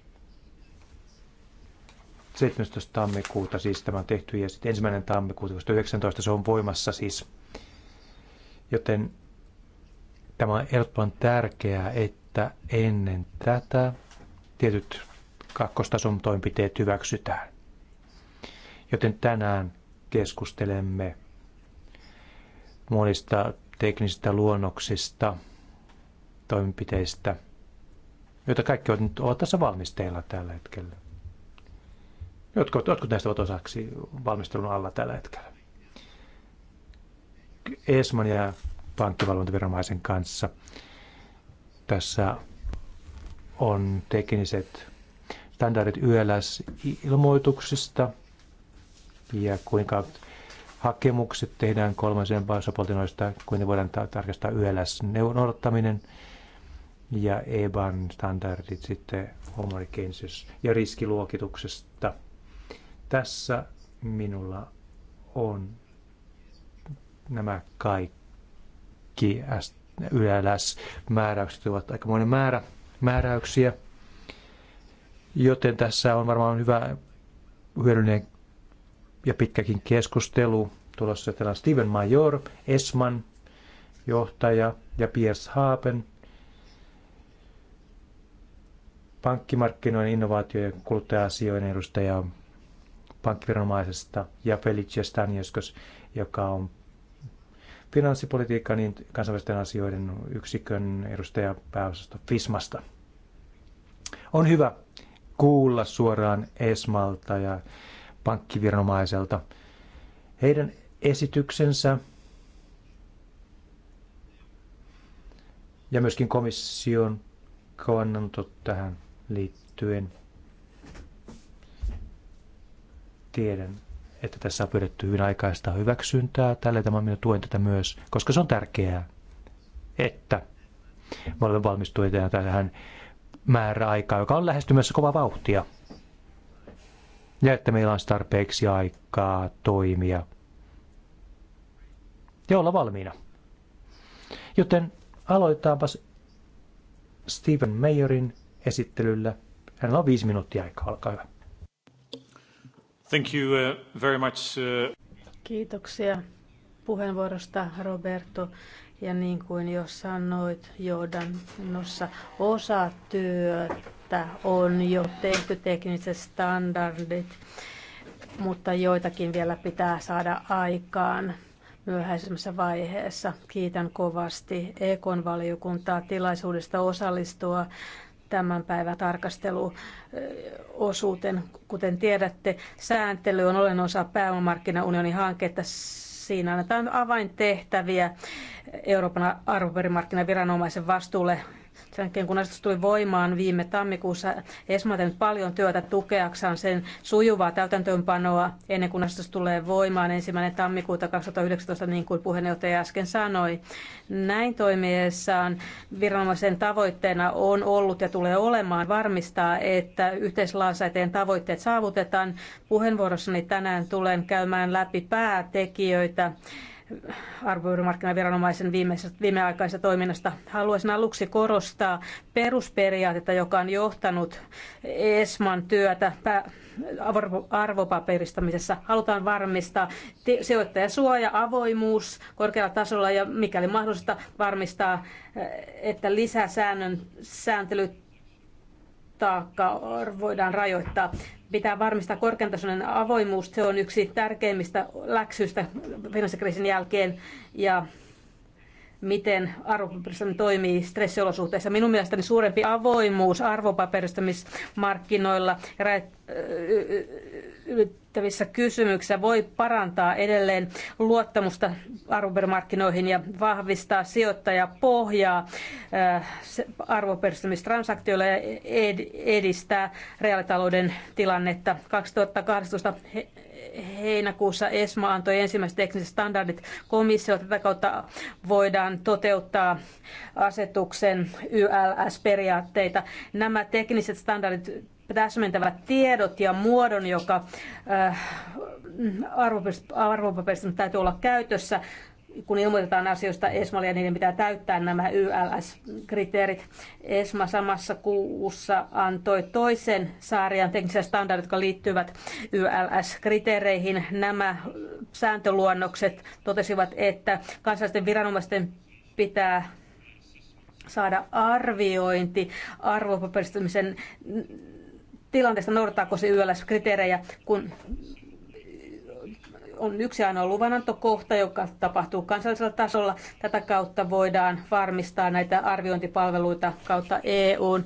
17. tammikuuta siis tämä on tehty ja sitten ensimmäinen tammikuuta 2019 se on voimassa siis. Joten tämä on ehdottoman tärkeää, että ennen tätä tietyt kakkostason toimenpiteet hyväksytään. Joten tänään keskustelemme monista teknisistä luonnoksista, toimenpiteistä – joita kaikki ovat nyt ovat tässä valmisteilla tällä hetkellä. Jotkut, jotkut näistä ovat osaksi valmistelun alla tällä hetkellä. Esman ja pankkivalvontaviranomaisen kanssa tässä on tekniset standardit YLS-ilmoituksista ja kuinka hakemukset tehdään kolmansien osapuolten noista, kuinka voidaan tarkastaa YLS-noudattaminen – ja EBAN standardit sitten Homer Keynes ja riskiluokituksesta. Tässä minulla on nämä kaikki YLS-määräykset ovat aika monen määrä määräyksiä, joten tässä on varmaan hyvä hyödyllinen ja pitkäkin keskustelu tulossa. Täällä on Steven Major, Esman johtaja ja Piers Haapen – pankkimarkkinoiden innovaatio- ja kuluttaja-asioiden edustaja pankkiviranomaisesta ja Felicia Stanieskos, joka on finanssipolitiikan niin kansainvälisten asioiden yksikön edustaja pääosasta FISMasta. On hyvä kuulla suoraan ESMalta ja pankkiviranomaiselta heidän esityksensä ja myöskin komission kannanotto tähän liittyen. Tiedän, että tässä on pyydetty hyvin aikaista hyväksyntää. Tälle tämä minä tuen tätä myös, koska se on tärkeää, että me olemme valmistuneet tähän määräaikaan, joka on lähestymässä kova vauhtia. Ja että meillä on tarpeeksi aikaa toimia ja olla valmiina. Joten aloitetaanpas Stephen Mayerin esittelyllä. Hänellä on viisi minuuttia aikaa, olkaa hyvä. Thank you uh, very much. Uh, Kiitoksia puheenvuorosta Roberto. Ja niin kuin jo sanoit johdannossa, osa työtä on jo tehty tekniset standardit, mutta joitakin vielä pitää saada aikaan myöhäisemmässä vaiheessa. Kiitän kovasti Ekon valiokuntaa tilaisuudesta osallistua tämän päivän tarkasteluosuuten. Kuten tiedätte, sääntely on olen osa pääomamarkkinaunionin hanketta. Siinä annetaan avaintehtäviä Euroopan arvopaperimarkkinaviranomaisen vastuulle sen kun asetus tuli voimaan viime tammikuussa, ESMA on paljon työtä tukeaksaan sen sujuvaa täytäntöönpanoa ennen kuin asetus tulee voimaan ensimmäinen tammikuuta 2019, niin kuin puheenjohtaja äsken sanoi. Näin toimiessaan viranomaisen tavoitteena on ollut ja tulee olemaan varmistaa, että yhteislaansaiteen tavoitteet saavutetaan. Puheenvuorossani tänään tulen käymään läpi päätekijöitä, arvoilumarkkinaviranomaisen viimeaikaisesta toiminnasta. Haluaisin aluksi korostaa perusperiaatetta, joka on johtanut ESMAn työtä arvopaperistamisessa. Halutaan varmistaa sijoittajasuoja, avoimuus korkealla tasolla ja mikäli mahdollista varmistaa, eh, että lisäsääntelyt taakka voidaan rajoittaa. Pitää varmistaa korkeantasoinen avoimuus. Se on yksi tärkeimmistä läksyistä finanssikriisin jälkeen. Ja miten arvopaperistaminen toimii stressiolosuhteissa. Minun mielestäni suurempi avoimuus arvopaperistamismarkkinoilla ja ylittävissä kysymyksissä voi parantaa edelleen luottamusta arvopermarkkinoihin ja vahvistaa sijoittajapohjaa äh, arvoperistamistransaktioilla ja edistää reaalitalouden tilannetta. 2018 heinäkuussa ESMA antoi ensimmäiset tekniset standardit komissiolle. Tätä kautta voidaan toteuttaa asetuksen YLS-periaatteita. Nämä tekniset standardit täsmentävät tiedot ja muodon, joka äh, arvopaperista täytyy olla käytössä kun ilmoitetaan asioista ESMAlle ja niiden pitää täyttää nämä YLS-kriteerit. ESMA samassa kuussa antoi toisen saarian teknisiä standardit, jotka liittyvät YLS-kriteereihin. Nämä sääntöluonnokset totesivat, että kansallisten viranomaisten pitää saada arviointi arvopaperistamisen tilanteesta noudattaako se YLS-kriteerejä, kun on yksi ainoa luvanantokohta, joka tapahtuu kansallisella tasolla. Tätä kautta voidaan varmistaa näitä arviointipalveluita kautta EUn.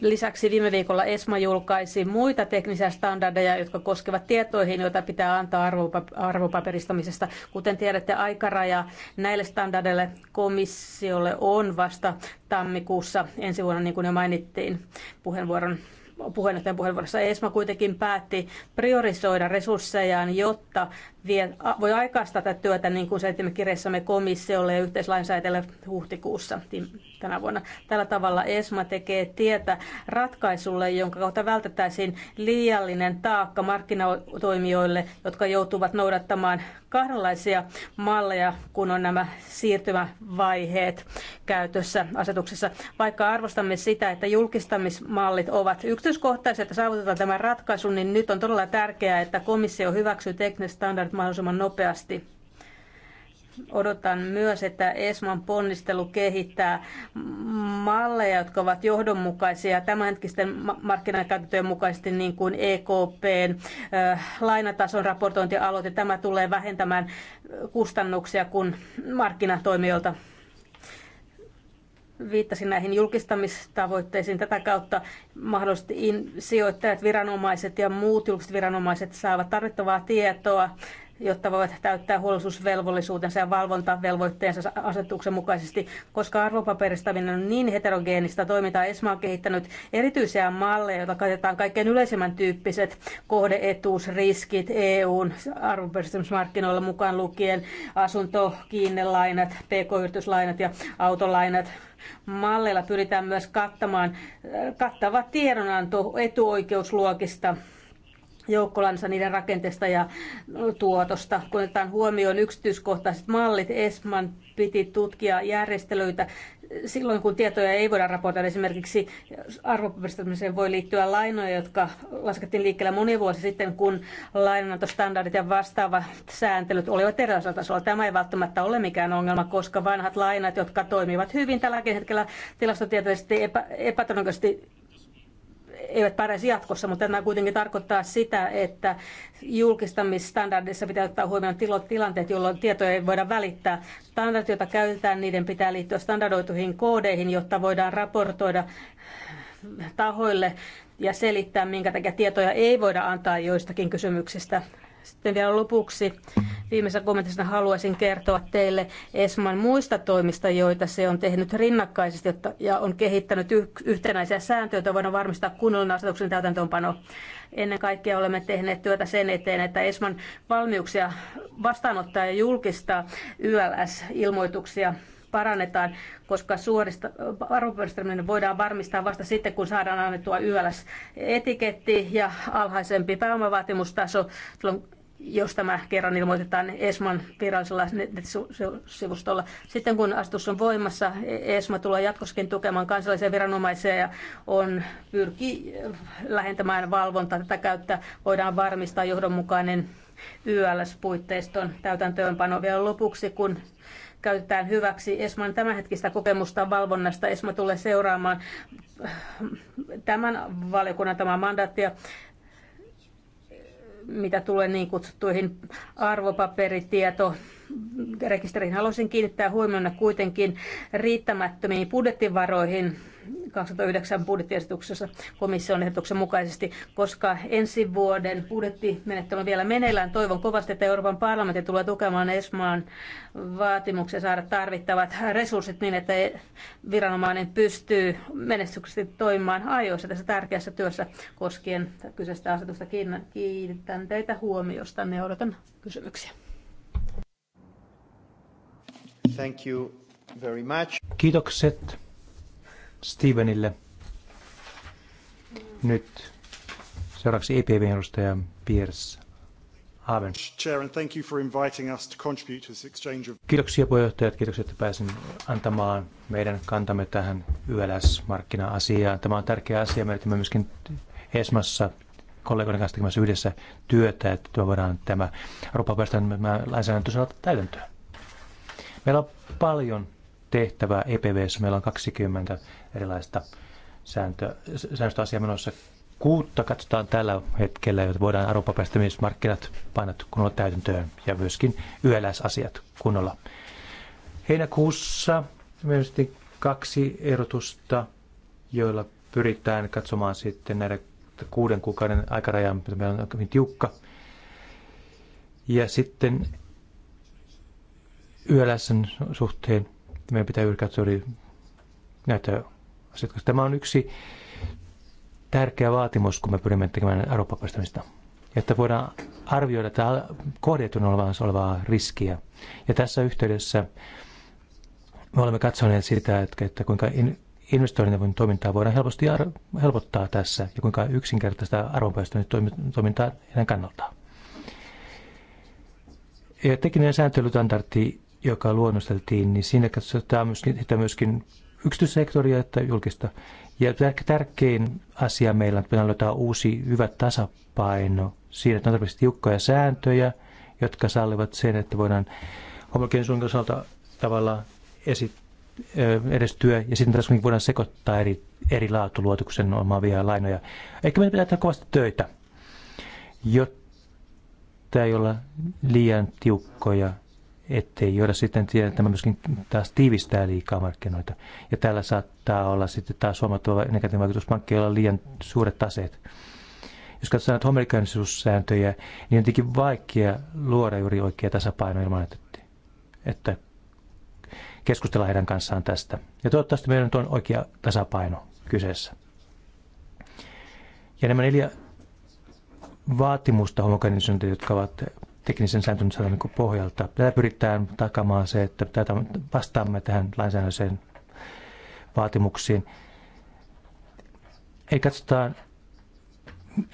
Lisäksi viime viikolla ESMA julkaisi muita teknisiä standardeja, jotka koskevat tietoihin, joita pitää antaa arvopaperistamisesta. Kuten tiedätte, aikaraja näille standardeille komissiolle on vasta tammikuussa ensi vuonna, niin kuin jo mainittiin puheenvuoron puheenjohtajan puheenvuorossa ESMA kuitenkin päätti priorisoida resurssejaan, jotta vie, voi aikaistaa tätä työtä, niin kuin selitimme kirjassamme komissiolle ja yhteislainsäädelle huhtikuussa tänä vuonna. Tällä tavalla ESMA tekee tietä ratkaisulle, jonka kautta vältettäisiin liiallinen taakka markkinatoimijoille, jotka joutuvat noudattamaan kahdenlaisia malleja, kun on nämä siirtymävaiheet käytössä asetuksessa. Vaikka arvostamme sitä, että julkistamismallit ovat yksityiskohtaisia, että saavutetaan tämä ratkaisu, niin nyt on todella tärkeää, että komissio hyväksyy tekniset standardit etenevät mahdollisimman nopeasti. Odotan myös, että ESMAn ponnistelu kehittää malleja, jotka ovat johdonmukaisia tämänhetkisten markkinakäytäntöjen mukaisesti, niin kuin EKPn äh, lainatason raportointialoite. Tämä tulee vähentämään kustannuksia kun markkinatoimijoilta viittasin näihin julkistamistavoitteisiin. Tätä kautta mahdollisesti sijoittajat, viranomaiset ja muut julkiset viranomaiset saavat tarvittavaa tietoa jotta voivat täyttää huolellisuusvelvollisuutensa ja valvontavelvoitteensa asetuksen mukaisesti. Koska arvopaperistaminen on niin heterogeenista toimintaa, ESMA on kehittänyt erityisiä malleja, joita katsotaan kaikkein yleisemmän tyyppiset kohdeetuusriskit EUn arvopaperistamismarkkinoilla mukaan lukien asunto, kiinnelainat, pk-yrityslainat ja autolainat malleilla pyritään myös kattamaan kattava tiedonanto etuoikeusluokista joukkolansa niiden rakenteesta ja tuotosta. Kun otetaan huomioon yksityiskohtaiset mallit, ESMAN piti tutkia järjestelyitä silloin, kun tietoja ei voida raportoida. Esimerkiksi arvopaperistamiseen voi liittyä lainoja, jotka laskettiin liikkeelle moni vuosi sitten, kun lainanantostandardit ja vastaavat sääntelyt olivat erilaisella tasolla. Tämä ei välttämättä ole mikään ongelma, koska vanhat lainat, jotka toimivat hyvin tälläkin hetkellä tilastotieteellisesti epä, epätodennäköisesti eivät pärjäisi jatkossa, mutta tämä kuitenkin tarkoittaa sitä, että julkistamisstandardissa pitää ottaa huomioon tilanteet, jolloin tietoja ei voida välittää. Standardit, joita käytetään, niiden pitää liittyä standardoituihin koodeihin, jotta voidaan raportoida tahoille ja selittää, minkä takia tietoja ei voida antaa joistakin kysymyksistä sitten vielä lopuksi viimeisenä kommentissa haluaisin kertoa teille Esman muista toimista, joita se on tehnyt rinnakkaisesti ja on kehittänyt yhtenäisiä sääntöjä, joita voidaan varmistaa kunnollinen asetuksen täytäntöönpano. Ennen kaikkea olemme tehneet työtä sen eteen, että Esman valmiuksia vastaanottaa ja julkistaa YLS-ilmoituksia parannetaan, koska suorista voidaan varmistaa vasta sitten, kun saadaan annettua YLS etiketti ja alhaisempi pääomavaatimustaso, jos tämä kerran ilmoitetaan ESMAn virallisella sivustolla. Sitten kun astus on voimassa, ESMA tulee jatkossakin tukemaan kansallisia viranomaisia ja on pyrki lähentämään valvontaa. Tätä käyttä voidaan varmistaa johdonmukainen YLS-puitteiston täytäntöönpano vielä lopuksi, kun käytetään hyväksi. Esman tämänhetkistä kokemusta valvonnasta. Esma tulee seuraamaan tämän valiokunnan tämä mandaattia mitä tulee niin kutsuttuihin arvopaperitieto rekisteriin. Haluaisin kiinnittää huomiona kuitenkin riittämättömiin budjettivaroihin 2009 budjettiesityksessä komission ehdotuksen mukaisesti, koska ensi vuoden budjettimenettely on vielä meneillään. Toivon kovasti, että Euroopan parlamentti tulee tukemaan ESMAan vaatimuksia saada tarvittavat resurssit niin, että viranomainen pystyy menestyksesti toimimaan ajoissa tässä tärkeässä työssä koskien kyseistä asetusta. Kiitän teitä huomiosta ne odotan kysymyksiä. Thank you very much. Kiitokset. Stevenille. Nyt seuraavaksi EPVn edustaja Piers Haaven. Kiitoksia puheenjohtajat, kiitoksia, että pääsin antamaan meidän kantamme tähän YLS-markkina-asiaan. Tämä on tärkeä asia. Me yritämme myöskin ESMassa kollegoiden kanssa tekemässä yhdessä työtä, että tuo voidaan tämä Euroopan päästään lainsäädäntö saada täytäntöön. Meillä on paljon tehtävää EPVssä. Meillä on 20 erilaista sääntö, säännöstöasiaa menossa. Kuutta katsotaan tällä hetkellä, jotta voidaan arvopapäistämismarkkinat painat kunnolla täytäntöön ja myöskin yöläisasiat kunnolla. Heinäkuussa myös kaksi erotusta, joilla pyritään katsomaan sitten näitä kuuden kuukauden aikaraja, mitä meillä on hyvin tiukka. Ja sitten YLSn suhteen meidän pitää yrittää näitä asiat, koska tämä on yksi tärkeä vaatimus, kun me pyrimme tekemään arvopaperistamista, että voidaan arvioida tätä kohdeetun olevaa riskiä. Ja tässä yhteydessä me olemme katsoneet sitä, että, että kuinka in, investoinnin toimintaa voidaan helposti helpottaa tässä ja kuinka yksinkertaista arvonpäästöjen toimintaa heidän kannaltaan. Ja tekninen sääntelytandardi, joka luonnosteltiin, niin siinä katsotaan myöskin, että myöskin yksityissektoria että julkista. Ja tärkein asia meillä on, että pitää löytää uusi hyvä tasapaino siinä, että on tarpeeksi tiukkoja sääntöjä, jotka sallivat sen, että voidaan homogeenisuuden osalta tavalla esittää edes työ, ja sitten tässä voidaan sekoittaa eri, eri laatuluotuksen omaavia lainoja. Ehkä meidän pitää tehdä kovasti töitä, jotta ei olla liian tiukkoja ettei joida sitten tiedä, että tämä myöskin taas tiivistää liikaa markkinoita. Ja tällä saattaa olla sitten taas huomattava negatiivinen vaikutus pankkeilla on liian suuret taseet. Jos katsotaan näitä homerikainisuussääntöjä, niin on tietenkin vaikea luoda juuri oikea tasapaino ilman, että, että keskustellaan heidän kanssaan tästä. Ja toivottavasti meillä on oikea tasapaino kyseessä. Ja nämä neljä vaatimusta homogeneisuudelta, jotka ovat teknisen sääntönsä niin pohjalta. Tätä pyritään takamaan se, että vastaamme tähän lainsäädännölliseen vaatimuksiin. Eli katsotaan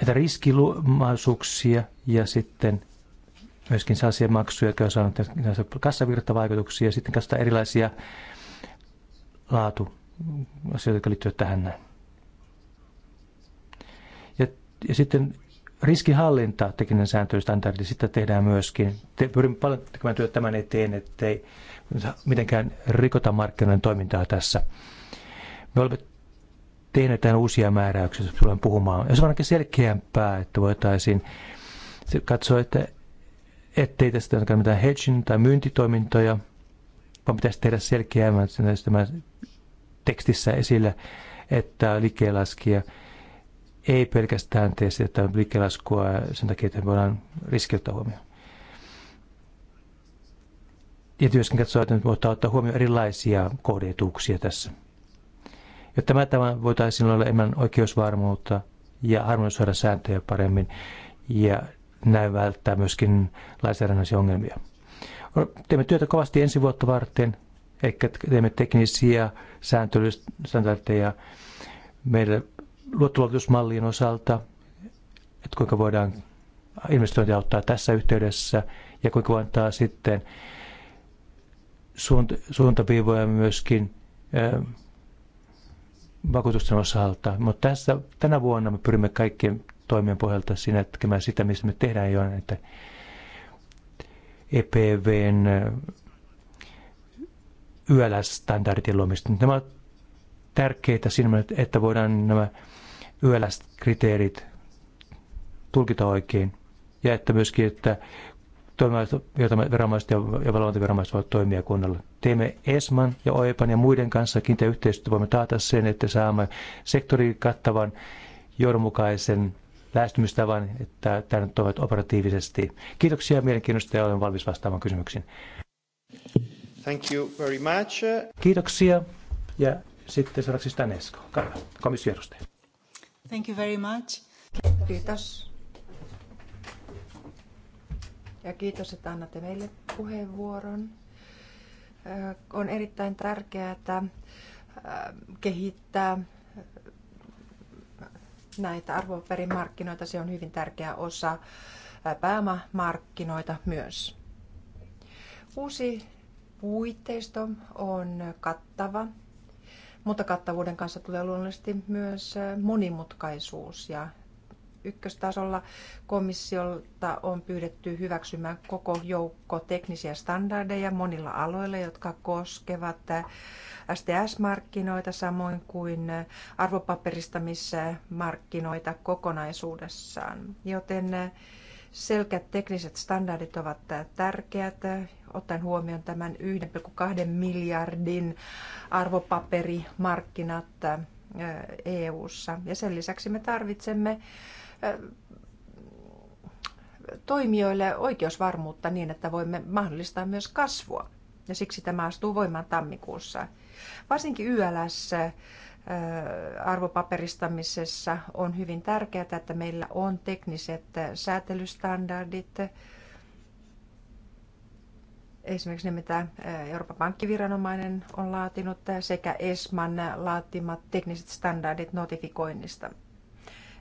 että riskimahdollisuuksia ja sitten myöskin sellaisia maksuja, jotka on saanut kassavirtavaikutuksia ja sitten katsotaan erilaisia laatuasioita, jotka liittyvät tähän näin. Ja, ja sitten riskihallinta, tekninen sääntelystandardi, sitä tehdään myöskin. Te, pyrin paljon tekemään työtä tämän eteen, ettei mitenkään rikota markkinoiden toimintaa tässä. Me olemme tehneet tähän uusia määräyksiä, jos tulen puhumaan. Ja se on ainakin selkeämpää, että voitaisiin katsoa, että ettei tästä ole mitään hedging tai myyntitoimintoja, vaan pitäisi tehdä selkeämmän tekstissä esille, että liikkeenlaskija laskija ei pelkästään tee sitä, että liikkeelaskua sen takia, että voidaan riskiottaa huomioon. Ja työskin katsoa, että nyt voidaan ottaa huomioon erilaisia kohdeetuuksia tässä. Jotta tämä, tämä voitaisiin olla enemmän oikeusvarmuutta ja harmonisoida sääntöjä paremmin ja näin välttää myöskin lainsäädännöllisiä ongelmia. Teemme työtä kovasti ensi vuotta varten, eli teemme teknisiä sääntöjä Meillä luottoluokitusmallin osalta, että kuinka voidaan investointia auttaa tässä yhteydessä ja kuinka voidaan antaa sitten suunta, suuntaviivoja myöskin ää, vakuutusten osalta. Mutta tässä, tänä vuonna me pyrimme kaikkien toimien pohjalta siinä tekemään sitä, missä me tehdään jo näitä EPVn YLS-standardien luomista. Nämä ovat tärkeitä siinä, että voidaan nämä yöläiset kriteerit tulkita oikein. Ja että myöskin, että viranomaiset ja valvontaviranomaiset voivat toimia kunnolla. Teemme ESMAN ja OEPAN ja muiden kanssa kiinteä yhteistyötä. Voimme taata sen, että saamme sektorin kattavan johdonmukaisen lähestymistavan, että tämä toimii operatiivisesti. Kiitoksia mielenkiinnosta ja olen valmis vastaamaan kysymyksiin. Thank you very much. Kiitoksia ja sitten seuraavaksi Stanesko, komission edustaja. Thank you very much. Kiitos. Ja kiitos, että annatte meille puheenvuoron. On erittäin tärkeää että kehittää näitä arvoperimarkkinoita. Se on hyvin tärkeä osa pääomamarkkinoita myös. Uusi puitteisto on kattava mutta kattavuuden kanssa tulee luonnollisesti myös monimutkaisuus ja ykköstasolla komissiolta on pyydetty hyväksymään koko joukko teknisiä standardeja monilla aloilla, jotka koskevat STS-markkinoita samoin kuin arvopaperistamismarkkinoita kokonaisuudessaan. Joten selkeät tekniset standardit ovat tärkeät ottaen huomioon tämän 1,2 miljardin arvopaperimarkkinat EU:ssa. Ja sen lisäksi me tarvitsemme toimijoille oikeusvarmuutta niin, että voimme mahdollistaa myös kasvua. Ja siksi tämä astuu voimaan tammikuussa. Varsinkin YLS arvopaperistamisessa on hyvin tärkeää, että meillä on tekniset säätelystandardit, esimerkiksi ne, mitä Euroopan pankkiviranomainen on laatinut, sekä ESMAN laatimat tekniset standardit notifikoinnista,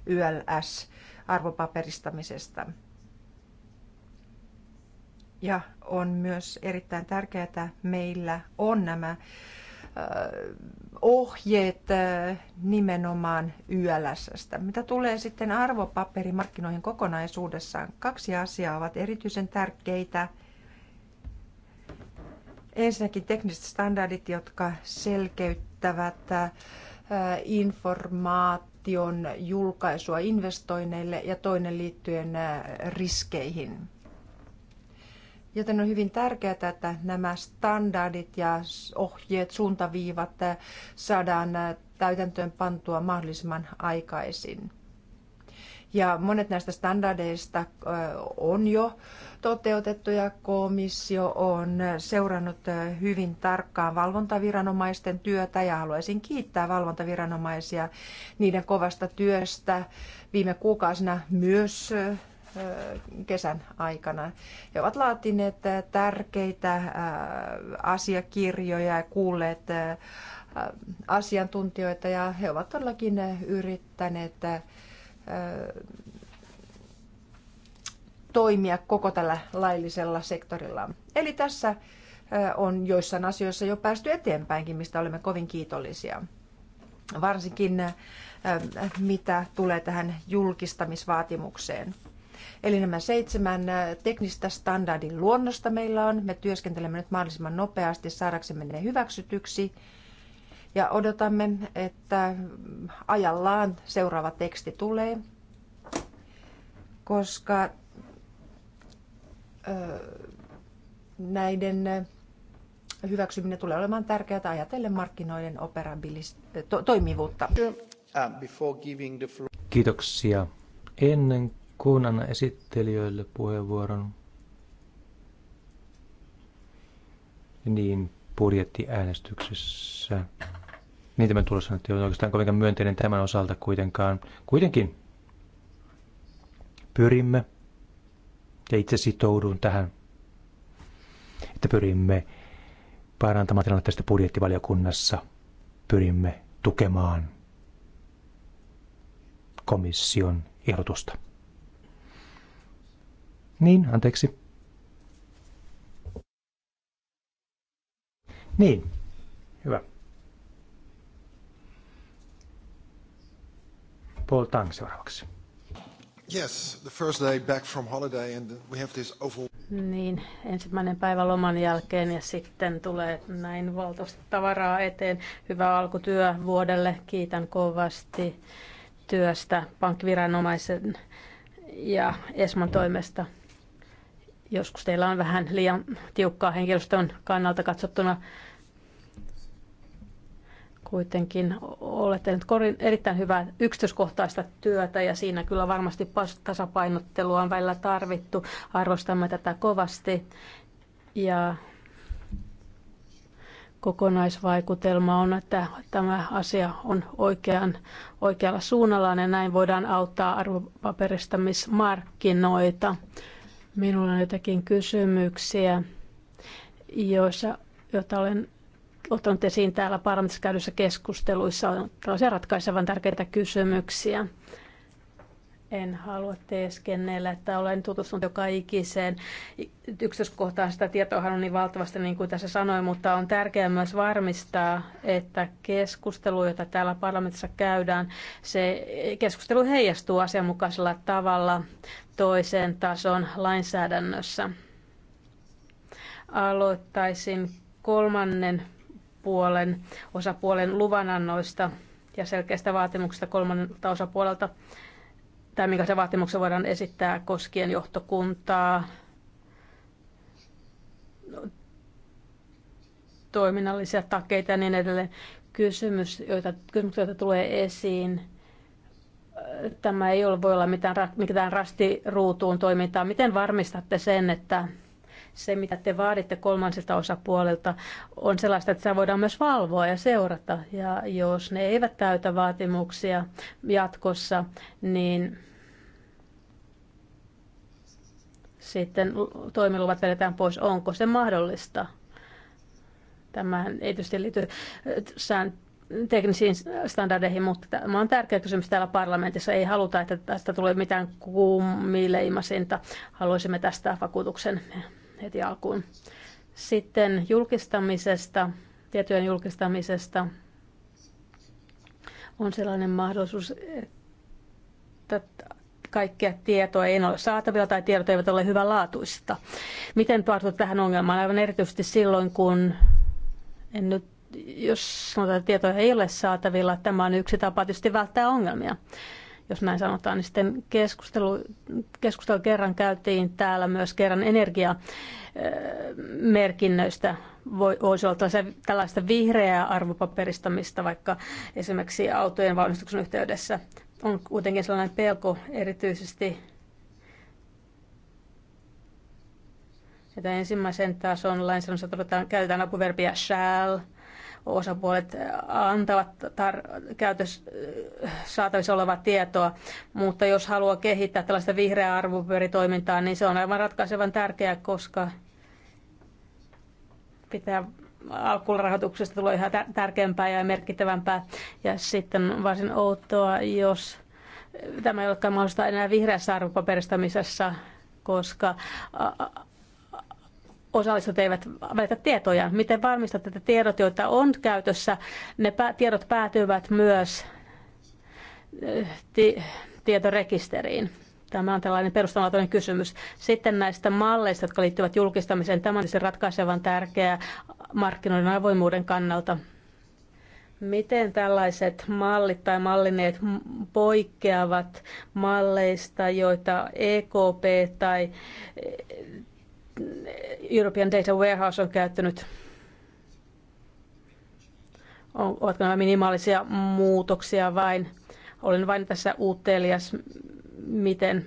YLS, arvopaperistamisesta. Ja on myös erittäin tärkeää, että meillä on nämä ohjeet nimenomaan YLSstä. Mitä tulee sitten arvopaperimarkkinoihin kokonaisuudessaan, kaksi asiaa ovat erityisen tärkeitä – Ensinnäkin tekniset standardit, jotka selkeyttävät äh, informaation julkaisua investoinneille ja toinen liittyen äh, riskeihin. Joten on hyvin tärkeää, että nämä standardit ja ohjeet, suuntaviivat äh, saadaan täytäntöön pantua mahdollisimman aikaisin. Ja monet näistä standardeista on jo toteutettu ja komissio on seurannut hyvin tarkkaan valvontaviranomaisten työtä ja haluaisin kiittää valvontaviranomaisia niiden kovasta työstä viime kuukausina myös kesän aikana. He ovat laatineet tärkeitä asiakirjoja ja kuulleet asiantuntijoita ja he ovat todellakin yrittäneet toimia koko tällä laillisella sektorilla. Eli tässä on joissain asioissa jo päästy eteenpäinkin, mistä olemme kovin kiitollisia. Varsinkin mitä tulee tähän julkistamisvaatimukseen. Eli nämä seitsemän teknistä standardin luonnosta meillä on. Me työskentelemme nyt mahdollisimman nopeasti saadaksemme ne hyväksytyksi. Ja odotamme, että ajallaan seuraava teksti tulee, koska näiden hyväksyminen tulee olemaan tärkeää ajatellen markkinoiden to- toimivuutta. Uh, Kiitoksia. Ennen kuin annan esittelijöille puheenvuoron, niin budjettiäänestyksessä. Niin tämän tulos sanottiin, on oikeastaan kovinkaan myönteinen tämän osalta kuitenkaan. Kuitenkin pyrimme ja itse sitouduin tähän, että pyrimme parantamaan tilannetta tästä budjettivaliokunnassa, pyrimme tukemaan komission ehdotusta. Niin, anteeksi. Niin, hyvä. Paul Tang seuraavaksi. Yes, the first day back from holiday and we have this Niin, ensimmäinen päivä loman jälkeen ja sitten tulee näin valtavasti tavaraa eteen. Hyvä alku työvuodelle. Kiitän kovasti työstä pankkiviranomaisen ja Esman toimesta. Joskus teillä on vähän liian tiukkaa henkilöstön kannalta katsottuna kuitenkin olette nyt erittäin hyvää yksityiskohtaista työtä ja siinä kyllä varmasti tasapainottelua on välillä tarvittu. Arvostamme tätä kovasti ja kokonaisvaikutelma on, että tämä asia on oikean, oikealla suunnalla ja näin voidaan auttaa arvopaperistamismarkkinoita. Minulla on jotakin kysymyksiä, joissa, joita olen ottanut esiin täällä parlamentissa käydyissä keskusteluissa on tällaisia ratkaisevan tärkeitä kysymyksiä. En halua teeskennellä, että olen tutustunut joka ikiseen yksityiskohtaan. Sitä tietoa on niin valtavasti, niin kuin tässä sanoin, mutta on tärkeää myös varmistaa, että keskustelu, jota täällä parlamentissa käydään, se keskustelu heijastuu asianmukaisella tavalla toisen tason lainsäädännössä. Aloittaisin kolmannen puolen osapuolen luvanannoista ja selkeästä vaatimuksesta kolmannelta osapuolelta, tai minkä se vaatimuksen voidaan esittää koskien johtokuntaa, toiminnallisia takeita ja niin edelleen. Kysymys, joita, kysymys, joita tulee esiin, tämä ei ole, voi olla mitään, mitään rastiruutuun toimintaa. Miten varmistatte sen, että se, mitä te vaaditte kolmansilta osapuolelta, on sellaista, että sitä voidaan myös valvoa ja seurata. Ja jos ne eivät täytä vaatimuksia jatkossa, niin sitten toimiluvat vedetään pois. Onko se mahdollista? Tämä ei tietysti liity äh, teknisiin standardeihin, mutta tämä on tärkeä kysymys täällä parlamentissa. Ei haluta, että tästä tulee mitään kummileimasinta. Haluaisimme tästä vakuutuksen heti alkuun. Sitten julkistamisesta, tietojen julkistamisesta on sellainen mahdollisuus, että kaikkia tietoa ei ole saatavilla tai tiedot eivät ole hyvänlaatuista. Miten tartut tähän ongelmaan? Aivan erityisesti silloin, kun en nyt, jos sanotaan, että tietoja ei ole saatavilla, tämä on yksi tapa tietysti välttää ongelmia jos näin sanotaan, niin sitten keskustelu, keskustelu kerran käytiin täällä myös kerran energiamerkinnöistä. Voisi olla tällaista vihreää arvopaperistamista vaikka esimerkiksi autojen valmistuksen yhteydessä. On kuitenkin sellainen pelko erityisesti että ensimmäisen tason lainsäädännössä käytetään apuverbiä shall – osapuolet antavat tar- käytös saatavissa olevaa tietoa, mutta jos haluaa kehittää tällaista vihreää arvopyöritoimintaa, niin se on aivan ratkaisevan tärkeää, koska pitää alkurahoituksesta tulla ihan tärkeämpää ja merkittävämpää. Ja sitten varsin outoa, jos tämä ei olekaan mahdollista enää vihreässä arvopaperistamisessa, koska osalliset eivät välitä tietoja. Miten varmistatte, että tiedot, joita on käytössä, ne tiedot päätyvät myös eh, tietorekisteriin? Tämä on tällainen perustavanlaatuinen kysymys. Sitten näistä malleista, jotka liittyvät julkistamiseen, tämä on siis ratkaisevan tärkeää markkinoiden avoimuuden kannalta. Miten tällaiset mallit tai mallineet poikkeavat malleista, joita EKP tai eh, European Data Warehouse on käyttänyt ovatko nämä minimaalisia muutoksia vain. Olen vain tässä uutelias, miten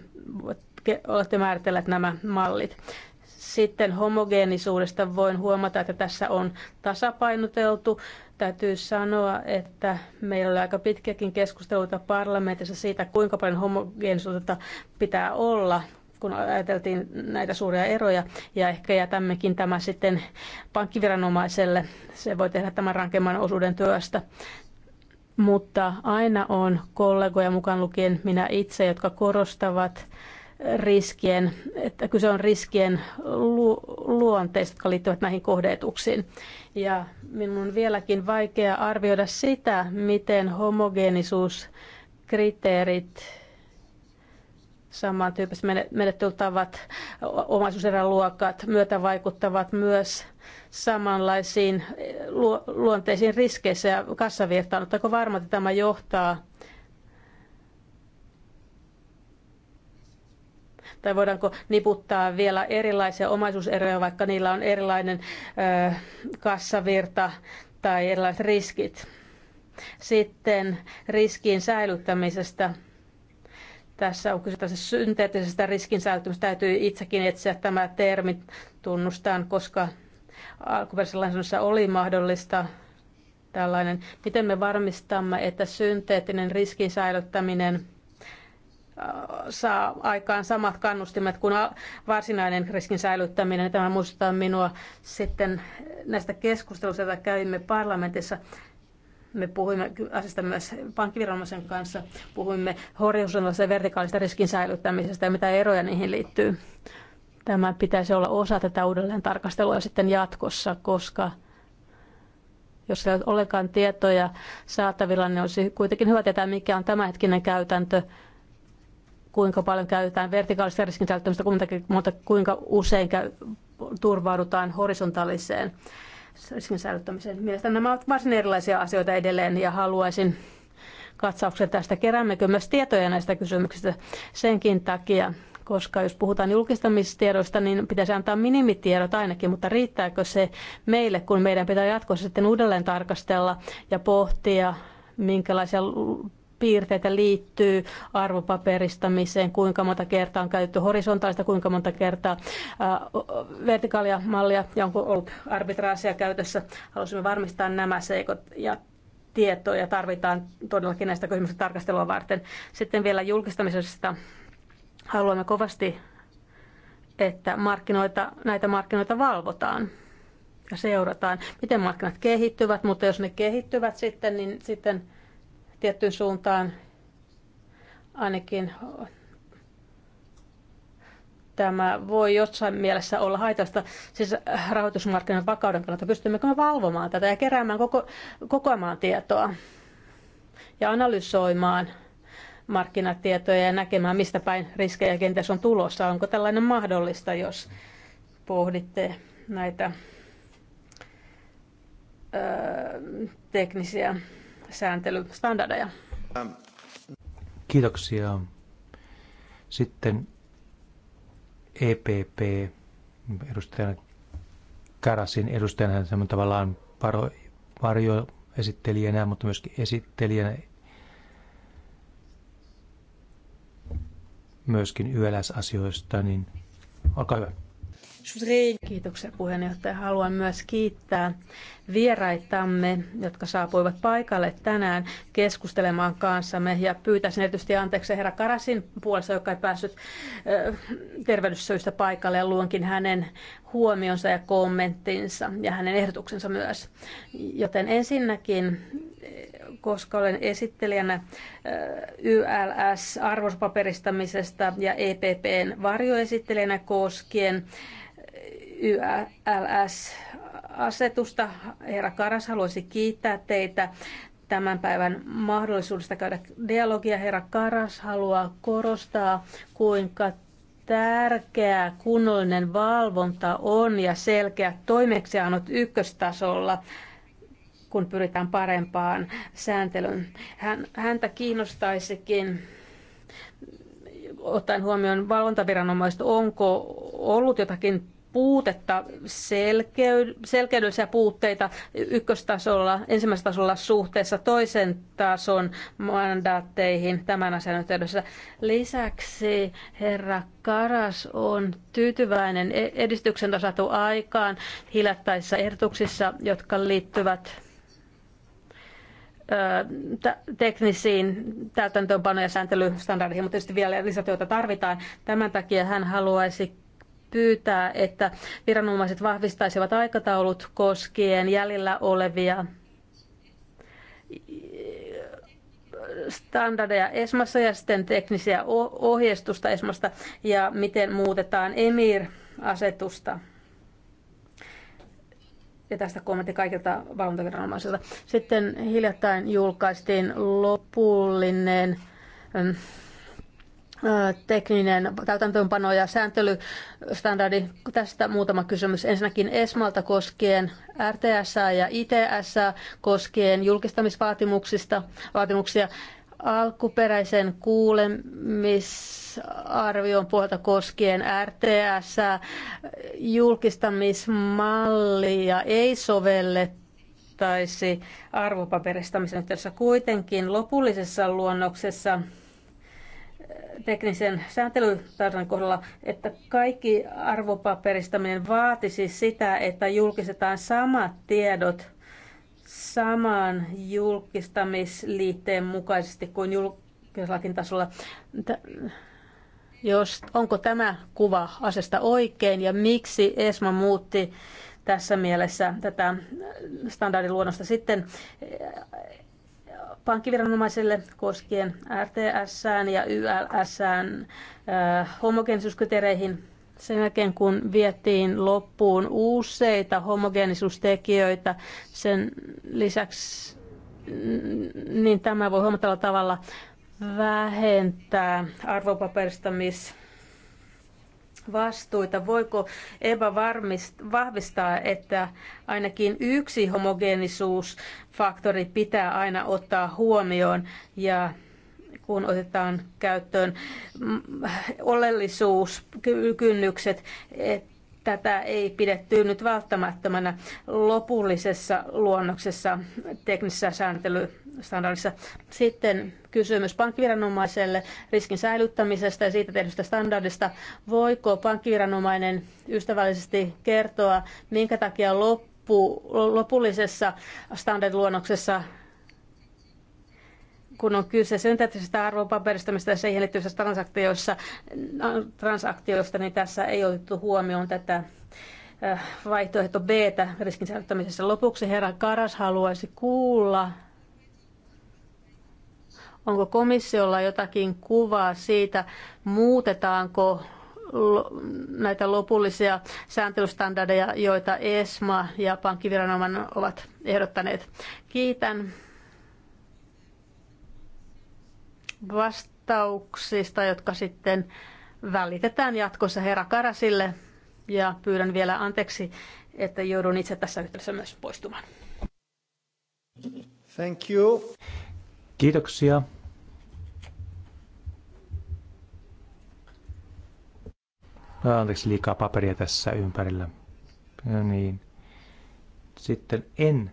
olette määritelleet nämä mallit. Sitten homogeenisuudesta voin huomata, että tässä on tasapainoteltu. Täytyy sanoa, että meillä oli aika pitkiäkin keskusteluita parlamentissa siitä, kuinka paljon homogeenisuutta pitää olla kun ajateltiin näitä suuria eroja, ja ehkä jätämmekin tämä sitten pankkiviranomaiselle. Se voi tehdä tämän rankemman osuuden työstä. Mutta aina on kollegoja mukaan lukien minä itse, jotka korostavat riskien, että kyse on riskien lu- luonteista, jotka liittyvät näihin kohdeetuksiin. Ja minun on vieläkin vaikea arvioida sitä, miten homogeenisuuskriteerit Samantyyppiset tavat, omaisuuserän luokat vaikuttavat myös samanlaisiin eh, luonteisiin riskeissä ja kassavirtaan. Oletteko varma, että tämä johtaa tai voidaanko niputtaa vielä erilaisia omaisuuseroja, vaikka niillä on erilainen ö, eh, kassavirta tai erilaiset riskit. Sitten riskiin säilyttämisestä tässä on kyse tästä synteettisestä riskinsäätymistä. Täytyy itsekin etsiä tämä termi tunnustaan, koska alkuperäisessä oli mahdollista tällainen. Miten me varmistamme, että synteettinen riskin säilyttäminen äh, saa aikaan samat kannustimet kuin varsinainen riskin säilyttäminen. Tämä muistuttaa minua sitten näistä keskusteluista, joita kävimme parlamentissa me puhuimme asiasta myös pankkiviranomaisen kanssa, puhuimme horjusunnollisesta ja vertikaalista riskin säilyttämisestä ja mitä eroja niihin liittyy. Tämä pitäisi olla osa tätä uudelleen tarkastelua sitten jatkossa, koska jos ei ole ollenkaan tietoja saatavilla, niin olisi kuitenkin hyvä tietää, mikä on tämänhetkinen käytäntö, kuinka paljon käytetään vertikaalista riskin säilyttämistä, kuinka usein käy, turvaudutaan horisontaaliseen sen säilyttämisen. Mielestäni nämä ovat varsin erilaisia asioita edelleen ja haluaisin katsauksen tästä. Keräämmekö myös tietoja näistä kysymyksistä senkin takia, koska jos puhutaan julkistamistiedoista, niin pitäisi antaa minimitiedot ainakin, mutta riittääkö se meille, kun meidän pitää jatkossa sitten uudelleen tarkastella ja pohtia, minkälaisia piirteitä liittyy arvopaperistamiseen, kuinka monta kertaa on käytetty horisontaalista, kuinka monta kertaa äh, vertikaalia mallia ja onko ollut arbitraasia käytössä. Halusimme varmistaa nämä seikot ja tietoja tarvitaan todellakin näistä kysymyksistä tarkastelua varten. Sitten vielä julkistamisesta haluamme kovasti, että markkinoita, näitä markkinoita valvotaan ja seurataan, miten markkinat kehittyvät, mutta jos ne kehittyvät sitten, niin sitten – tiettyyn suuntaan. Ainakin tämä voi jossain mielessä olla haitasta, siis äh, rahoitusmarkkinoiden vakauden kannalta. Pystymmekö me valvomaan tätä ja keräämään koko, kokoamaan tietoa ja analysoimaan markkinatietoja ja näkemään, mistä päin riskejä kenties on tulossa. Onko tällainen mahdollista, jos pohditte näitä öö, teknisiä sääntelystandardeja. Kiitoksia. Sitten EPP edustajana Karasin edustajana hän on tavallaan varo, esittelijänä, mutta myöskin esittelijänä myöskin YLS-asioista, niin olkaa hyvä. Kiitoksia puheenjohtaja. Haluan myös kiittää vieraitamme, jotka saapuivat paikalle tänään keskustelemaan kanssamme. Ja pyytäisin erityisesti anteeksi herra Karasin puolesta, joka ei päässyt terveydyssyistä paikalle. Ja luonkin hänen huomionsa ja kommenttinsa ja hänen ehdotuksensa myös. Joten ensinnäkin, koska olen esittelijänä YLS-arvospaperistamisesta ja EPPn varjoesittelijänä koskien YLS-asetusta. Herra Karas, haluaisi kiittää teitä tämän päivän mahdollisuudesta käydä dialogia. Herra Karas haluaa korostaa, kuinka tärkeää kunnollinen valvonta on ja selkeät toimeksiannot ykköstasolla kun pyritään parempaan sääntelyyn. Hän, häntä kiinnostaisikin ottaen huomioon valvontaviranomaista, onko ollut jotakin puutetta, selkeyd- selkeydellisiä puutteita ykköstasolla, ensimmäisellä tasolla suhteessa toisen tason mandaatteihin tämän asian yhteydessä. Lisäksi herra Karas on tyytyväinen e-, edistyksen tasatu aikaan hiljattaisissa ehdotuksissa, jotka liittyvät teknisiin täytäntöönpano- ja sääntelystandardeihin, mutta tietysti vielä lisätyötä tarvitaan. Tämän takia hän haluaisi pyytää, että viranomaiset vahvistaisivat aikataulut koskien jäljellä olevia standardeja ESMassa ja sitten teknisiä ohjeistusta ESMasta ja miten muutetaan EMIR-asetusta. Ja tästä kommentti kaikilta valvontaviranomaisilta. Sitten hiljattain julkaistiin lopullinen mm, tekninen täytäntöönpano ja sääntelystandardi. Tästä muutama kysymys. Ensinnäkin ESMALta koskien RTS ja ITS koskien julkistamisvaatimuksista vaatimuksia alkuperäisen kuulemisarvion puolta koskien RTS julkistamismallia ei sovellettu arvopaperistamisen yhteydessä. Kuitenkin lopullisessa luonnoksessa teknisen sääntelytarjan kohdalla, että kaikki arvopaperistaminen vaatisi sitä, että julkistetaan samat tiedot saman julkistamisliitteen mukaisesti kuin julkislakin tasolla. Jos, onko tämä kuva asesta oikein ja miksi ESMA muutti tässä mielessä tätä standardiluonnosta sitten pankkiviranomaiselle koskien RTS ja YLS äh, homogeenisuuskriteereihin sen jälkeen, kun vietiin loppuun useita homogeenisuustekijöitä, sen lisäksi niin tämä voi huomattavalla tavalla vähentää arvopaperistamis vastuita. Voiko EBA varmist, vahvistaa, että ainakin yksi homogeenisuusfaktori pitää aina ottaa huomioon ja kun otetaan käyttöön mm, oleellisuuskynnykset, et, Tätä ei pidetty nyt välttämättömänä lopullisessa luonnoksessa teknisessä sääntelystandardissa. Sitten kysymys pankkiviranomaiselle riskin säilyttämisestä ja siitä tehdystä standardista. Voiko pankkiviranomainen ystävällisesti kertoa, minkä takia loppu lopullisessa standardiluonnoksessa kun on kyse synteettisestä arvopaperista, mistä siihen liittyvissä transaktioissa no, transaktioista, niin tässä ei otettu huomioon tätä äh, vaihtoehto b riskin säilyttämisessä. Lopuksi herra Karas haluaisi kuulla, onko komissiolla jotakin kuvaa siitä, muutetaanko näitä lopullisia sääntelystandardeja, joita ESMA ja pankkiviranomainen ovat ehdottaneet. Kiitän. vastauksista, jotka sitten välitetään jatkossa herra Karasille. Ja pyydän vielä anteeksi, että joudun itse tässä yhteydessä myös poistumaan. Thank you. Kiitoksia. Äh, anteeksi, liikaa paperia tässä ympärillä. No niin. Sitten en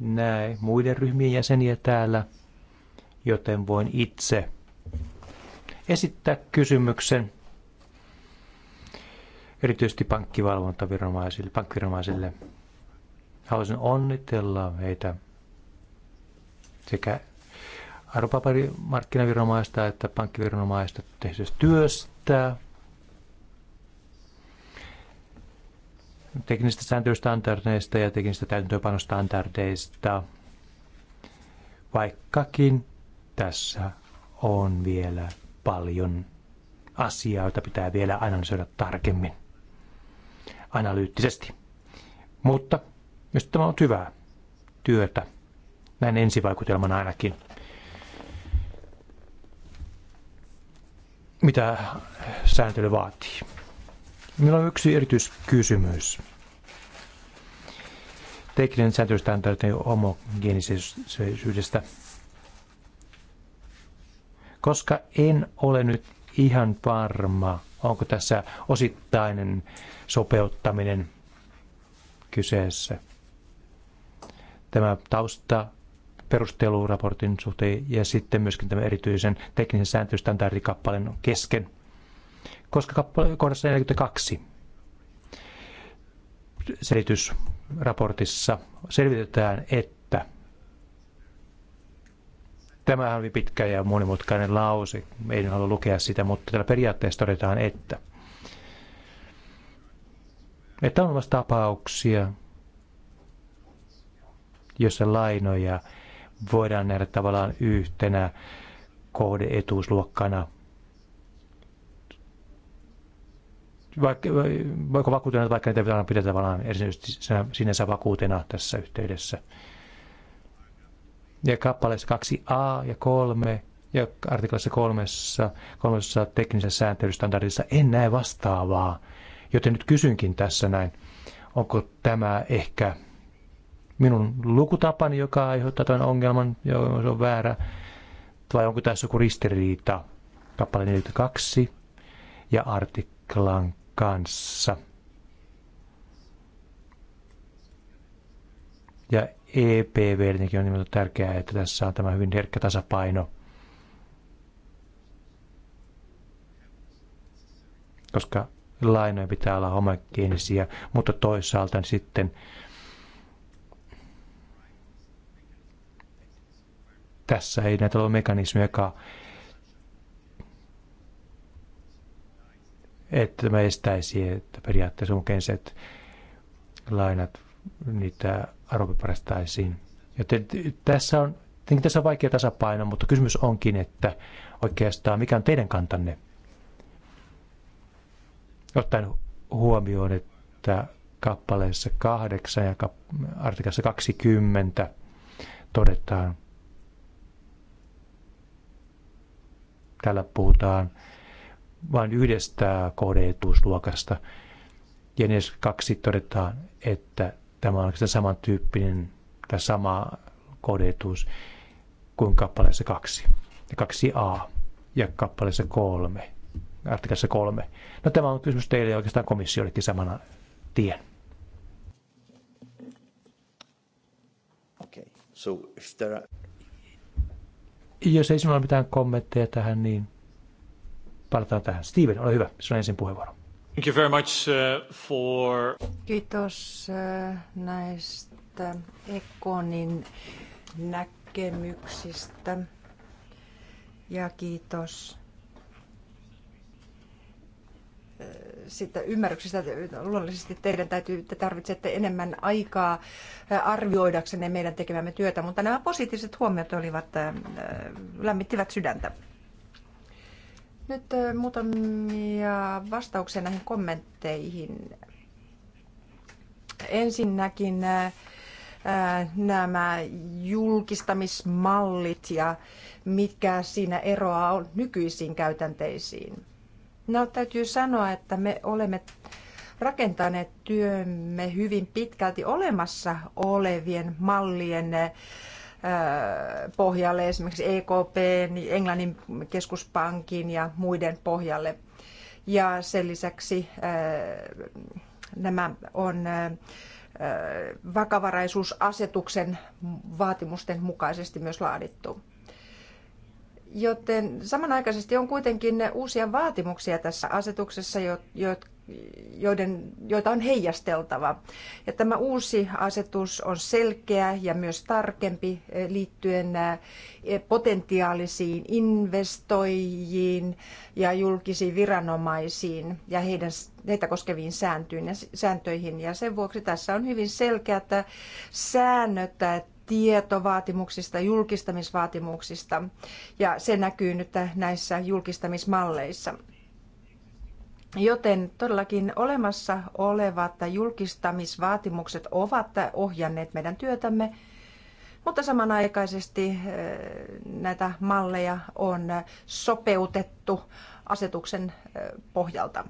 näe muiden ryhmien jäseniä täällä joten voin itse esittää kysymyksen erityisesti pankkivalvontaviranomaisille, pankkiviranomaisille. Haluaisin onnitella heitä sekä arvopaperimarkkinaviranomaista että pankkiviranomaista tehdystä työstä. teknisistä sääntöstandardeista ja teknisistä täytäntöönpanostandardeista, vaikkakin tässä on vielä paljon asiaa, jota pitää vielä analysoida tarkemmin analyyttisesti. Mutta myös tämä on hyvää työtä, näin ensivaikutelman ainakin. Mitä sääntely vaatii? Minulla on yksi erityiskysymys. Tekninen sääntelystä on homogeenisyydestä koska en ole nyt ihan varma, onko tässä osittainen sopeuttaminen kyseessä. Tämä tausta perusteluraportin suhteen ja sitten myöskin tämän erityisen teknisen sääntelystandardikappaleen kesken. Koska kappale, kohdassa 42 selitysraportissa selvitetään, että Tämä oli pitkä ja monimutkainen lause, ei halua lukea sitä, mutta tällä periaatteessa todetaan, että, että on olemassa tapauksia, jossa lainoja voidaan nähdä tavallaan yhtenä kohdeetuusluokkana. Vaikka, vaikka vakuutena, vaikka niitä pitää tavallaan sinänsä vakuutena tässä yhteydessä – ja kappaleessa 2a ja 3 ja artiklassa kolmessa, kolmessa teknisessä sääntelystandardissa en näe vastaavaa. Joten nyt kysynkin tässä näin, onko tämä ehkä minun lukutapani, joka aiheuttaa tämän ongelman, jos on väärä, vai onko tässä joku ristiriita kappale 42 ja artiklan kanssa. Ja EPV on nimeltä tärkeää, että tässä on tämä hyvin herkkä tasapaino. Koska lainojen pitää olla homogeenisia, mutta toisaalta sitten tässä ei näitä ole mekanismi, joka että me estäisi, että periaatteessa mukaiset lainat niitä arvopaperäistäisiin. Joten tässä on, tässä on vaikea tasapaino, mutta kysymys onkin, että oikeastaan mikä on teidän kantanne? Ottaen huomioon, että kappaleessa 8 ja artikassa 20 todetaan, täällä puhutaan vain yhdestä kohdeetuusluokasta. Ja 2 todetaan, että Tämä on oikeastaan samantyyppinen tai sama kodetus kuin kappaleessa 2 ja 2 A ja kappaleessa 3, artikassa 3. No tämä on kysymys teille ja oikeastaan komissiollekin samana tien. Okay. So if there are... Jos ei sinulla ole mitään kommentteja tähän, niin palataan tähän. Steven, ole hyvä, sinun ensin puheenvuoro. Thank you very much uh, for... Kiitos uh, näistä Ekonin näkemyksistä ja kiitos uh, sitä ymmärryksestä. Luonnollisesti teidän täytyy, te tarvitsette enemmän aikaa arvioidaksenne meidän tekemämme työtä, mutta nämä positiiviset huomiot olivat, lämmittivät sydäntä. Nyt muutamia vastauksia näihin kommentteihin. Ensinnäkin nämä julkistamismallit ja mitkä siinä eroa on nykyisiin käytänteisiin. No täytyy sanoa, että me olemme rakentaneet työmme hyvin pitkälti olemassa olevien mallien pohjalle, esimerkiksi EKP, niin Englannin keskuspankin ja muiden pohjalle. Ja sen lisäksi nämä on vakavaraisuusasetuksen vaatimusten mukaisesti myös laadittu. Joten samanaikaisesti on kuitenkin uusia vaatimuksia tässä asetuksessa, joiden, joita on heijasteltava. Ja tämä uusi asetus on selkeä ja myös tarkempi eh, liittyen eh, potentiaalisiin investoijiin ja julkisiin viranomaisiin ja heidän, heitä koskeviin sääntöihin ja, sääntöihin. Ja sen vuoksi tässä on hyvin että eh, säännöt tietovaatimuksista, julkistamisvaatimuksista ja se näkyy nyt näissä julkistamismalleissa. Joten todellakin olemassa olevat julkistamisvaatimukset ovat ohjanneet meidän työtämme, mutta samanaikaisesti eh, näitä malleja on sopeutettu asetuksen eh, pohjalta.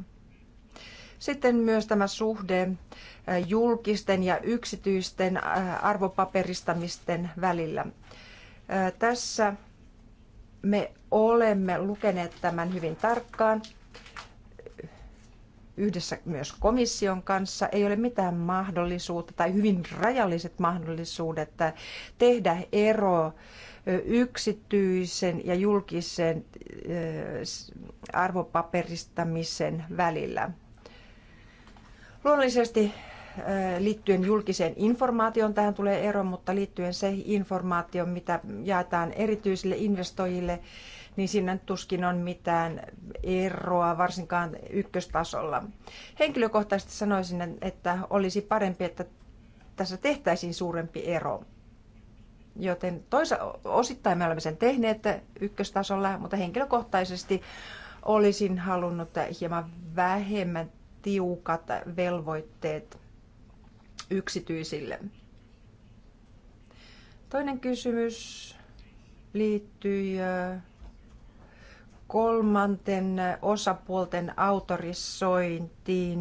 Sitten myös tämä suhde eh, julkisten ja yksityisten arvopaperistamisten välillä. Tässä me olemme lukeneet tämän hyvin tarkkaan yhdessä myös komission kanssa. Ei ole mitään mahdollisuutta tai hyvin rajalliset mahdollisuudet tehdä ero yksityisen ja julkisen arvopaperistamisen välillä. Luonnollisesti liittyen julkiseen informaatioon tähän tulee ero, mutta liittyen se informaatio, mitä jaetaan erityisille investoijille, niin siinä tuskin on mitään eroa, varsinkaan ykköstasolla. Henkilökohtaisesti sanoisin, että olisi parempi, että tässä tehtäisiin suurempi ero. Joten toisa, osittain me olemme sen tehneet ykköstasolla, mutta henkilökohtaisesti olisin halunnut hieman vähemmän tiukat velvoitteet yksityisille. Toinen kysymys liittyy kolmanten osapuolten autorisointiin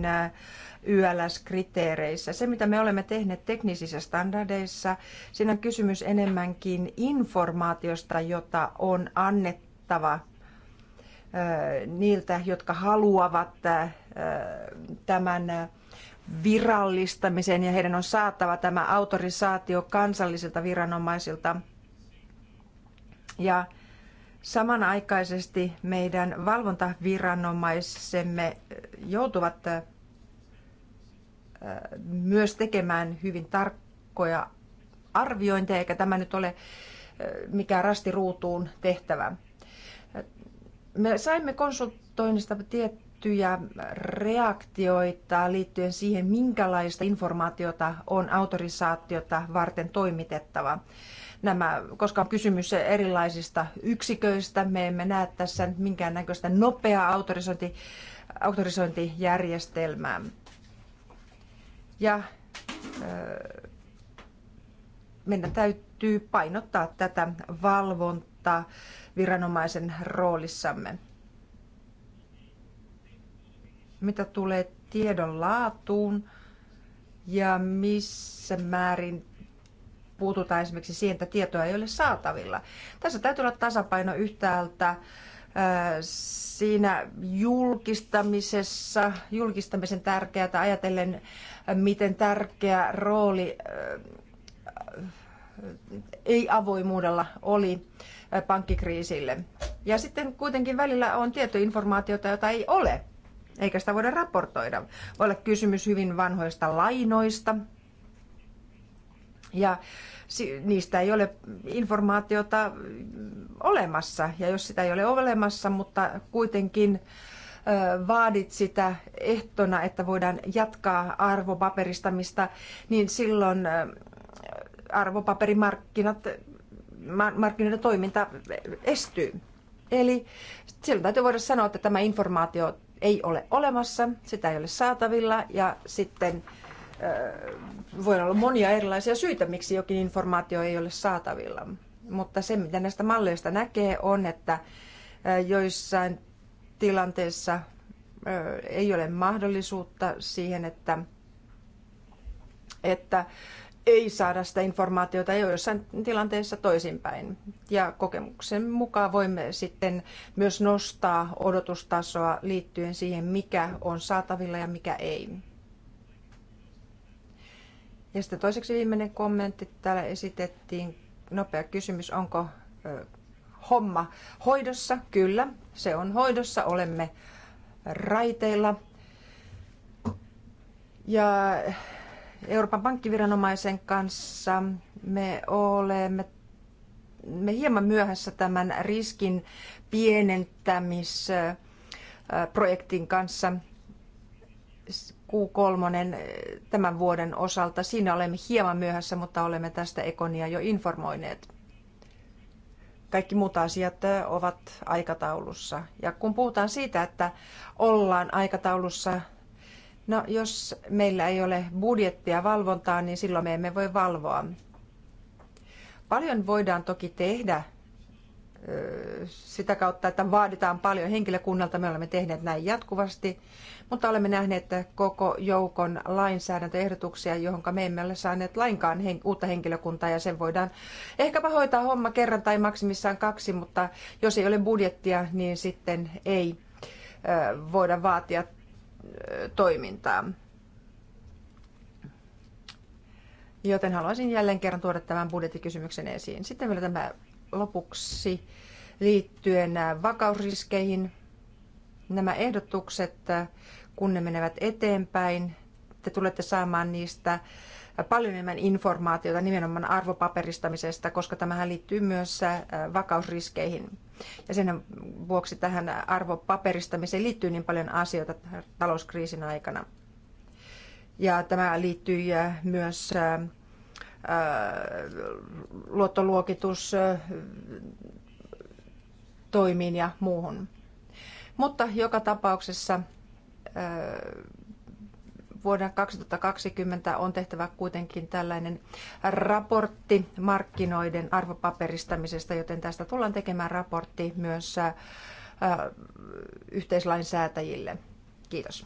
YLS-kriteereissä. Se, mitä me olemme tehneet teknisissä standardeissa, siinä on kysymys enemmänkin informaatiosta, jota on annettava niiltä, jotka haluavat tämän virallistamisen ja heidän on saatava tämä autorisaatio kansallisilta viranomaisilta. Ja Samanaikaisesti meidän valvontaviranomaisemme joutuvat myös tekemään hyvin tarkkoja arviointeja, eikä tämä nyt ole mikään rastiruutuun tehtävä. Me saimme konsultoinnista tiettyjä reaktioita liittyen siihen, minkälaista informaatiota on autorisaatiota varten toimitettava nämä, koska on kysymys erilaisista yksiköistä. Me emme näe tässä minkäännäköistä nopeaa autorisointi, autorisointijärjestelmää. Ja öö, meidän täytyy painottaa tätä valvontaa viranomaisen roolissamme. Mitä tulee tiedon laatuun ja missä määrin puututaan esimerkiksi siihen, että tietoa ei ole saatavilla. Tässä täytyy olla tasapaino yhtäältä siinä julkistamisessa, julkistamisen tärkeää ajatellen, miten tärkeä rooli ei-avoimuudella oli pankkikriisille. Ja sitten kuitenkin välillä on tietoinformaatiota, jota ei ole, eikä sitä voida raportoida. Voi olla kysymys hyvin vanhoista lainoista, ja niistä ei ole informaatiota olemassa. Ja jos sitä ei ole olemassa, mutta kuitenkin vaadit sitä ehtona, että voidaan jatkaa arvopaperistamista, niin silloin arvopaperimarkkinat, markkinoiden toiminta estyy. Eli silloin täytyy voida sanoa, että tämä informaatio ei ole olemassa, sitä ei ole saatavilla ja sitten Äh, voi olla monia erilaisia syitä, miksi jokin informaatio ei ole saatavilla. Mutta se, mitä näistä malleista näkee, on, että äh, joissain tilanteissa äh, ei ole mahdollisuutta siihen, että, että ei saada sitä informaatiota, ei ole jossain tilanteessa toisinpäin. Ja kokemuksen mukaan voimme sitten myös nostaa odotustasoa liittyen siihen, mikä on saatavilla ja mikä ei. Ja sitten toiseksi viimeinen kommentti. Täällä esitettiin nopea kysymys, onko homma hoidossa? Kyllä, se on hoidossa. Olemme raiteilla. Ja Euroopan pankkiviranomaisen kanssa me olemme me hieman myöhässä tämän riskin pienentämisprojektin kanssa Q3 eh, tämän vuoden osalta. Siinä olemme hieman myöhässä, mutta olemme tästä Ekonia jo informoineet. Kaikki muut asiat eh, ovat aikataulussa. Ja kun puhutaan siitä, että ollaan aikataulussa, no jos meillä ei ole budjettia valvontaa, niin silloin me emme voi valvoa. Paljon voidaan toki tehdä eh, sitä kautta, että vaaditaan paljon henkilökunnalta. Me olemme tehneet näin jatkuvasti, mutta olemme nähneet koko joukon lainsäädäntöehdotuksia, johon me emme ole saaneet lainkaan hen- uutta henkilökuntaa ja sen voidaan ehkäpä hoitaa homma kerran tai maksimissaan kaksi, mutta jos ei ole budjettia, niin sitten ei voida vaatia toimintaa. Joten haluaisin jälleen kerran tuoda tämän budjettikysymyksen esiin. Sitten vielä tämä lopuksi liittyen vakausriskeihin. Nämä ehdotukset kun ne menevät eteenpäin, te tulette saamaan niistä paljon enemmän informaatiota nimenomaan arvopaperistamisesta, koska tämähän liittyy myös äh, vakausriskeihin. Ja sen vuoksi tähän arvopaperistamiseen liittyy niin paljon asioita talouskriisin aikana. Ja tämä liittyy äh, myös äh, luottoluokitus toimiin ja muuhun. Mutta joka tapauksessa vuonna 2020 on tehtävä kuitenkin tällainen raportti markkinoiden arvopaperistamisesta, joten tästä tullaan tekemään raportti myös yhteislainsäätäjille. Kiitos.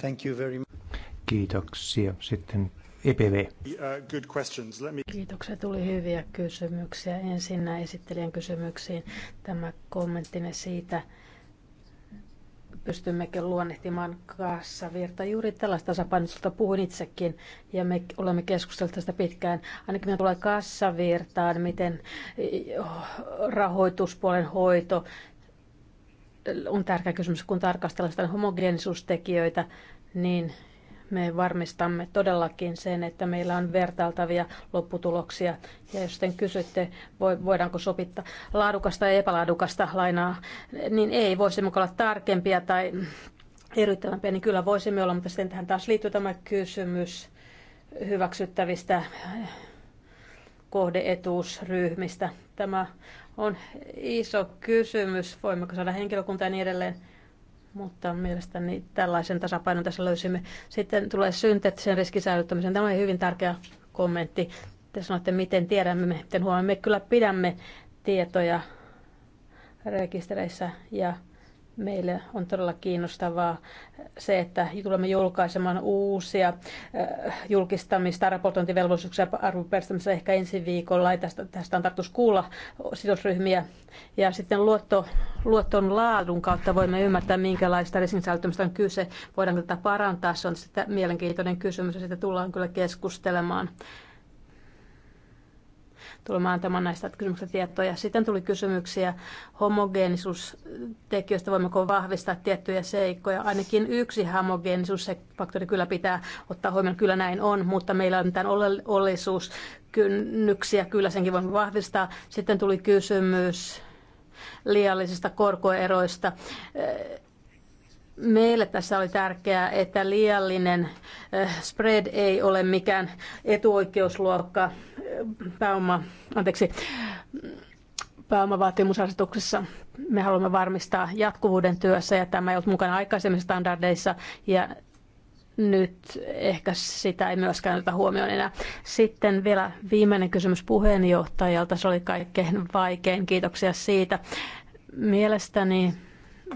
Thank you very much. Kiitoksia. Sitten EPV. Uh, Kiitoksia. Tuli hyviä kysymyksiä. Ensinnä esittelijän kysymyksiin tämä kommenttinen siitä, pystymmekö luonnehtimaan kassavirta. Juuri tällaista tasapainotusta puhun itsekin ja me olemme keskustelleet tästä pitkään. Ainakin me tulee kassavirtaan, miten eh, rahoituspuolen hoito eh, on tärkeä kysymys, kun tarkastellaan sitä homogeenisuustekijöitä, niin me varmistamme todellakin sen, että meillä on vertailtavia lopputuloksia. Ja jos sitten kysytte, voidaanko sopittaa laadukasta ja epälaadukasta lainaa, niin ei, voisimme olla tarkempia tai eriyttävämpiä, niin kyllä voisimme olla, mutta sitten tähän taas liittyy tämä kysymys hyväksyttävistä kohdeetuusryhmistä. Tämä on iso kysymys, voimmeko saada henkilökuntaa ja niin edelleen mutta mielestäni tällaisen tasapainon tässä löysimme. Sitten tulee synteettisen säilyttämisen. Tämä on hyvin tärkeä kommentti. Te sanoitte, miten tiedämme, miten huomioimme. Me kyllä pidämme tietoja rekistereissä ja Meille on todella kiinnostavaa se, että tulemme julkaisemaan uusia eh, julkistamista, raportointivelvollisuuksia arvopäistämisessä ehkä ensi viikolla. Tästä, tästä on tarkoitus kuulla sidosryhmiä. Ja sitten luotto, luoton laadun kautta voimme ymmärtää, minkälaista riskin on kyse. Voidaanko tätä parantaa? Se on sitä mielenkiintoinen kysymys ja siitä tullaan kyllä keskustelemaan tulemme antamaan näistä kysymyksistä tietoja. Sitten tuli kysymyksiä homogeenisuustekijöistä, voimmeko vahvistaa tiettyjä seikkoja. Ainakin yksi homogeenisuusfaktori kyllä pitää ottaa huomioon, kyllä näin on, mutta meillä on mitään oleellisuuskynnyksiä, kyllä senkin voimme vahvistaa. Sitten tuli kysymys liiallisista korkoeroista Meille tässä oli tärkeää, että liiallinen eh, spread ei ole mikään etuoikeusluokka eh, pääoma, anteeksi, pääomavaatimusasetuksessa. Me haluamme varmistaa jatkuvuuden työssä ja tämä ei ollut mukana aikaisemmissa standardeissa ja nyt ehkä sitä ei myöskään oteta huomioon enää. Sitten vielä viimeinen kysymys puheenjohtajalta. Se oli kaikkein vaikein. Kiitoksia siitä. Mielestäni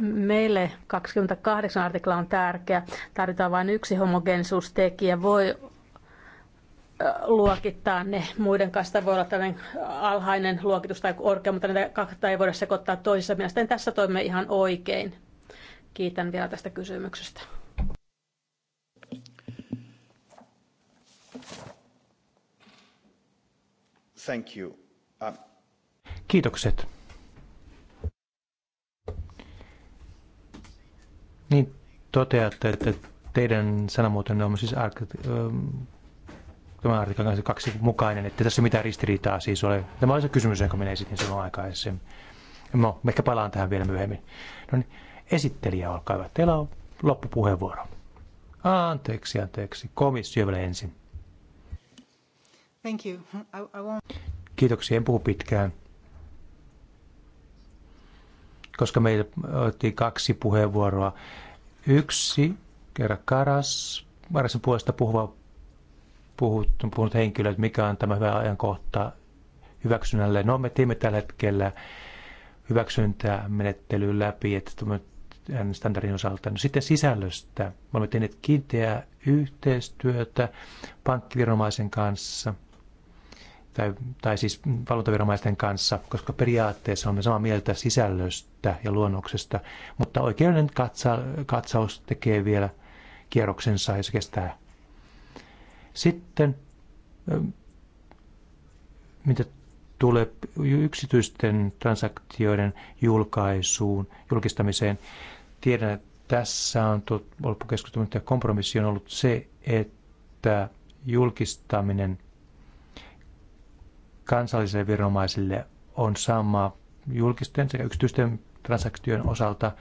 Meille 28 artikla on tärkeä. Tarvitaan vain yksi homogeenisuustekijä. Voi luokittaa ne muiden kanssa. Voi olla tällainen alhainen luokitus tai korkea, mutta näitä kahta ei voida sekoittaa toisissa. Mielestäni tässä toimme ihan oikein. Kiitän vielä tästä kysymyksestä. Thank you. Um... Kiitokset. Niin toteatte, että teidän sanamuotoinen on siis ähm, tämä artikla kanssa kaksi mukainen, että tässä mitään ristiriitaa siis ole. Tämä oli se kysymys, jonka minä esitin silloin aikaisemmin. No, ehkä palaan tähän vielä myöhemmin. No niin, esittelijä, olkaa hyvä. Teillä on loppupuheenvuoro. Anteeksi, anteeksi. Komissio vielä ensin. Thank you. I, I won't... Kiitoksia, en puhu pitkään koska meillä otettiin kaksi puheenvuoroa. Yksi kerran Karas, varsin puolesta puhuva, puhut, puhunut henkilö, että mikä on tämä hyvä ajankohta hyväksynnälle. No me teemme tällä hetkellä menettelyyn läpi, että standardin osalta. No, sitten sisällöstä. Me olemme tehneet kiinteää yhteistyötä pankkiviranomaisen kanssa – tai, tai siis valvontaviranomaisten kanssa, koska periaatteessa olemme samaa mieltä sisällöstä ja luonnoksesta, mutta oikeuden katsa, katsaus tekee vielä kierroksensa ja se kestää. Sitten, mitä tulee yksityisten transaktioiden julkaisuun, julkistamiseen, tiedän, että tässä on loppukeskustelu, ja kompromissi on ollut se, että julkistaminen – kansallisille viranomaisille on sama julkisten sekä yksityisten transaktioiden osalta,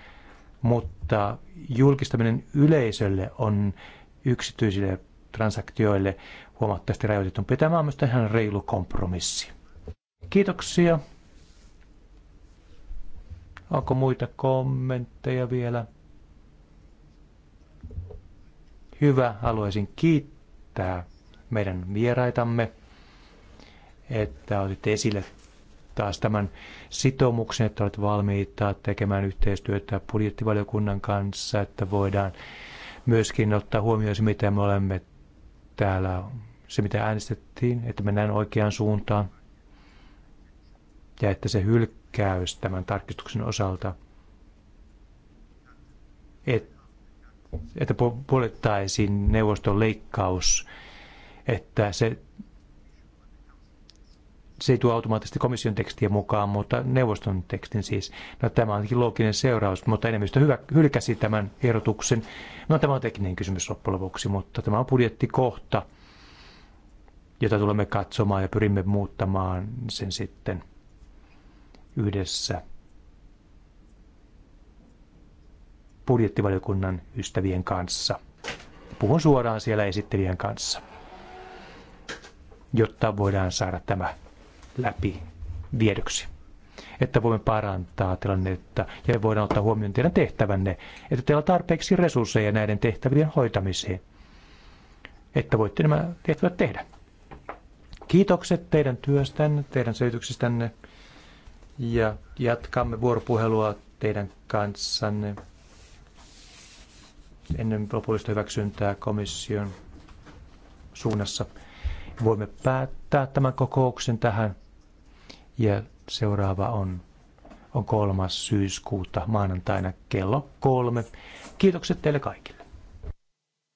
mutta julkistaminen yleisölle on yksityisille transaktioille huomattavasti rajoitetumpi. Tämä on myös ihan reilu kompromissi. Kiitoksia. Onko muita kommentteja vielä? Hyvä, haluaisin kiittää meidän vieraitamme että otitte esille taas tämän sitoumuksen, että olet valmiita tekemään yhteistyötä budjettivaliokunnan kanssa, että voidaan myöskin ottaa huomioon se, mitä me olemme täällä, se mitä äänestettiin, että mennään oikeaan suuntaan ja että se hylkkäys tämän tarkistuksen osalta, että puolettaisiin neuvoston leikkaus, että se se ei tule automaattisesti komission tekstiä mukaan, mutta neuvoston tekstin siis. No, tämä on looginen seuraus, mutta enemmistö hyvä, hylkäsi tämän ehdotuksen. No, tämä on tekninen kysymys loppujen lopuksi, mutta tämä on budjettikohta, jota tulemme katsomaan ja pyrimme muuttamaan sen sitten yhdessä budjettivaliokunnan ystävien kanssa. Puhun suoraan siellä esittelijän kanssa, jotta voidaan saada tämä läpi viedyksi että voimme parantaa tilannetta ja voidaan ottaa huomioon teidän tehtävänne, että teillä on tarpeeksi resursseja näiden tehtävien hoitamiseen, että voitte nämä tehtävät tehdä. Kiitokset teidän työstänne, teidän selityksistänne ja jatkamme vuoropuhelua teidän kanssanne ennen lopullista hyväksyntää komission suunnassa. Voimme päättää tämän kokouksen tähän ja seuraava on, on kolmas syyskuuta maanantaina kello kolme. Kiitokset teille kaikille.